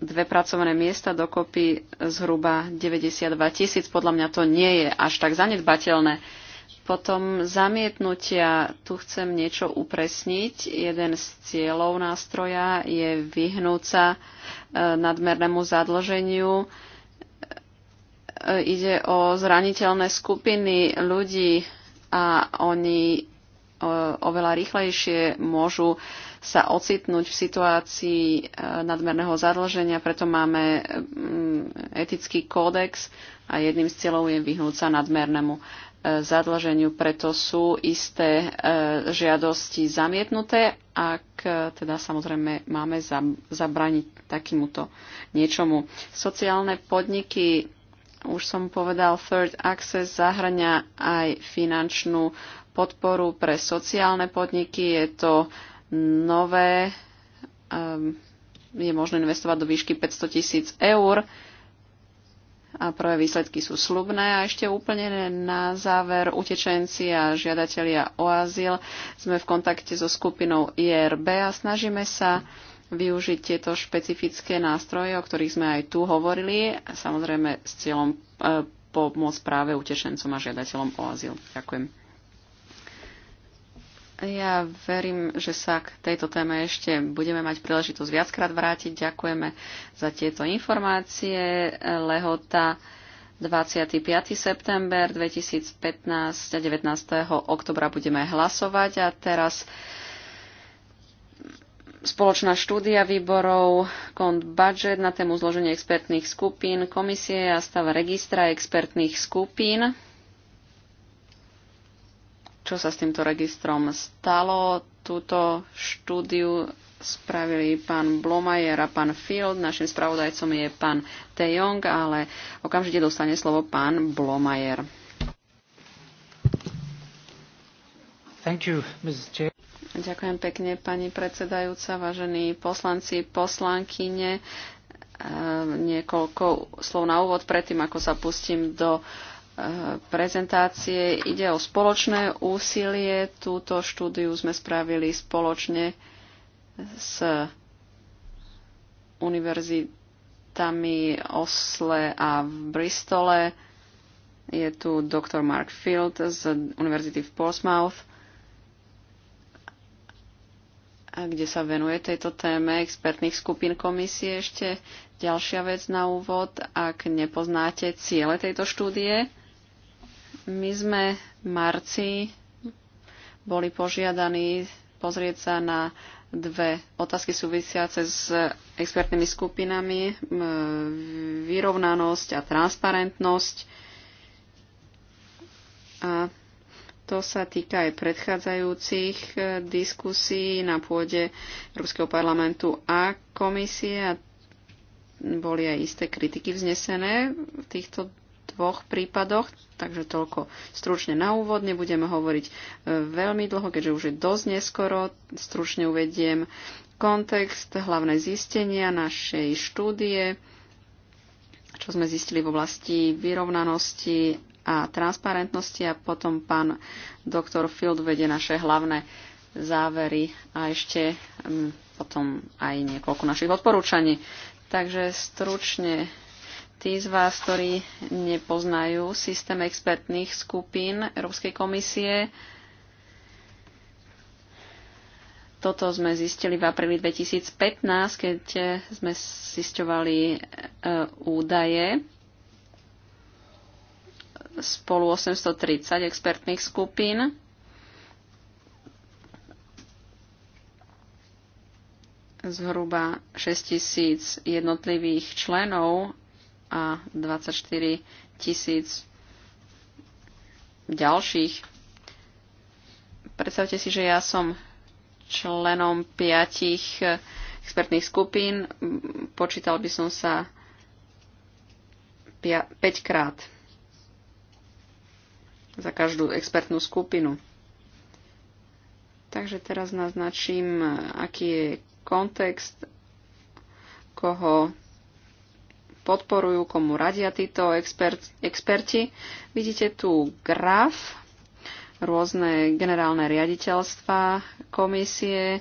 dve pracovné miesta, dokopy zhruba 92 tisíc. Podľa mňa to nie je až tak zanedbateľné. Potom zamietnutia, tu chcem niečo upresniť. Jeden z cieľov nástroja je vyhnúť sa e, nadmernému zadlženiu. E, ide o zraniteľné skupiny ľudí a oni e, oveľa rýchlejšie môžu sa ocitnúť v situácii nadmerného zadlženia, preto máme etický kódex a jedným z cieľov je vyhnúť sa nadmernému zadlženiu, preto sú isté e, žiadosti zamietnuté, ak e, teda samozrejme máme zabraniť takémuto niečomu. Sociálne podniky, už som povedal, Third Access zahrňa aj finančnú podporu pre sociálne podniky. Je to nové, e, je možné investovať do výšky 500 tisíc eur a prvé výsledky sú slubné. A ešte úplne na záver utečenci a žiadatelia o azyl sme v kontakte so skupinou IRB a snažíme sa využiť tieto špecifické nástroje, o ktorých sme aj tu hovorili, samozrejme s cieľom e, pomôcť práve utečencom a žiadateľom o azyl. Ďakujem. Ja verím, že sa k tejto téme ešte budeme mať príležitosť viackrát vrátiť. Ďakujeme za tieto informácie. Lehota 25. september 2015 a 19. oktobra budeme hlasovať a teraz spoločná štúdia výborov kont budget na tému zloženie expertných skupín, komisie a stav registra expertných skupín čo sa s týmto registrom stalo. Túto štúdiu spravili pán Blomajer a pán Field. Našim spravodajcom je pán Jong, ale okamžite dostane slovo pán Blomajer. Thank you, Mrs. Chair. Ďakujem pekne, pani predsedajúca, vážení poslanci, poslankyne. E, niekoľko slov na úvod predtým, ako sa pustím do uh, prezentácie. Ide o spoločné úsilie. Túto štúdiu sme spravili spoločne s univerzitami Osle a v Bristole. Je tu doktor Mark Field z univerzity v Portsmouth, kde sa venuje tejto téme expertných skupín komisie. Ešte ďalšia vec na úvod, ak nepoznáte ciele tejto štúdie, my sme v marci boli požiadaní pozrieť sa na dve otázky súvisiace s expertnými skupinami, vyrovnanosť a transparentnosť. A to sa týka aj predchádzajúcich e, diskusí na pôde Európskeho parlamentu a komisie a boli aj isté kritiky vznesené v týchto dvoch prípadoch, takže toľko stručne na úvod. Nebudeme hovoriť e, veľmi dlho, keďže už je dosť neskoro. Stručne uvediem kontext, hlavné zistenia našej štúdie, čo sme zistili v oblasti vyrovnanosti a transparentnosti a potom pán doktor Field vedie naše hlavné závery a ešte mm, potom aj niekoľko našich odporúčaní. Takže stručne Tí z vás, ktorí nepoznajú systém expertných skupín Európskej komisie, toto sme zistili v apríli 2015, keď sme zisťovali e, údaje spolu 830 expertných skupín. zhruba 6000 jednotlivých členov a 24 tisíc ďalších. Predstavte si, že ja som členom piatich eh, expertných skupín. Počítal by som sa 5 krát za každú expertnú skupinu. Takže teraz naznačím, eh, aký je kontext, koho podporujú, komu radia títo expert, experti. Vidíte tu graf, rôzne generálne riaditeľstva, komisie. E,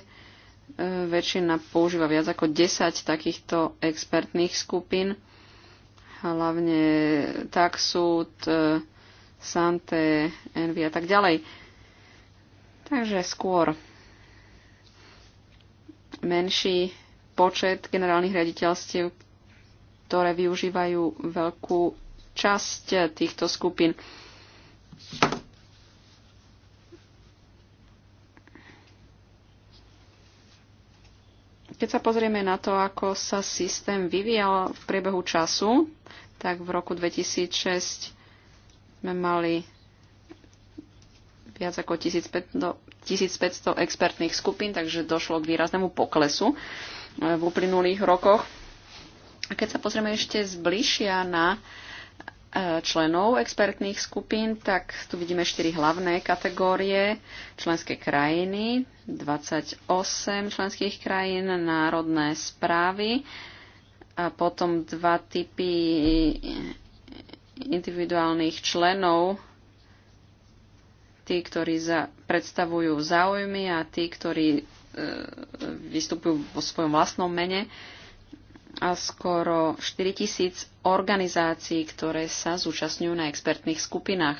väčšina používa viac ako 10 takýchto expertných skupín. Hlavne Taxud, e, Sante, Envy a tak ďalej. Takže skôr menší počet generálnych riaditeľstiev, ktoré využívajú veľkú časť týchto skupín. Keď sa pozrieme na to, ako sa systém vyvíjal v priebehu času, tak v roku 2006 sme mali viac ako 1500, expertných skupín, takže došlo k výraznému poklesu v uplynulých rokoch. Keď sa pozrieme ešte zbližšia na e, členov expertných skupín, tak tu vidíme štyri hlavné kategórie. Členské krajiny, 28 členských krajín, národné správy a potom dva typy individuálnych členov, tí, ktorí za, predstavujú záujmy a tí, ktorí e, vystupujú vo svojom vlastnom mene. E, a skoro 4000 organizácií, ktoré sa zúčastňujú na expertných skupinách.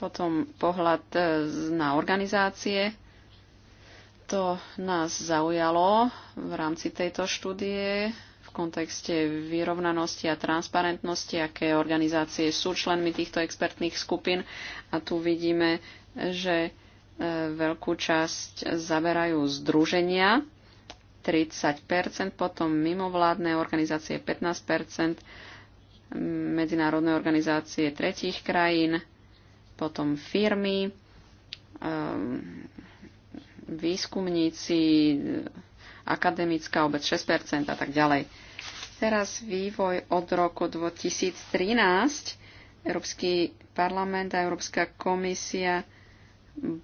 Potom pohľad e, na organizácie. To nás zaujalo v rámci tejto štúdie v kontexte vyrovnanosti a transparentnosti, aké organizácie sú členmi týchto expertných skupín. A tu vidíme, že e, veľkú časť zaberajú združenia 30 potom mimovládne organizácie 15 medzinárodné organizácie tretích krajín, potom firmy, ehm, výskumníci, akademická obec 6 a tak ďalej. Teraz vývoj od roku 2013. Európsky parlament a Európska komisia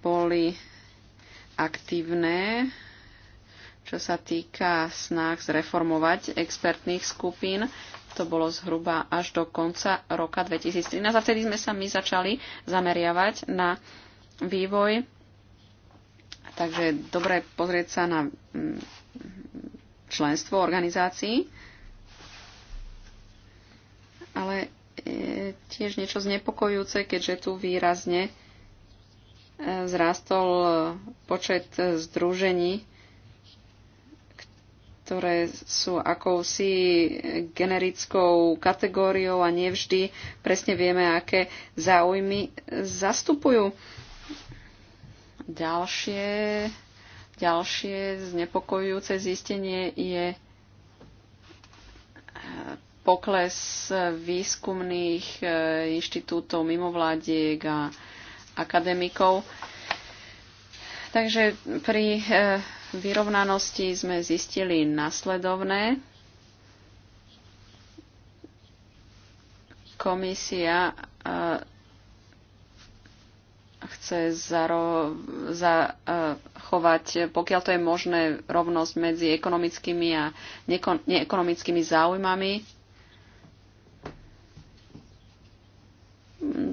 boli aktívne čo sa týka snah zreformovať expertných skupín. To bolo zhruba až do konca roka 2013 a vtedy sme sa my začali zameriavať na vývoj. Takže dobre pozrieť sa na mm, členstvo organizácií. Ale je tiež niečo znepokojúce, keďže tu výrazne e, zrástol počet e, združení ktoré sú akousi generickou kategóriou a nevždy presne vieme, aké záujmy zastupujú. Ďalšie, ďalšie znepokojujúce zistenie je e, pokles výskumných e, inštitútov, mimovládiek a akademikov. Takže pri e, vyrovnanosti sme zistili nasledovné. Komisia eh, chce zachovať, eh, pokiaľ to je možné, rovnosť medzi ekonomickými a neekonomickými záujmami.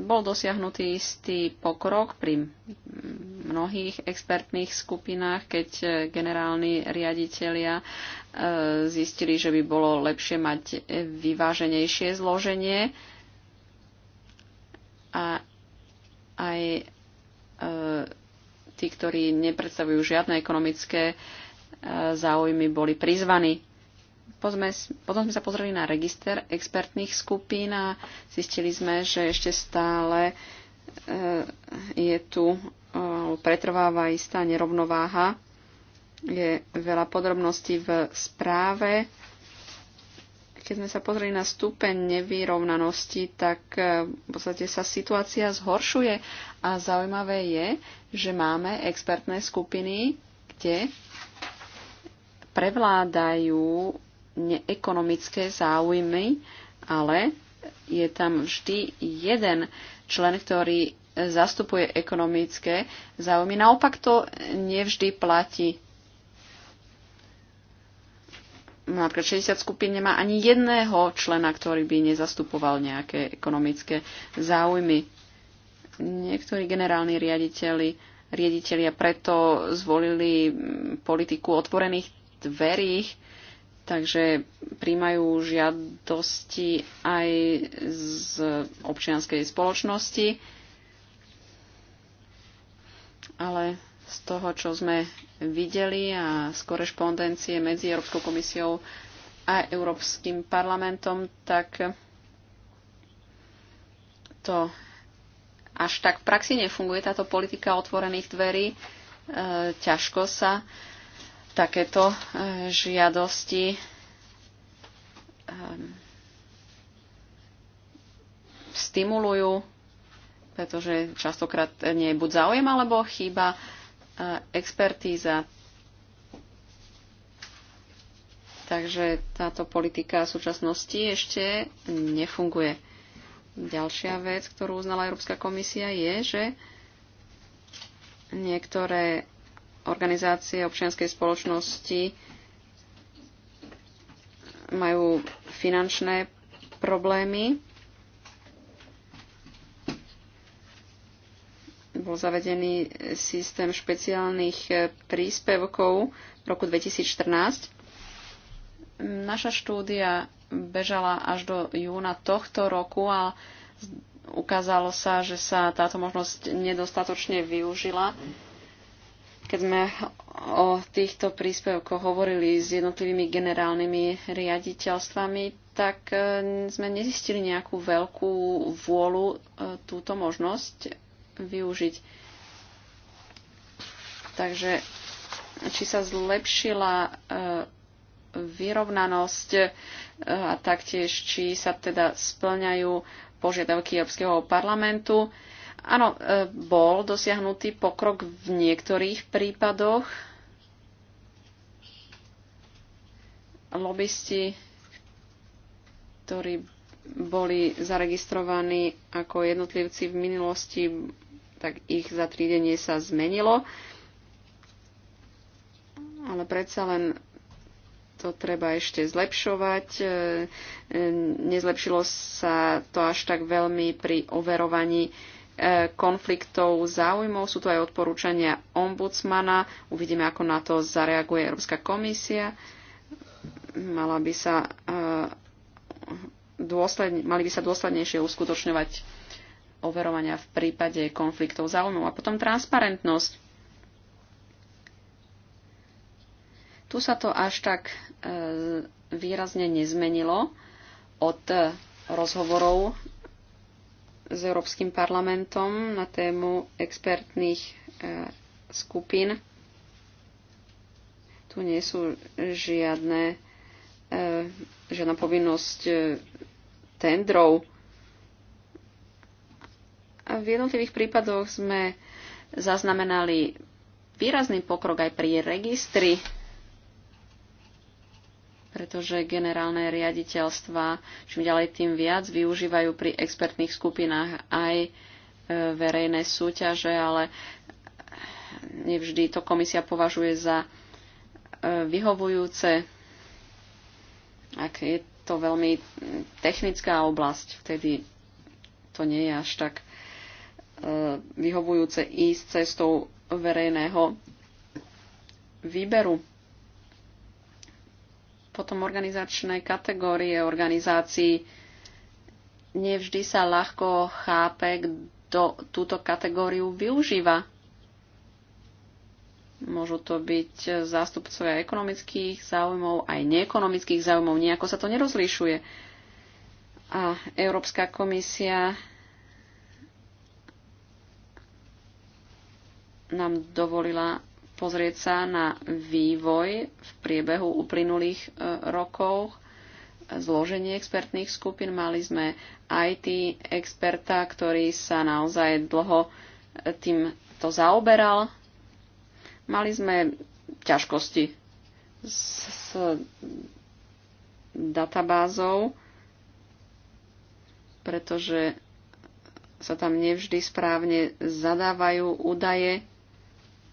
Bol dosiahnutý istý pokrok pri mnohých expertných skupinách, keď e, generálni riaditeľia e, zistili, že by bolo lepšie mať e, vyváženejšie zloženie a aj tí, ktorí nepredstavujú žiadne ekonomické záujmy, boli prizvaní potom sme sa pozreli na register expertných skupín a zistili sme, že ešte stále je tu pretrváva istá nerovnováha. Je veľa podrobností v správe. Keď sme sa pozreli na stupeň nevyrovnanosti, tak e, v podstate sa situácia zhoršuje a zaujímavé je, že máme expertné skupiny, kde prevládajú neekonomické záujmy, ale je tam vždy jeden člen, ktorý zastupuje ekonomické záujmy. Naopak to nevždy platí. Napríklad 60 skupín nemá ani jedného člena, ktorý by nezastupoval nejaké ekonomické záujmy. Niektorí generálni riaditeľi, riaditeľia preto zvolili mm, politiku otvorených dverí, takže príjmajú žiadosti aj z občianskej spoločnosti ale z toho, čo sme videli a z korešpondencie medzi Európskou komisiou a Európskym parlamentom, tak to až tak v praxi nefunguje táto politika otvorených dverí. E, ťažko sa takéto e, žiadosti e, stimulujú pretože častokrát nie je buď záujem, alebo chýba e, expertíza. Takže táto politika v súčasnosti ešte nefunguje. Ďalšia vec, ktorú uznala Európska komisia, je, že niektoré organizácie občianskej spoločnosti majú finančné problémy bol zavedený systém špeciálnych eh, príspevkov v roku 2014. Naša štúdia bežala až do júna tohto roku a ukázalo sa, že sa táto možnosť nedostatočne využila. Keď sme o týchto príspevkoch hovorili s jednotlivými generálnymi riaditeľstvami, tak eh, sme nezistili nejakú veľkú vôľu eh, túto možnosť využiť. Takže či sa zlepšila e, vyrovnanosť e, a taktiež, či sa teda splňajú požiadavky Európskeho parlamentu. Áno, e, bol dosiahnutý pokrok v niektorých prípadoch. Lobisti, ktorí boli zaregistrovaní ako jednotlivci v minulosti, tak ich zatriedenie sa zmenilo. Ale predsa len to treba ešte zlepšovať. E, e, nezlepšilo sa to až tak veľmi pri overovaní e, konfliktov záujmov. Sú to aj odporúčania ombudsmana. Uvidíme, ako na to zareaguje Európska komisia. Mala by sa, dôsledne, mali by sa dôslednejšie uskutočňovať overovania v prípade konfliktov záujmov. A potom transparentnosť. Tu sa to až tak e, výrazne nezmenilo od rozhovorov s Európskym parlamentom na tému expertných e, skupín. Tu nie sú žiadne, e, žiadna povinnosť tendrov v jednotlivých prípadoch sme zaznamenali výrazný pokrok aj pri registri, pretože generálne riaditeľstva čím ďalej tým viac využívajú pri expertných skupinách aj e, verejné súťaže, ale nevždy to komisia považuje za e, vyhovujúce, ak je to veľmi technická oblasť, vtedy to nie je až tak E, vyhovujúce ísť cestou verejného výberu. Potom organizačné kategórie organizácií nevždy sa ľahko chápe, kto túto kategóriu využíva. Môžu to byť zástupcovia ekonomických záujmov, aj neekonomických záujmov, nejako sa to nerozlišuje. A Európska komisia nám dovolila pozrieť sa na vývoj v priebehu uplynulých e, rokov, zloženie expertných skupín. Mali sme IT experta, ktorý sa naozaj dlho e, tým to zaoberal. Mali sme ťažkosti s databázou, pretože sa tam nevždy správne zadávajú údaje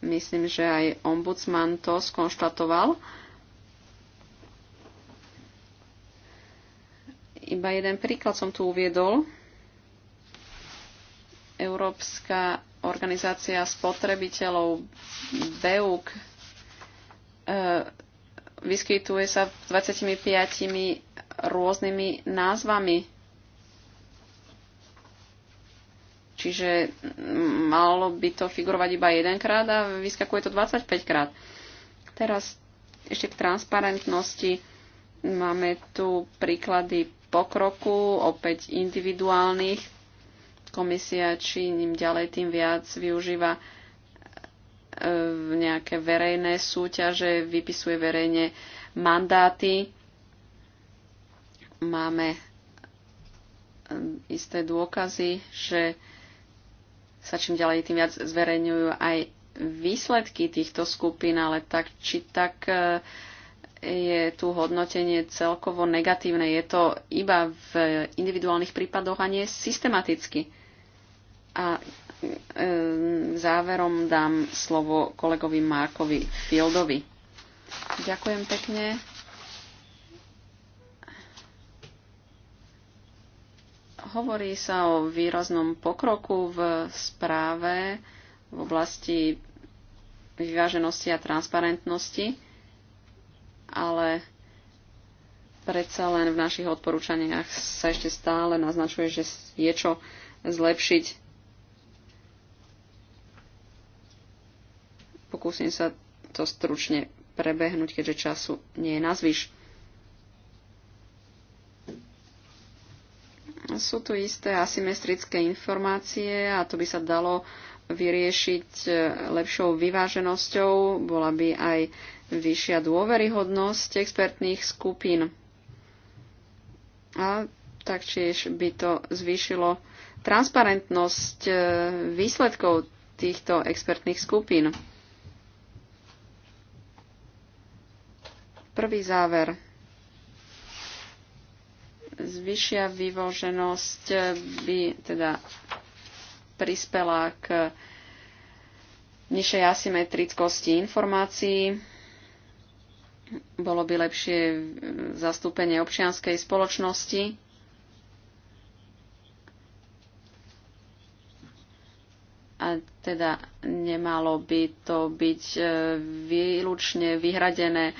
Myslím, že aj ombudsman to skonštatoval. Iba jeden príklad som tu uviedol. Európska organizácia spotrebiteľov BEUK e, vyskytuje sa 25 rôznymi názvami Čiže malo by to figurovať iba jedenkrát a vyskakuje to 25 krát. Teraz ešte k transparentnosti. Máme tu príklady pokroku, opäť individuálnych. Komisia či ním ďalej, tým viac využíva e, nejaké verejné súťaže, vypisuje verejne mandáty. Máme e, isté dôkazy, že sa čím ďalej tým viac zverejňujú aj výsledky týchto skupín, ale tak či tak e, je tu hodnotenie celkovo negatívne. Je to iba v individuálnych prípadoch a nie systematicky. A e, záverom dám slovo kolegovi Markovi Fieldovi. Ďakujem pekne. Hovorí sa o výraznom pokroku v správe v oblasti vyváženosti a transparentnosti, ale predsa len v našich odporúčaniach sa ešte stále naznačuje, že je čo zlepšiť. Pokúsim sa to stručne prebehnúť, keďže času nie je nazvyš. Sú tu isté asymetrické informácie a to by sa dalo vyriešiť e, lepšou vyváženosťou, bola by aj vyššia dôveryhodnosť expertných skupín. A taktiež by to zvýšilo transparentnosť e, výsledkov týchto expertných skupín. Prvý záver zvyšia vyvoženosť eh, by teda prispela k nižšej asymetrickosti informácií. Bolo by lepšie eh, zastúpenie občianskej spoločnosti. A teda nemalo by to byť eh, výlučne vyhradené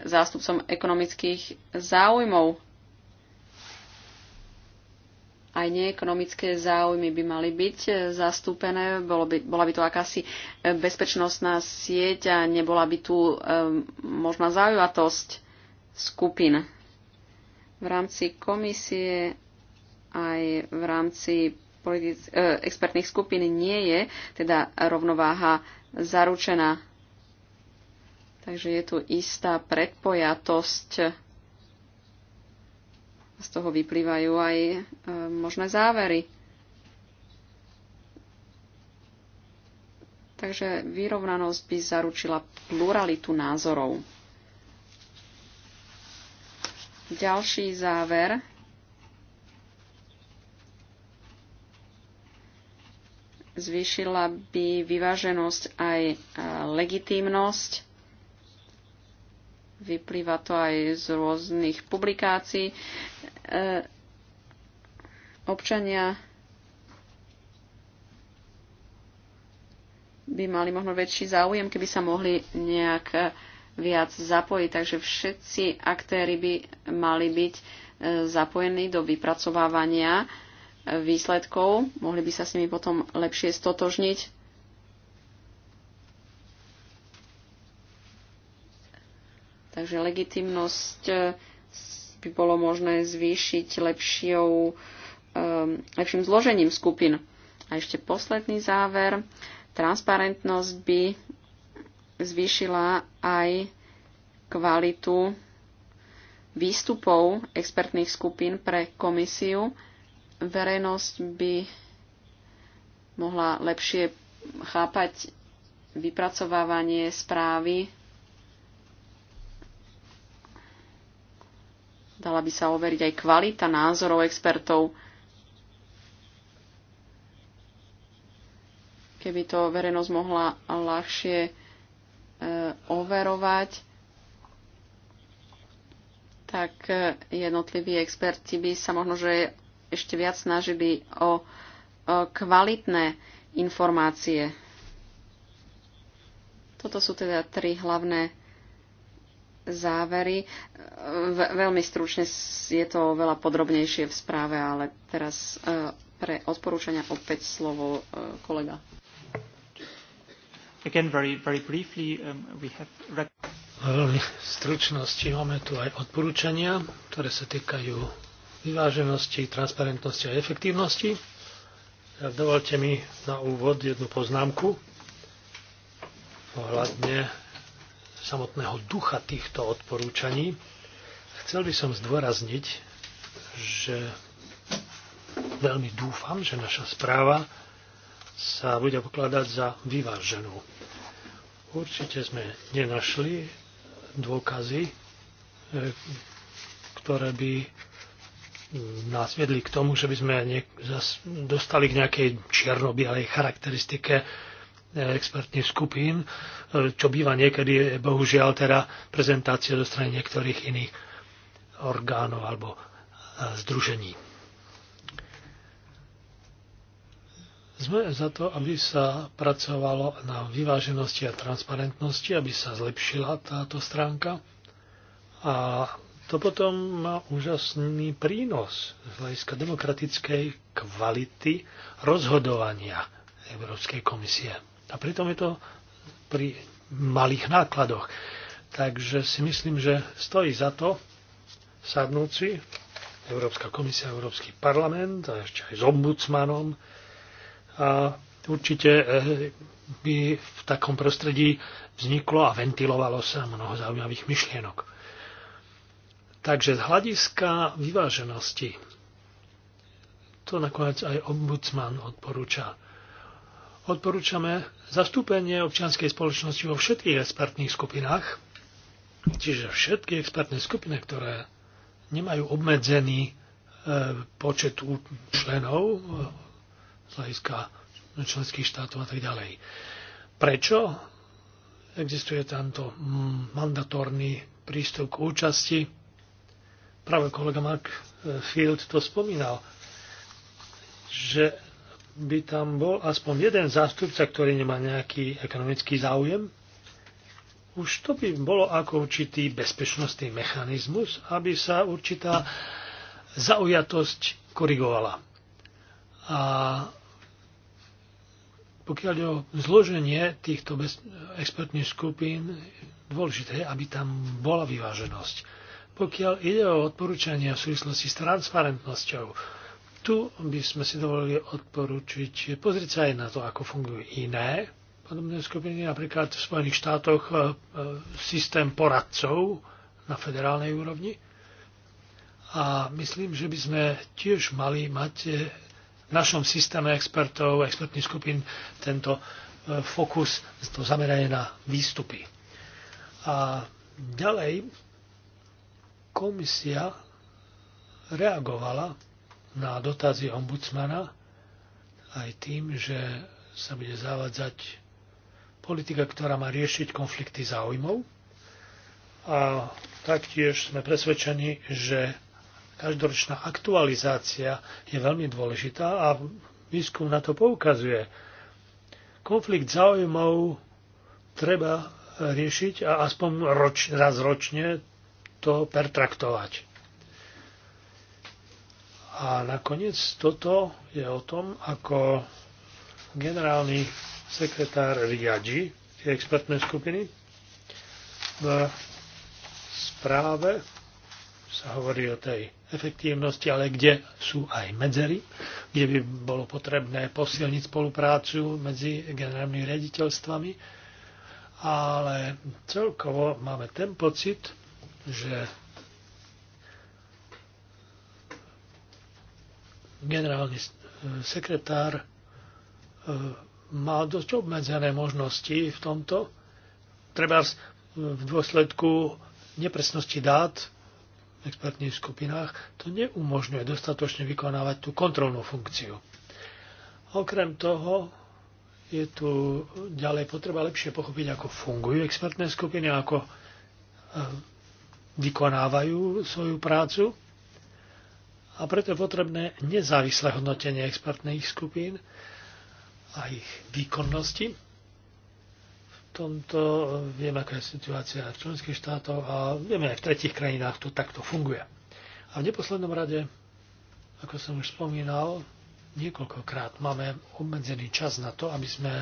zástupcom ekonomických záujmov aj neekonomické záujmy by mali byť eh, zastúpené. Bolo by, bola by to akási eh, bezpečnostná sieť a nebola by tu um, možná zaujatosť skupín. V rámci komisie aj v rámci politic- eh, expertných skupín nie je teda rovnováha zaručená. Takže je tu istá predpojatosť z toho vyplývajú aj e, možné závery. Takže vyrovnanosť by zaručila pluralitu názorov. Ďalší záver zvýšila by vyváženosť aj e, legitímnosť Vyplýva to aj z rôznych publikácií. E, občania by mali možno väčší záujem, keby sa mohli nejak viac zapojiť. Takže všetci aktéry by mali byť e, zapojení do vypracovávania výsledkov, mohli by sa s nimi potom lepšie stotožniť Takže legitimnosť e, by bolo možné zvýšiť lepšiou, e, lepším zložením skupín. A ešte posledný záver. Transparentnosť by zvýšila aj kvalitu výstupov expertných skupín pre komisiu. Verejnosť by mohla lepšie chápať vypracovávanie správy Dala by sa overiť aj kvalita názorov expertov. Keby to verejnosť mohla ľahšie e, overovať, tak e, jednotliví experti by sa možno, že ešte viac snažili o, o kvalitné informácie. Toto sú teda tri hlavné závery. E, veľmi stručne je to veľa podrobnejšie v správe, ale teraz e, pre odporúčania opäť slovo e, kolega. Again, very, very briefly, um, we have... Veľmi stručnosti máme tu aj odporúčania, ktoré sa týkajú vyváženosti, transparentnosti a efektívnosti. Ja dovolte mi na úvod jednu poznámku ohľadne samotného ducha týchto odporúčaní, chcel by som zdôrazniť, že veľmi dúfam, že naša správa sa bude pokladať za vyváženú. Určite sme nenašli dôkazy, e, ktoré by nás vedli k tomu, že by sme dostali k nejakej čierno charakteristike expertných skupín, e, čo býva niekedy, e, bohužiaľ, teda prezentácie zo strany niektorých iných orgánov alebo e, združení. Sme za to, aby sa pracovalo na vyváženosti a transparentnosti, aby sa zlepšila táto stránka. A to potom má úžasný prínos z hľadiska demokratickej kvality rozhodovania Európskej komisie. A pritom je to pri malých nákladoch. Takže si myslím, že stojí za to sadnúť si Európska komisia, Európsky parlament a ešte aj s ombudsmanom. A určite eh, by v takom prostredí vzniklo a ventilovalo sa mnoho zaujímavých myšlienok. Takže z hľadiska vyváženosti to nakoniec aj ombudsman odporúča odporúčame zastúpenie občianskej spoločnosti vo všetkých expertných skupinách, čiže všetky expertné skupiny, ktoré nemajú obmedzený e, počet členov e, z hľadiska členských štátov a tak ďalej. Prečo existuje tento mm, mandatórny prístup k účasti? Práve kolega Mark e, Field to spomínal, že by tam bol aspoň jeden zástupca, ktorý nemá nejaký ekonomický záujem, už to by bolo ako určitý bezpečnostný mechanizmus, aby sa určitá zaujatosť korigovala. A pokiaľ o zloženie týchto bez, expertných skupín, dôležité aby tam bola vyváženosť. Pokiaľ ide o odporúčania v súvislosti s transparentnosťou, tu by sme si dovolili odporučiť pozrieť sa aj na to, ako fungujú iné podobné skupiny, napríklad v Spojených štátoch e, systém poradcov na federálnej úrovni. A myslím, že by sme tiež mali mať e, v našom systéme expertov, expertných skupín tento e, fokus, to zameranie na výstupy. A ďalej komisia reagovala na dotazy ombudsmana aj tým, že sa bude zavádzať politika, ktorá má riešiť konflikty záujmov. A taktiež sme presvedčení, že každoročná aktualizácia je veľmi dôležitá a výskum na to poukazuje. Konflikt záujmov treba riešiť a aspoň roč, raz ročne to pertraktovať. A nakoniec toto je o tom, ako generálny sekretár riadi tie expertné skupiny. V správe sa hovorí o tej efektívnosti, ale kde sú aj medzery, kde by bolo potrebné posilniť spoluprácu medzi generálnymi riaditeľstvami. Ale celkovo máme ten pocit, že generálny eh, sekretár eh, má dosť obmedzené možnosti v tomto. Treba v dôsledku nepresnosti dát v expertných skupinách to neumožňuje dostatočne vykonávať tú kontrolnú funkciu. Okrem toho je tu ďalej potreba lepšie pochopiť, ako fungujú expertné skupiny, ako eh, vykonávajú svoju prácu a preto je potrebné nezávislé hodnotenie expertných skupín a ich výkonnosti. V tomto viem, aká je situácia v členských štátoch a vieme, aj v tretich krajinách to takto funguje. A v neposlednom rade, ako som už spomínal, niekoľkokrát máme obmedzený čas na to, aby sme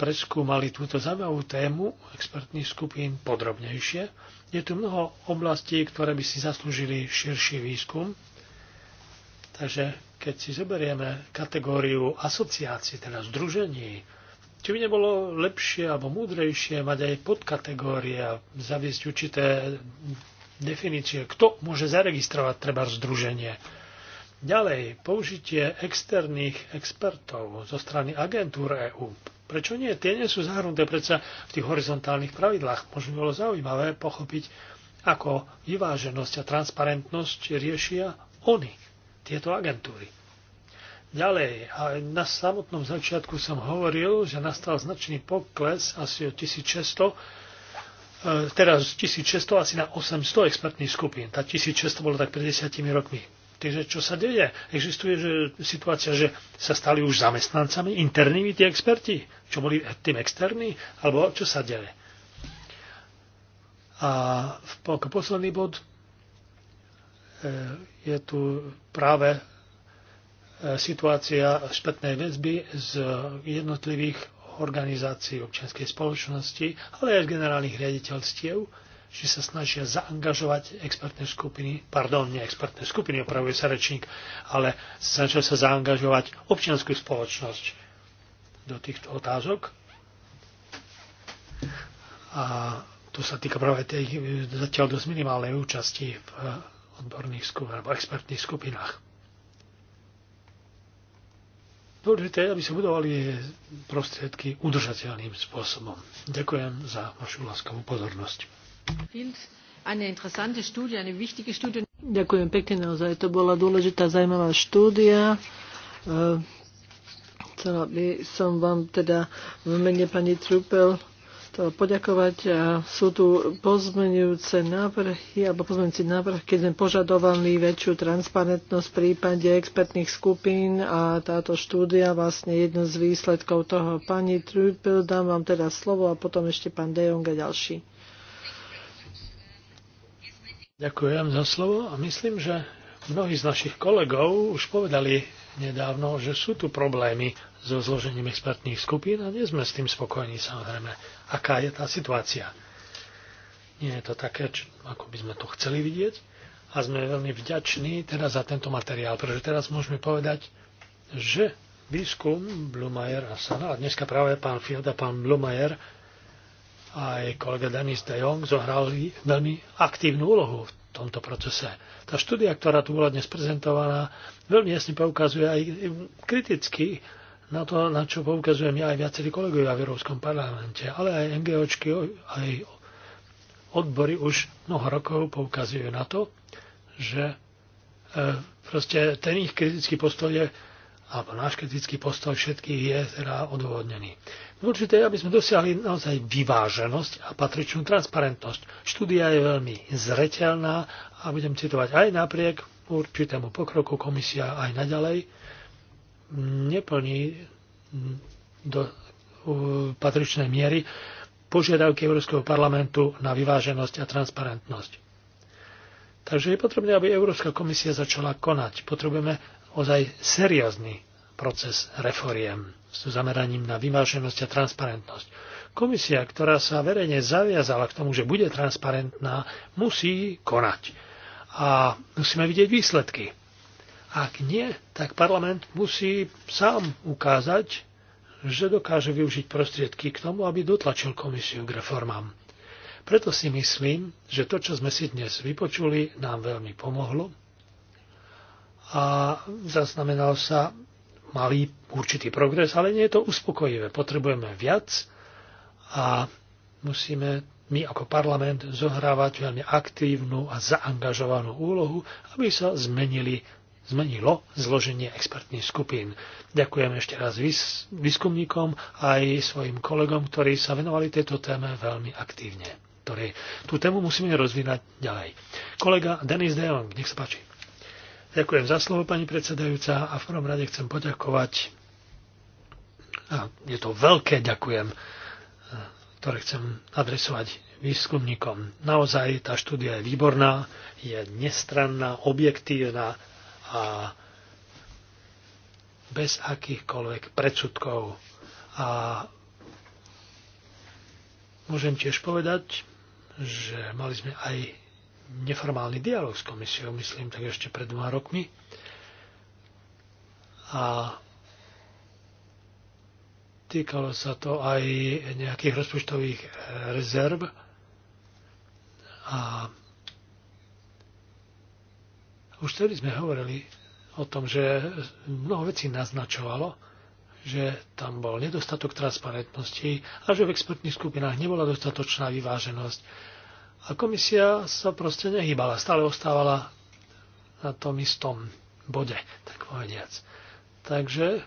preskúmali túto zaujímavú tému expertných skupín podrobnejšie. Je tu mnoho oblastí, ktoré by si zaslúžili širší výskum. Takže keď si zoberieme kategóriu asociácií, teda združení, či by nebolo lepšie alebo múdrejšie mať aj podkategórie a zaviesť určité definície, kto môže zaregistrovať treba združenie. Ďalej, použitie externých expertov zo strany agentúr EÚ Prečo nie? Tie nie sú zahrnuté predsa v tých horizontálnych pravidlách. Možno bolo zaujímavé pochopiť, ako vyváženosť a transparentnosť riešia oni, tieto agentúry. Ďalej, a na samotnom začiatku som hovoril, že nastal značný pokles asi o 1600, e, teraz 1600 asi na 800 expertných skupín. Tá 1600 bolo tak pred rokmi. Takže čo sa deje? Existuje že situácia, že sa stali už zamestnancami, internými tí experti, čo boli tým externí, alebo čo sa deje? A v posledný bod e, je tu práve e, situácia spätnej väzby z jednotlivých organizácií občianskej spoločnosti, ale aj z generálnych riaditeľstiev, že sa snažia zaangažovať expertné skupiny, pardon, nie expertné skupiny, opravuje sa rečník, ale snažia sa zaangažovať občianskú spoločnosť do týchto otázok. A to sa týka práve tej zatiaľ dosť minimálnej účasti v eh, odborných skupinách alebo expertných skupinách. Dôležité aby sa budovali prostriedky udržateľným spôsobom. Ďakujem za vašu láskavú pozornosť. Ďakujem pekne, naozaj to bola dôležitá, zaujímavá štúdia. E, chcela by som vám teda v mene pani Trupel chcela poďakovať. A sú tu pozmenujúce návrhy, alebo pozmenujúci návrh, keď sme požadovali väčšiu transparentnosť v prípade expertných skupín a táto štúdia vlastne jedno z výsledkov toho. Pani Trupel, dám vám teda slovo a potom ešte pán Dejong a ďalší. Ďakujem za slovo a myslím, že mnohí z našich kolegov už povedali nedávno, že sú tu problémy so zložením expertných skupín a nie sme s tým spokojní samozrejme. Aká je tá situácia? Nie je to také, ako by sme to chceli vidieť a sme veľmi vďační teda za tento materiál, pretože teraz môžeme povedať, že výskum Blumajer a Sana, a dneska práve pán Field a pán Blumajer aj kolega Denis de Jong zohrali veľmi aktívnu úlohu v tomto procese. Tá štúdia, ktorá tu bola dnes prezentovaná, veľmi jasne poukazuje aj kriticky na to, na čo poukazujem ja aj viacerí kolegovia v Európskom parlamente, ale aj NGOčky, aj odbory už mnoho rokov poukazujú na to, že e, proste ten ich kritický postoj je alebo náš kritický postoj všetkých je teda odôvodnený. Určite, aby sme dosiahli naozaj vyváženosť a patričnú transparentnosť. Štúdia je veľmi zreteľná a budem citovať aj napriek určitému pokroku komisia aj naďalej neplní do patričnej miery požiadavky Európskeho parlamentu na vyváženosť a transparentnosť. Takže je potrebné, aby Európska komisia začala konať. Potrebujeme ozaj seriózny proces reforiem s zameraním na vymáženosť a transparentnosť. Komisia, ktorá sa verejne zaviazala k tomu, že bude transparentná, musí konať. A musíme vidieť výsledky. Ak nie, tak parlament musí sám ukázať, že dokáže využiť prostriedky k tomu, aby dotlačil komisiu k reformám. Preto si myslím, že to, čo sme si dnes vypočuli, nám veľmi pomohlo a zaznamenal sa malý určitý progres, ale nie je to uspokojivé. Potrebujeme viac a musíme my ako parlament zohrávať veľmi aktívnu a zaangažovanú úlohu, aby sa zmenili, zmenilo zloženie expertných skupín. Ďakujem ešte raz výs, výskumníkom aj svojim kolegom, ktorí sa venovali tejto téme veľmi aktívne. Ktoré, tú tému musíme rozvínať ďalej. Kolega Denis Deong, nech sa páči. Ďakujem za slovo, pani predsedajúca, a v prvom rade chcem poďakovať. A je to veľké ďakujem, e, ktoré chcem adresovať výskumníkom. Naozaj tá štúdia je výborná, je nestranná, objektívna a bez akýchkoľvek predsudkov. A môžem tiež povedať, že mali sme aj neformálny dialog s komisiou, myslím, tak ešte pred dvoma rokmi. A týkalo sa to aj nejakých rozpočtových eh, rezerv. A už vtedy sme hovorili o tom, že mnoho vecí naznačovalo, že tam bol nedostatok transparentnosti a že v expertných skupinách nebola dostatočná vyváženosť a komisia sa proste nehýbala, stále ostávala na tom istom bode, tak povediac. Takže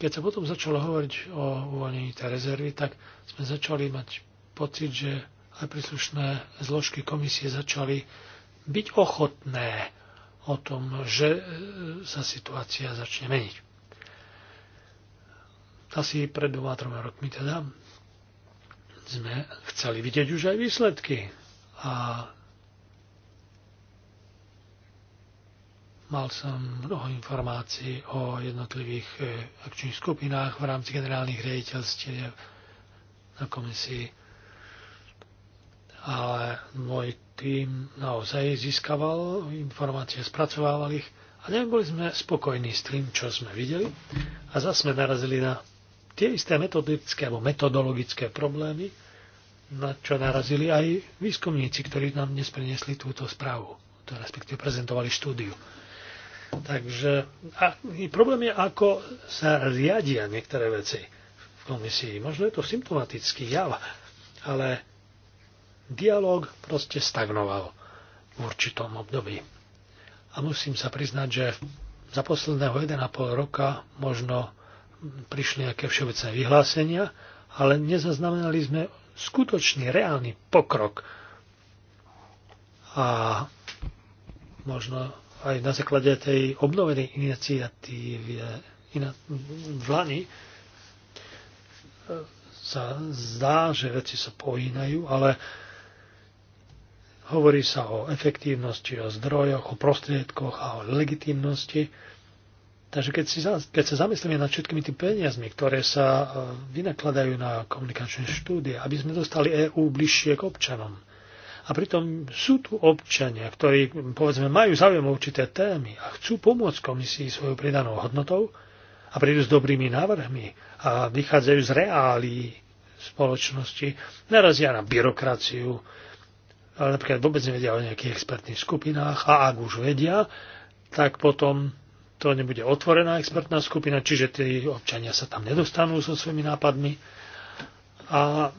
keď sa potom začalo hovoriť o uvoľnení tej rezervy, tak sme začali mať pocit, že aj príslušné zložky komisie začali byť ochotné o tom, že e, sa situácia začne meniť. Asi pred dvoma, troma rokmi teda sme chceli vidieť už aj výsledky. A mal som mnoho informácií o jednotlivých e, akčných skupinách v rámci generálnych riaditeľstiev na komisii. Ale môj tým naozaj získaval informácie, spracovával ich a neboli sme spokojní s tým, čo sme videli a zase sme narazili na tie isté metodické alebo metodologické problémy, na čo narazili aj výskumníci, ktorí nám dnes priniesli túto správu, to respektíve prezentovali štúdiu. Takže a, problém je, ako sa riadia niektoré veci v komisii. Možno je to symptomatický jav, ale dialog proste stagnoval v určitom období. A musím sa priznať, že za posledného 1,5 roka možno prišli nejaké všeobecné vyhlásenia, ale nezaznamenali sme skutočný, reálny pokrok. A možno aj na základe tej obnovenej iniciatívy v Lani e, sa zdá, že veci sa pohýnajú, ale hovorí sa o efektívnosti, o zdrojoch, o prostriedkoch a o legitimnosti. Takže keď, si, keď sa zamyslíme nad všetkými tými peniazmi, ktoré sa e, vynakladajú na komunikačné štúdie, aby sme dostali EÚ bližšie k občanom. A pritom sú tu občania, ktorí, povedzme, majú záujem o určité témy a chcú pomôcť komisii svojou pridanou hodnotou a prídu s dobrými návrhmi a vychádzajú z reálí spoločnosti, narazia na byrokraciu, ale napríklad vôbec nevedia o nejakých expertných skupinách a ak už vedia, tak potom to nebude otvorená expertná skupina, čiže tí občania sa tam nedostanú so svojimi nápadmi a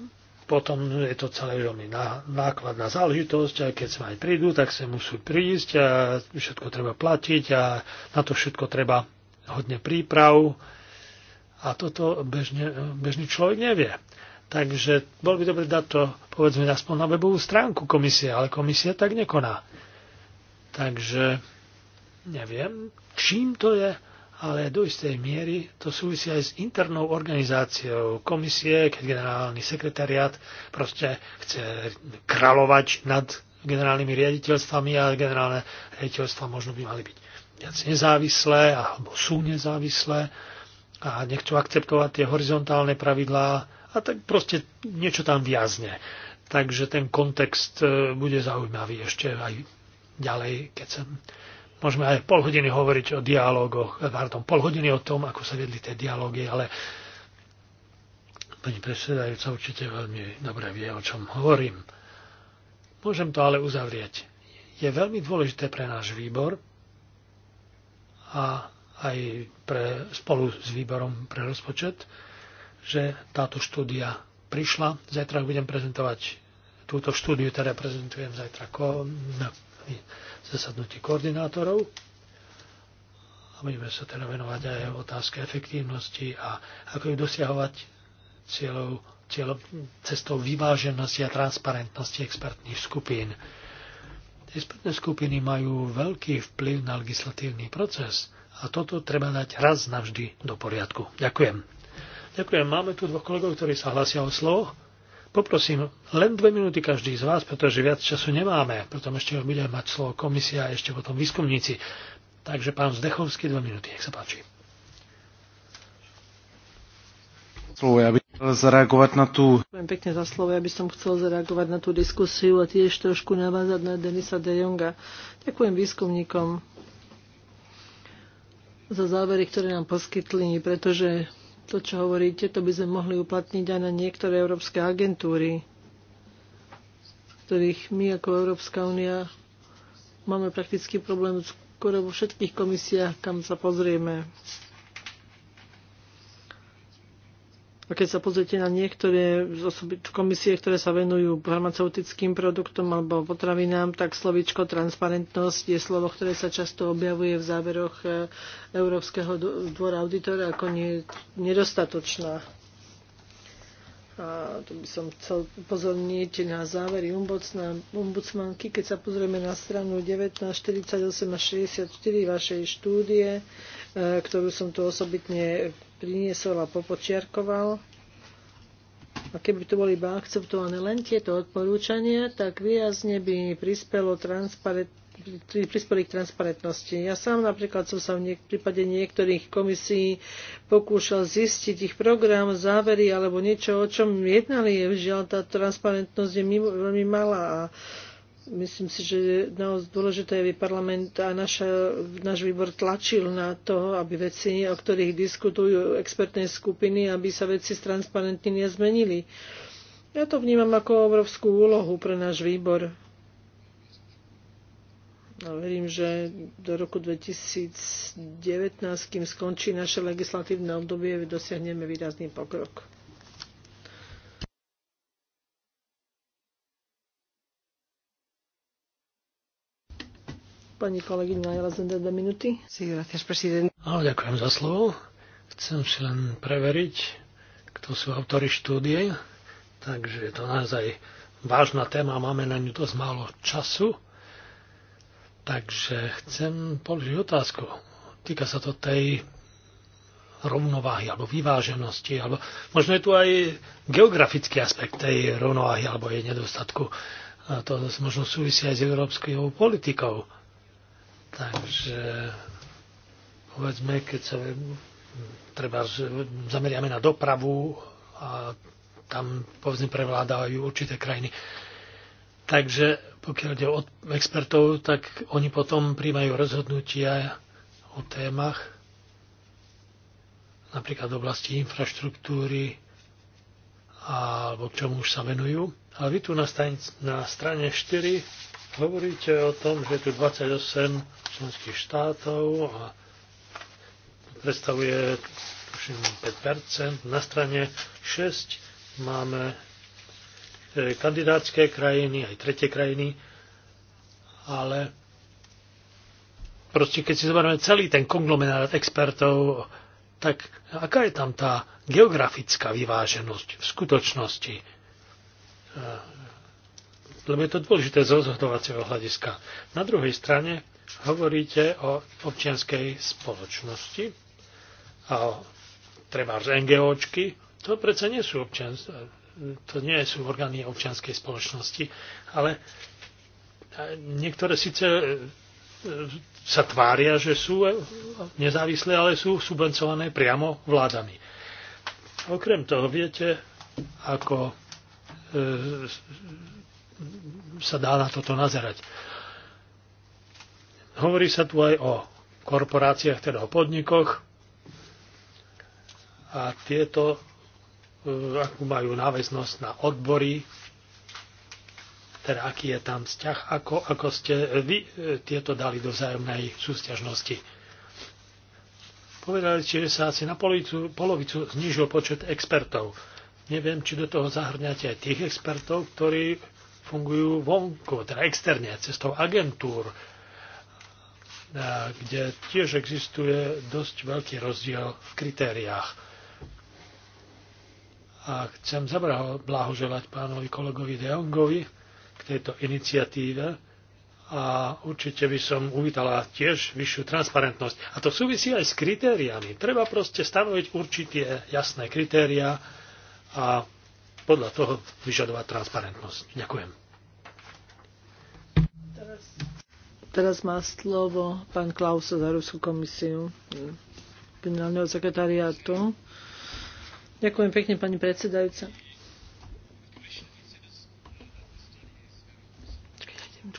potom je to celé veľmi nákladná záležitosť a keď sa aj prídu, tak sa musú prísť a všetko treba platiť a na to všetko treba hodne príprav a toto bežne, bežný človek nevie. Takže bol by dobre dať to, povedzme, aspoň na webovú stránku komisie, ale komisia tak nekoná. Takže neviem, čím to je, ale do istej miery to súvisí aj s internou organizáciou komisie, keď generálny sekretariát proste chce kráľovať nad generálnymi riaditeľstvami a generálne riaditeľstva možno by mali byť viac nezávislé alebo sú nezávislé a nechcú akceptovať tie horizontálne pravidlá a tak proste niečo tam viazne. Takže ten kontext e, bude zaujímavý ešte aj ďalej, keď sa Môžeme aj pol hodiny hovoriť o dialogoch, pardon, pol hodiny o tom, ako sa vedli tie dialógy, ale pani predsedajúca určite veľmi dobre vie, o čom hovorím. Môžem to ale uzavrieť. Je veľmi dôležité pre náš výbor a aj pre, spolu s výborom pre rozpočet, že táto štúdia prišla. Zajtra budem prezentovať túto štúdiu, teda prezentujem zajtra ko, no, zasadnutí koordinátorov a budeme sa teda venovať aj otázke efektívnosti a ako ju dosiahovať cieľov, cieľov, cestou vyváženosti a transparentnosti expertných skupín. expertné skupiny majú veľký vplyv na legislatívny proces a toto treba dať raz navždy do poriadku. Ďakujem. Ďakujem. Máme tu dvoch kolegov, ktorí sa hlasia o slovo. Poprosím len dve minúty každý z vás, pretože viac času nemáme. Potom ešte bude mať slovo komisia a ešte potom výskumníci. Takže pán Zdechovský, dve minúty, nech sa páči. Slovo, ja by zareagovať na tú... Ďakujem pekne za slovo, ja by som chcel zareagovať na tú diskusiu a tiež trošku navázať na Denisa de Jonga. Ďakujem výskumníkom za závery, ktoré nám poskytli, pretože to, čo hovoríte, to by sme mohli uplatniť aj na niektoré európske agentúry, ktorých my ako Európska únia máme prakticky problém skoro vo všetkých komisiách, kam sa pozrieme. A keď sa pozrite na niektoré komisie, ktoré sa venujú farmaceutickým produktom alebo potravinám, tak slovičko transparentnosť je slovo, ktoré sa často objavuje v záveroch eh, Európskeho dvora auditora ako nedostatočná a tu by som chcel upozorniť na závery ombudsmanky, keď sa pozrieme na stranu 19, 48 a 64 vašej štúdie, e, ktorú som tu osobitne priniesol a popočiarkoval. A keby tu boli iba akceptované len tieto odporúčania, tak výrazne by prispelo transparent, prispeli k transparentnosti. Ja sám napríklad som sa v niek- prípade niektorých komisí pokúšal zistiť ich program, závery alebo niečo, o čom jednali. Žiaľ, tá transparentnosť je mimo, veľmi malá a myslím si, že naozaj dôležité, aby parlament a naša, náš výbor tlačil na to, aby veci, o ktorých diskutujú expertné skupiny, aby sa veci transparentne nezmenili. Ja to vnímam ako obrovskú úlohu pre náš výbor verím, že do roku 2019, kým skončí naše legislatívne obdobie, dosiahneme výrazný pokrok. Pani kolegyňa, ja dve minúty. Sí, gracias, Áno, ďakujem za slovo. Chcem si len preveriť, kto sú autory štúdie. Takže je to naozaj vážna téma, máme na ňu dosť málo času. Takže chcem položiť otázku. Týka sa to tej rovnováhy alebo vyváženosti, alebo možno je tu aj geografický aspekt tej rovnováhy alebo jej nedostatku. A to možno súvisí aj s európskou politikou. Takže povedzme, keď sa treba zameriame na dopravu a tam povedzme prevládajú určité krajiny. Takže pokiaľ ide o expertov, tak oni potom príjmajú rozhodnutia o témach, napríklad v oblasti infraštruktúry, alebo k čomu už sa venujú. Ale vy tu na strane, na strane 4 hovoríte o tom, že je tu 28 členských štátov a predstavuje tuším 5%. Na strane 6 máme E, kandidátske krajiny, aj tretie krajiny, ale proste keď si zoberieme celý ten konglomerát expertov, tak aká je tam tá geografická vyváženosť v skutočnosti? E, lebo je to dôležité z rozhodovacieho hľadiska. Na druhej strane hovoríte o občianskej spoločnosti a o treba z NGOčky. To predsa nie sú občianské to nie sú orgány občianskej spoločnosti, ale niektoré síce e, sa tvária, že sú nezávislé, ale sú subvencované priamo vládami. Okrem toho, viete, ako e, sa dá na toto nazerať. Hovorí sa tu aj o korporáciách, teda o podnikoch, a tieto akú majú náväznosť na odbory, teda aký je tam vzťah, ako, ako ste vy e, tieto dali do vzájomnej súťažnosti. Povedali ste, že sa asi na polovicu, polovicu znižil počet expertov. Neviem, či do toho zahrňate aj tých expertov, ktorí fungujú vonku, teda externe, cestou agentúr, e, kde tiež existuje dosť veľký rozdiel v kritériách a chcem blahoželať pánovi kolegovi Deongovi k tejto iniciatíve a určite by som uvítala tiež vyššiu transparentnosť. A to súvisí aj s kritériami. Treba proste stanoviť určité jasné kritéria a podľa toho vyžadovať transparentnosť. Ďakujem. Teraz, má slovo pán Klaus za Ruskú komisiu generálneho sekretariátu. Ďakujem pekne, pani predsedajúca.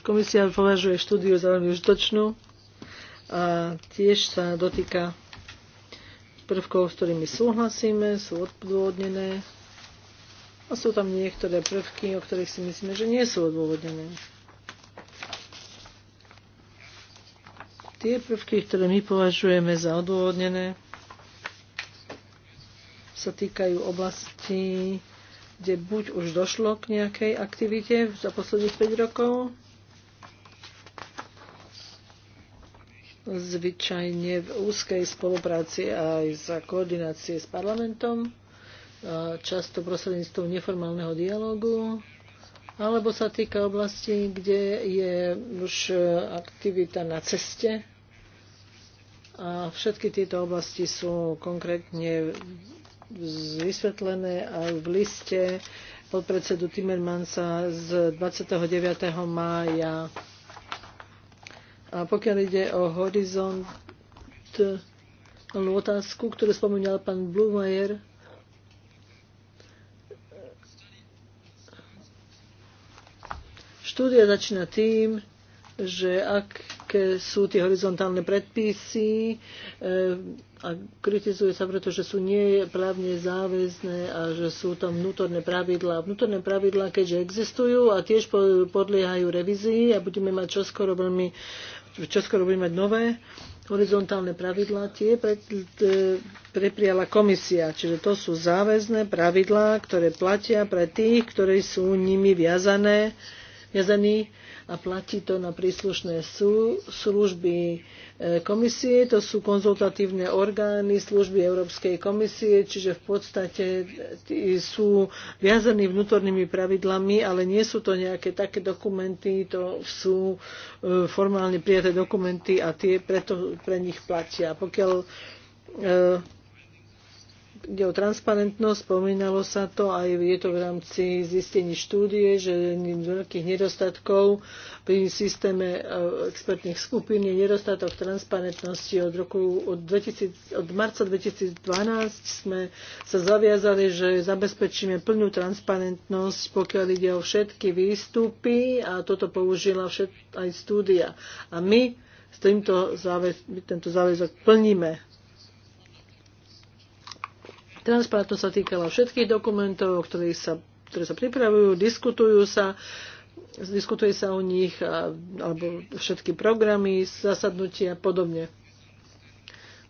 Komisia považuje štúdiu za veľmi užitočnú a tiež sa dotýka prvkov, s ktorými súhlasíme, sú odôvodnené a sú tam niektoré prvky, o ktorých si myslíme, že nie sú odôvodnené. Tie prvky, ktoré my považujeme za odôvodnené, sa týkajú oblasti, kde buď už došlo k nejakej aktivite za posledných 5 rokov, zvyčajne v úzkej spolupráci aj za koordinácie s parlamentom, často prostredníctvom neformálneho dialogu, alebo sa týka oblasti, kde je už aktivita na ceste. A všetky tieto oblasti sú konkrétne vysvetlené aj v liste podpredsedu Timmermansa z 29. mája. A pokiaľ ide o horizont otázku, ktorú spomínal pán Blumajer, štúdia začína tým, že ak aké sú tie horizontálne predpisy eh, a kritizuje sa preto, že sú nie právne záväzné a že sú tam vnútorné pravidlá. Vnútorné pravidlá, keďže existujú a tiež podliehajú revízii a budeme mať čoskoro veľmi čoskoro budeme mať nové horizontálne pravidlá, tie pre, eh, komisia. Čiže to sú záväzné pravidlá, ktoré platia pre tých, ktorí sú nimi viazané, viazaní a platí to na príslušné sú, služby e, komisie. To sú konzultatívne orgány služby Európskej komisie, čiže v podstate e, sú viazaní vnútornými pravidlami, ale nie sú to nejaké také dokumenty, to sú e, formálne prijaté dokumenty a tie preto pre nich platia. Pokiaľ ide o transparentnosť, spomínalo sa to aj je to v rámci zistení štúdie, že jedným z veľkých nedostatkov pri systéme e, expertných skupín je nedostatok transparentnosti. Od, roku, od, 2000, od marca 2012 sme sa zaviazali, že zabezpečíme plnú transparentnosť, pokiaľ ide o všetky výstupy a toto použila všet, aj štúdia. A my s týmto záväz, tento záväzok plníme Transparentnosť sa týkala všetkých dokumentov, ktorých sa, ktoré sa pripravujú, diskutujú sa, diskutuje sa o nich, alebo všetky programy, zasadnutia a podobne.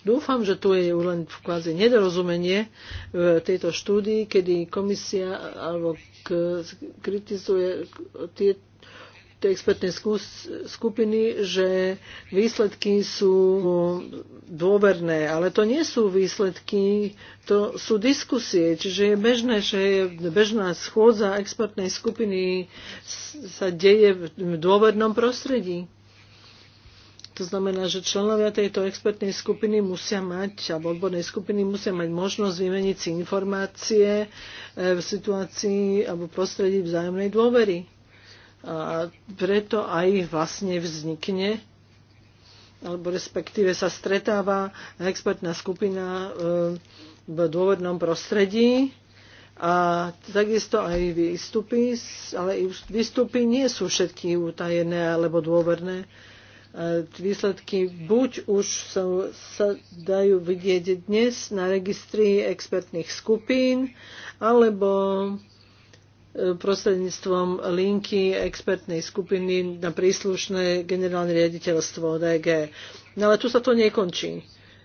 Dúfam, že tu je len v kvázi nedorozumenie v e, tejto štúdii, kedy komisia alebo kritizuje tieto tej expertnej skupiny, že výsledky sú dôverné, ale to nie sú výsledky, to sú diskusie, čiže je bežné, že je bežná schôdza expertnej skupiny sa deje v dôvernom prostredí. To znamená, že členovia tejto expertnej skupiny musia mať, alebo odbornej skupiny musia mať možnosť vymeniť si informácie e, v situácii alebo prostredí vzájomnej dôvery. A preto aj vlastne vznikne alebo respektíve sa stretáva expertná skupina e, v dôvodnom prostredí a takisto aj výstupy, ale výstupy nie sú všetky utajené alebo dôverné. E, výsledky buď už sa, sa dajú vidieť dnes na registri expertných skupín, alebo prostredníctvom linky expertnej skupiny na príslušné generálne riaditeľstvo DG. No ale tu sa to nekončí.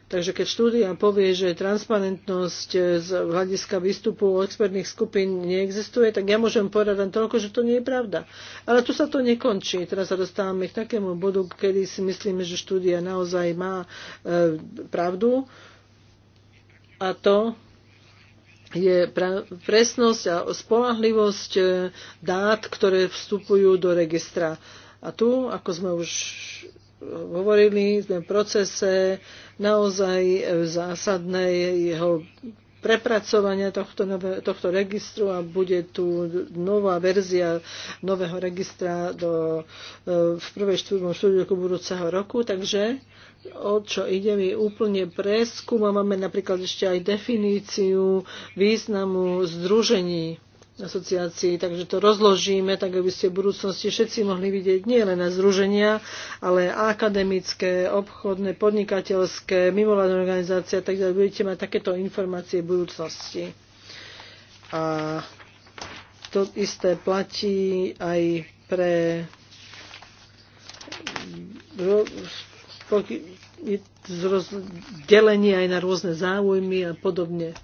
Takže keď štúdia povie, že transparentnosť eh, z hľadiska výstupu expertných skupín neexistuje, tak ja môžem povedať len toľko, že to nie je pravda. Ale tu sa to nekončí. Teraz sa dostávame k takému bodu, kedy si myslíme, že štúdia naozaj má e, pravdu. A to je presnosť a spolahlivosť e, dát, ktoré vstupujú do registra. A tu, ako sme už e, hovorili, sme v procese naozaj e, zásadnej jeho prepracovania tohto, nové, tohto registru a bude tu nová verzia nového registra do, e, v prvej štvrtom roku budúceho roku, takže o čo ide, my úplne preskúmame napríklad ešte aj definíciu významu združení asociácií, takže to rozložíme, tak aby ste v budúcnosti všetci mohli vidieť nie len na združenia, ale akademické, obchodné, podnikateľské, mimovládne organizácie, takže budete mať takéto informácie v budúcnosti. A to isté platí aj pre delenie aj na rôzne záujmy a podobne.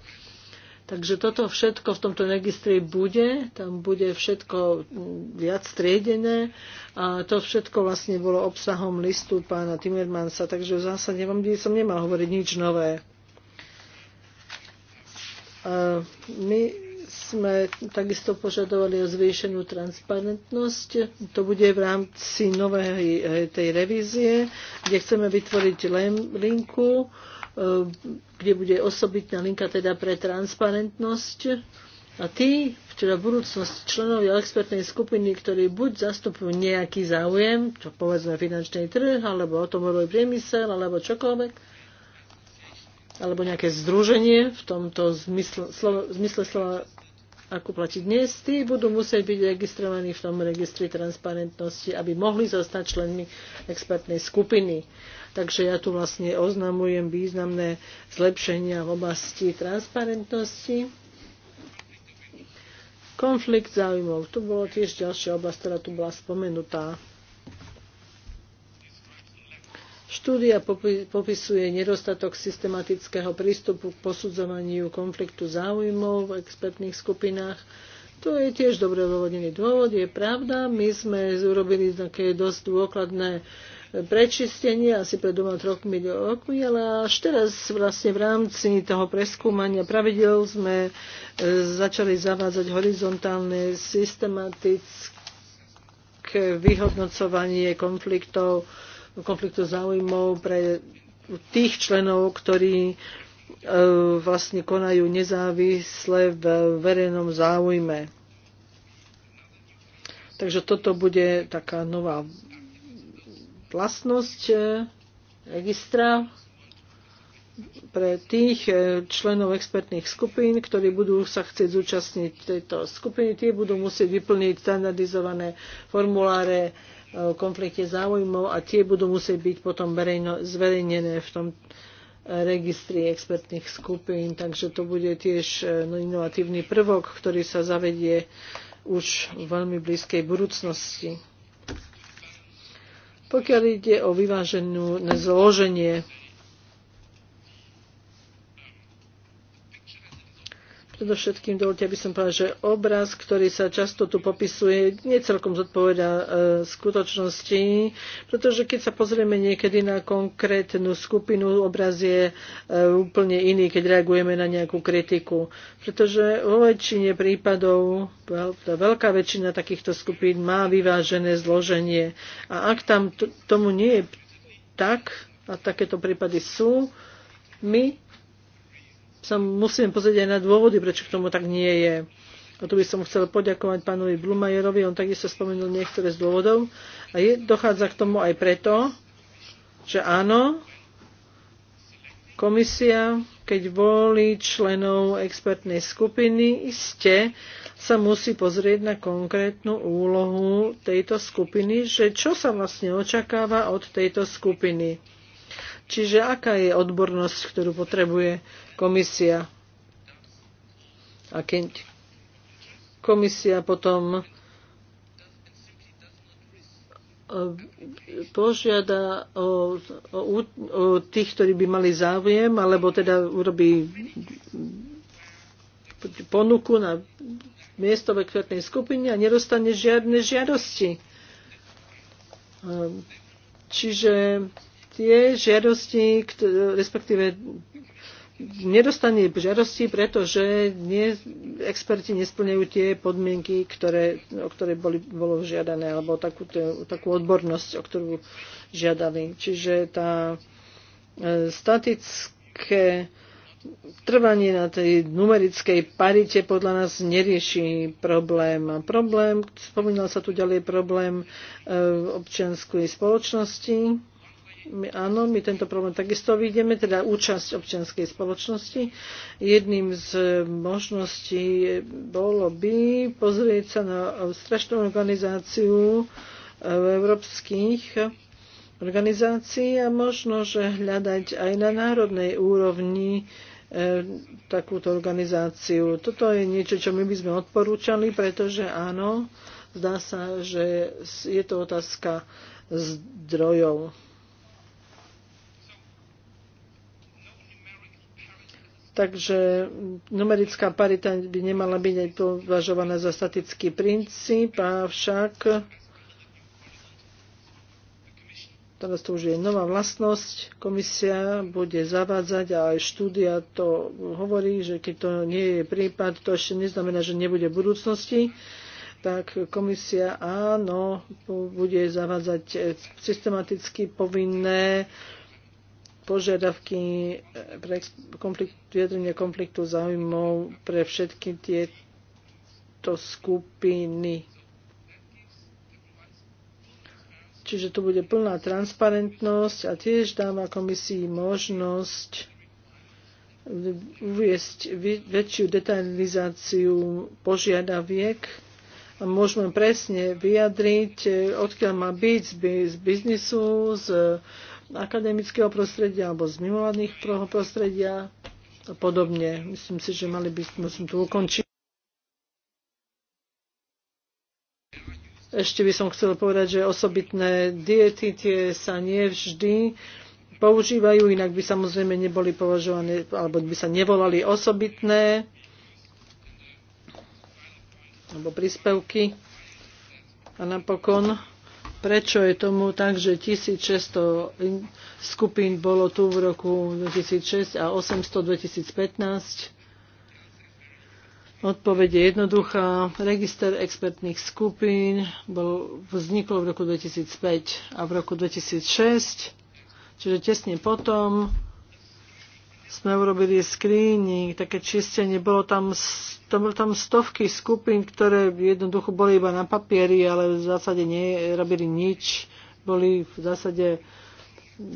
Takže toto všetko v tomto registri bude, tam bude všetko mm, viac striedené a to všetko vlastne bolo obsahom listu pána Timmermansa, takže v zásade vám som nemal hovoriť nič nové. My sme takisto požadovali o zvýšenú transparentnosť. To bude v rámci novej eh, tej revízie, kde chceme vytvoriť linku, E, kde bude osobitná linka teda pre transparentnosť. A tí, teda budúcnosť členovia expertnej skupiny, ktorí buď zastupujú nejaký záujem, čo povedzme finančný trh, alebo automobilový priemysel, alebo čokoľvek, alebo nejaké združenie v tomto zmysle, zmysle slova ako platí dnes, tí budú musieť byť registrovaní v tom registri transparentnosti, aby mohli zostať členmi expertnej skupiny. Takže ja tu vlastne oznamujem významné zlepšenia v oblasti transparentnosti. Konflikt záujmov. Tu bolo tiež ďalšia oblasť, ktorá tu bola spomenutá. Štúdia popisuje nedostatok systematického prístupu k posudzovaniu konfliktu záujmov v expertných skupinách. To je tiež dobre dôvodený dôvod, je pravda. My sme urobili také dosť dôkladné prečistenie asi pred dvoma trokmi rokmi, ale až teraz vlastne v rámci toho preskúmania pravidel sme e, začali zavádzať horizontálne systematické vyhodnocovanie konfliktov, konfliktu záujmov pre tých členov, ktorí e, vlastne konajú nezávisle v verejnom záujme. Takže toto bude taká nová vlastnosť e, registra pre tých e, členov expertných skupín, ktorí budú sa chcieť zúčastniť tejto skupiny. Tie budú musieť vyplniť standardizované formuláre e, o konflikte záujmov a tie budú musieť byť potom verejno, zverejnené v tom registri expertných skupín. Takže to bude tiež no, inovatívny prvok, ktorý sa zavedie už v veľmi blízkej budúcnosti pokiaľ ide o vyváženú zloženie Predovšetkým dovolte, aby som povedal, že obraz, ktorý sa často tu popisuje, necelkom zodpoveda e, skutočnosti, pretože keď sa pozrieme niekedy na konkrétnu skupinu, obraz je e, úplne iný, keď reagujeme na nejakú kritiku. Pretože vo väčšine prípadov, tá teda veľká väčšina takýchto skupín má vyvážené zloženie. A ak tam tomu nie je tak, a takéto prípady sú, my sa musím pozrieť aj na dôvody, prečo k tomu tak nie je. A tu by som chcel poďakovať pánovi Blumajerovi, on takisto spomenul niektoré z dôvodov. A je, dochádza k tomu aj preto, že áno, komisia, keď volí členov expertnej skupiny, iste sa musí pozrieť na konkrétnu úlohu tejto skupiny, že čo sa vlastne očakáva od tejto skupiny. Čiže aká je odbornosť, ktorú potrebuje komisia. A keď komisia potom e, požiada o, o, o tých, ktorí by mali záujem, alebo teda urobí ponuku na miesto ve kvetnej skupine a nedostane žiadne žiadosti. E, čiže tie žiadosti, respektíve nedostane žiadosti, pretože nie, experti nesplňajú tie podmienky, ktoré, o ktoré boli, bolo žiadané, alebo takú, takú odbornosť, o ktorú žiadali. Čiže tá e, statické trvanie na tej numerickej parite podľa nás nerieši problém. A problém, spomínal sa tu ďalej problém e, občianskej spoločnosti, my, áno, my tento problém takisto vidíme, teda účasť občianskej spoločnosti. Jedným z možností bolo by pozrieť sa na strašnú organizáciu e, európskych organizácií a možno, že hľadať aj na národnej úrovni e, takúto organizáciu. Toto je niečo, čo my by sme odporúčali, pretože áno, zdá sa, že je to otázka zdrojov. Takže numerická parita by nemala byť aj považovaná za statický princíp, avšak teraz to už je nová vlastnosť, komisia bude zavádzať a aj štúdia to hovorí, že keď to nie je prípad, to ešte neznamená, že nebude v budúcnosti tak komisia áno, bude zavádzať systematicky povinné požiadavky pre konflikt, vyjadrenie konfliktu záujmov pre všetky tieto skupiny. Čiže tu bude plná transparentnosť a tiež dáva komisii možnosť uviesť väčšiu detalizáciu požiadaviek a môžeme presne vyjadriť, odkiaľ má byť z biznisu, z akademického prostredia alebo z mimovaných prostredia a podobne. Myslím si, že mali by musím tu ukončiť. Ešte by som chcel povedať, že osobitné diety tie sa nie vždy používajú, inak by samozrejme neboli považované, alebo by sa nevolali osobitné alebo príspevky. A napokon prečo je tomu tak, že 1600 skupín bolo tu v roku 2006 a 800 2015. Odpoveď je jednoduchá. Register expertných skupín bol, vzniklo v roku 2005 a v roku 2006, čiže tesne potom sme urobili screening, také čistenie, bolo tam, to bol tam stovky skupín, ktoré jednoducho boli iba na papieri, ale v zásade nerobili nič, boli v zásade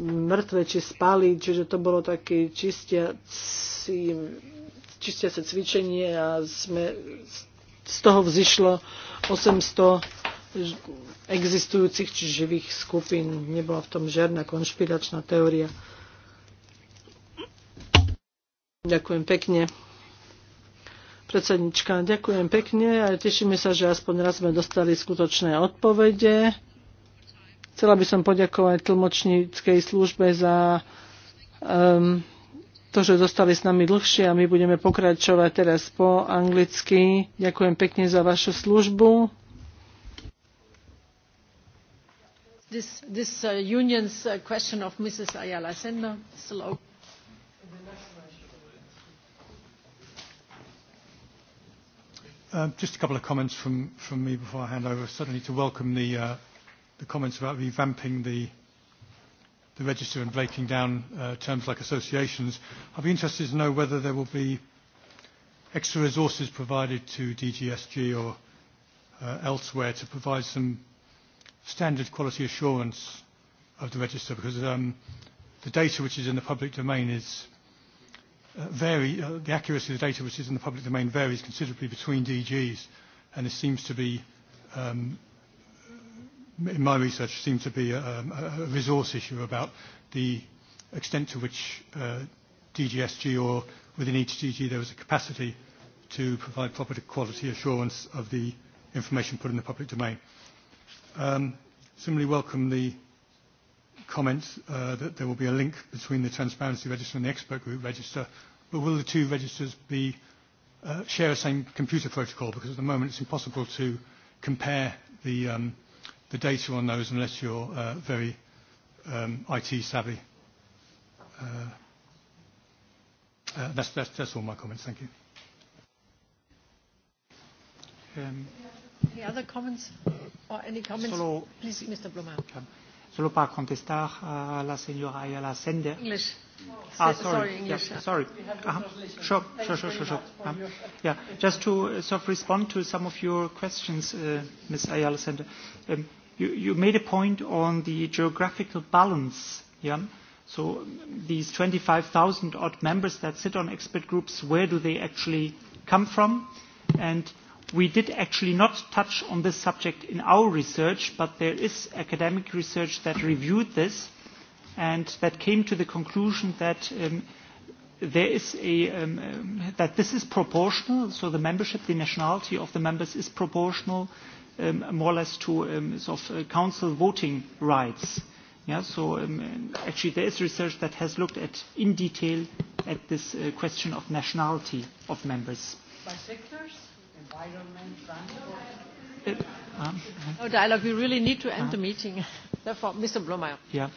mŕtve či spali, čiže to bolo také čistiaci, čistiace cvičenie a sme, z toho vzýšlo 800 existujúcich či živých skupín. Nebola v tom žiadna konšpiračná teória. Ďakujem pekne. Predsednička, ďakujem pekne a tešíme sa, že aspoň raz sme dostali skutočné odpovede. Chcela by som poďakovať tlmočníckej službe za um, to, že zostali s nami dlhšie a my budeme pokračovať teraz po anglicky. Ďakujem pekne za vašu službu. This, this uh, union's uh, question of Mrs. Ayala Um, just a couple of comments from, from me before I hand over. Certainly to welcome the, uh, the comments about revamping the, the register and breaking down uh, terms like associations. I'd be interested to know whether there will be extra resources provided to DGSG or uh, elsewhere to provide some standard quality assurance of the register because um, the data which is in the public domain is uh, vary, uh, the accuracy of the data which is in the public domain varies considerably between DGs, and it seems to be, um, in my research, seems to be uh, um, a, a resource issue about the extent to which uh, DGSG or within each DG there was a capacity to provide proper quality assurance of the information put in the public domain. Um, similarly welcome the comments uh, that there will be a link between the transparency register and the expert group register, but will the two registers be, uh, share the same computer protocol? Because at the moment it's impossible to compare the, um, the data on those unless you're uh, very um, IT savvy. Uh, uh, that's, that's, that's all my comments. Thank you. Um, any other comments or any comments? Solo, please, Mr. Blumau. Okay solo para contestar a la señora Ayala Sender. English. Ah, sorry. sorry, Yeah, sorry. Uh, sure, sure, sure, sure, sure. Um, uh-huh. yeah, just to uh, sort of respond to some of your questions, uh, Ms. Ayala Sender. Um, you, you made a point on the geographical balance. Yeah. So these 25,000 odd members that sit on expert groups, where do they actually come from? And we did actually not touch on this subject in our research, but there is academic research that reviewed this and that came to the conclusion that um, there is a, um, um, that this is proportional, so the membership, the nationality of the members is proportional um, more or less to um, sort of, uh, council voting rights. Yeah, so um, actually there is research that has looked at in detail at this uh, question of nationality of members. By sectors? environment, transport. Uh, uh-huh. No dialogue. We really need to end the uh-huh. meeting. [LAUGHS] Therefore, Mr. Blomeyer. Yeah.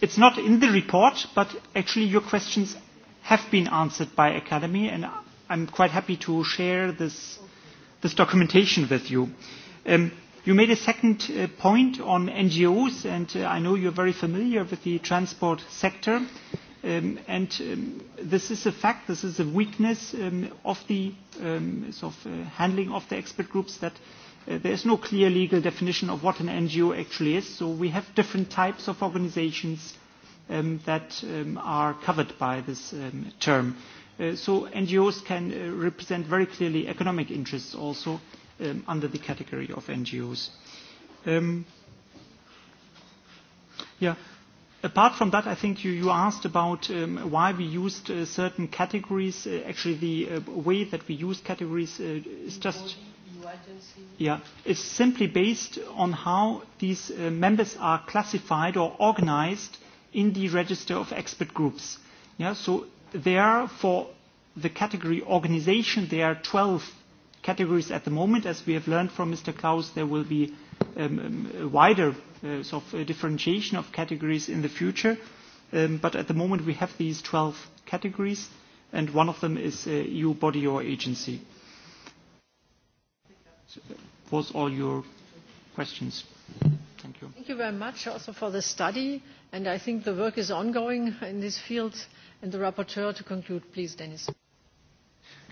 It's not in the report, but actually your questions have been answered by Academy, and I'm quite happy to share this, this documentation with you. Um, you made a second uh, point on NGOs, and uh, I know you're very familiar with the transport sector. Um, and um, this is a fact, this is a weakness um, of the um, sort of, uh, handling of the expert groups that uh, there is no clear legal definition of what an NGO actually is. So we have different types of organizations um, that um, are covered by this um, term. Uh, so NGOs can uh, represent very clearly economic interests also um, under the category of NGOs. Um, yeah. Apart from that, I think you, you asked about um, why we used uh, certain categories. Uh, actually, the uh, way that we use categories uh, is just. Yeah, it's simply based on how these uh, members are classified or organized in the register of expert groups. Yeah, so there, for the category organization, there are 12 categories at the moment. As we have learned from Mr. Klaus, there will be um, um wider uh, sort of differentiation of categories in the future. Um, but at the moment we have these 12 categories, and one of them is uh, EU body or agency. So that uh, was all your questions. Thank you. Thank you very much also for the study, and I think the work is ongoing in this field. And the rapporteur to conclude, please, Dennis.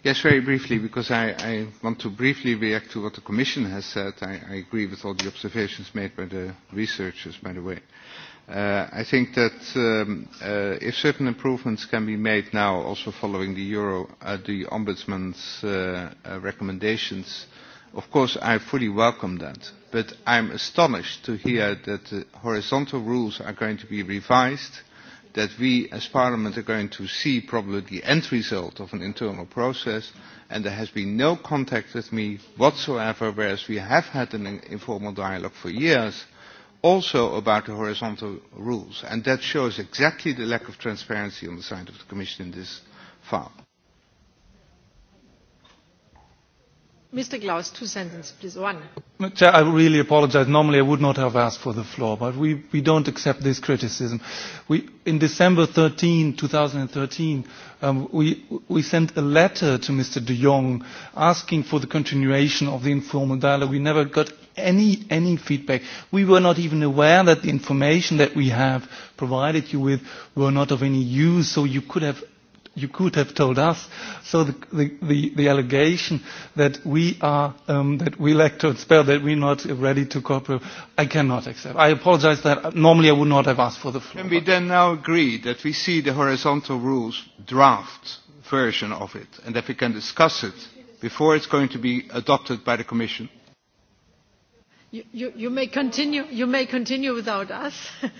Yes, very briefly, because I, I want to briefly react to what the Commission has said. I, I agree with all the observations made by the researchers, by the way. Uh, I think that um, uh, if certain improvements can be made now, also following the, Euro, uh, the Ombudsman's uh, uh, recommendations, of course I fully welcome that. But I'm astonished to hear that the horizontal rules are going to be revised that we as Parliament are going to see probably the end result of an internal process and there has been no contact with me whatsoever, whereas we have had an informal dialogue for years also about the horizontal rules. And that shows exactly the lack of transparency on the side of the Commission in this file. Mr. Klaus, two sentences, please. One. Chair, I really apologize. Normally, I would not have asked for the floor, but we, we don't accept this criticism. We, in December 13, 2013, um, we, we sent a letter to Mr. de Jong asking for the continuation of the informal dialogue. We never got any, any feedback. We were not even aware that the information that we have provided you with were not of any use, so you could have you could have told us. So the, the, the, the allegation that we are, um, that we lack spell that we're not ready to cooperate, I cannot accept. I apologize that normally I would not have asked for the floor. Can we then now agree that we see the horizontal rules draft version of it and that we can discuss it before it's going to be adopted by the Commission? You, you, may continue you may continue without us [LAUGHS]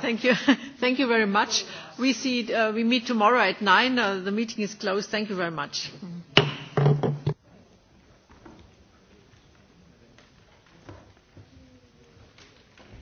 thank you [LAUGHS] thank you very much we see uh, we meet tomorrow at nine uh, the meeting is closed thank you very much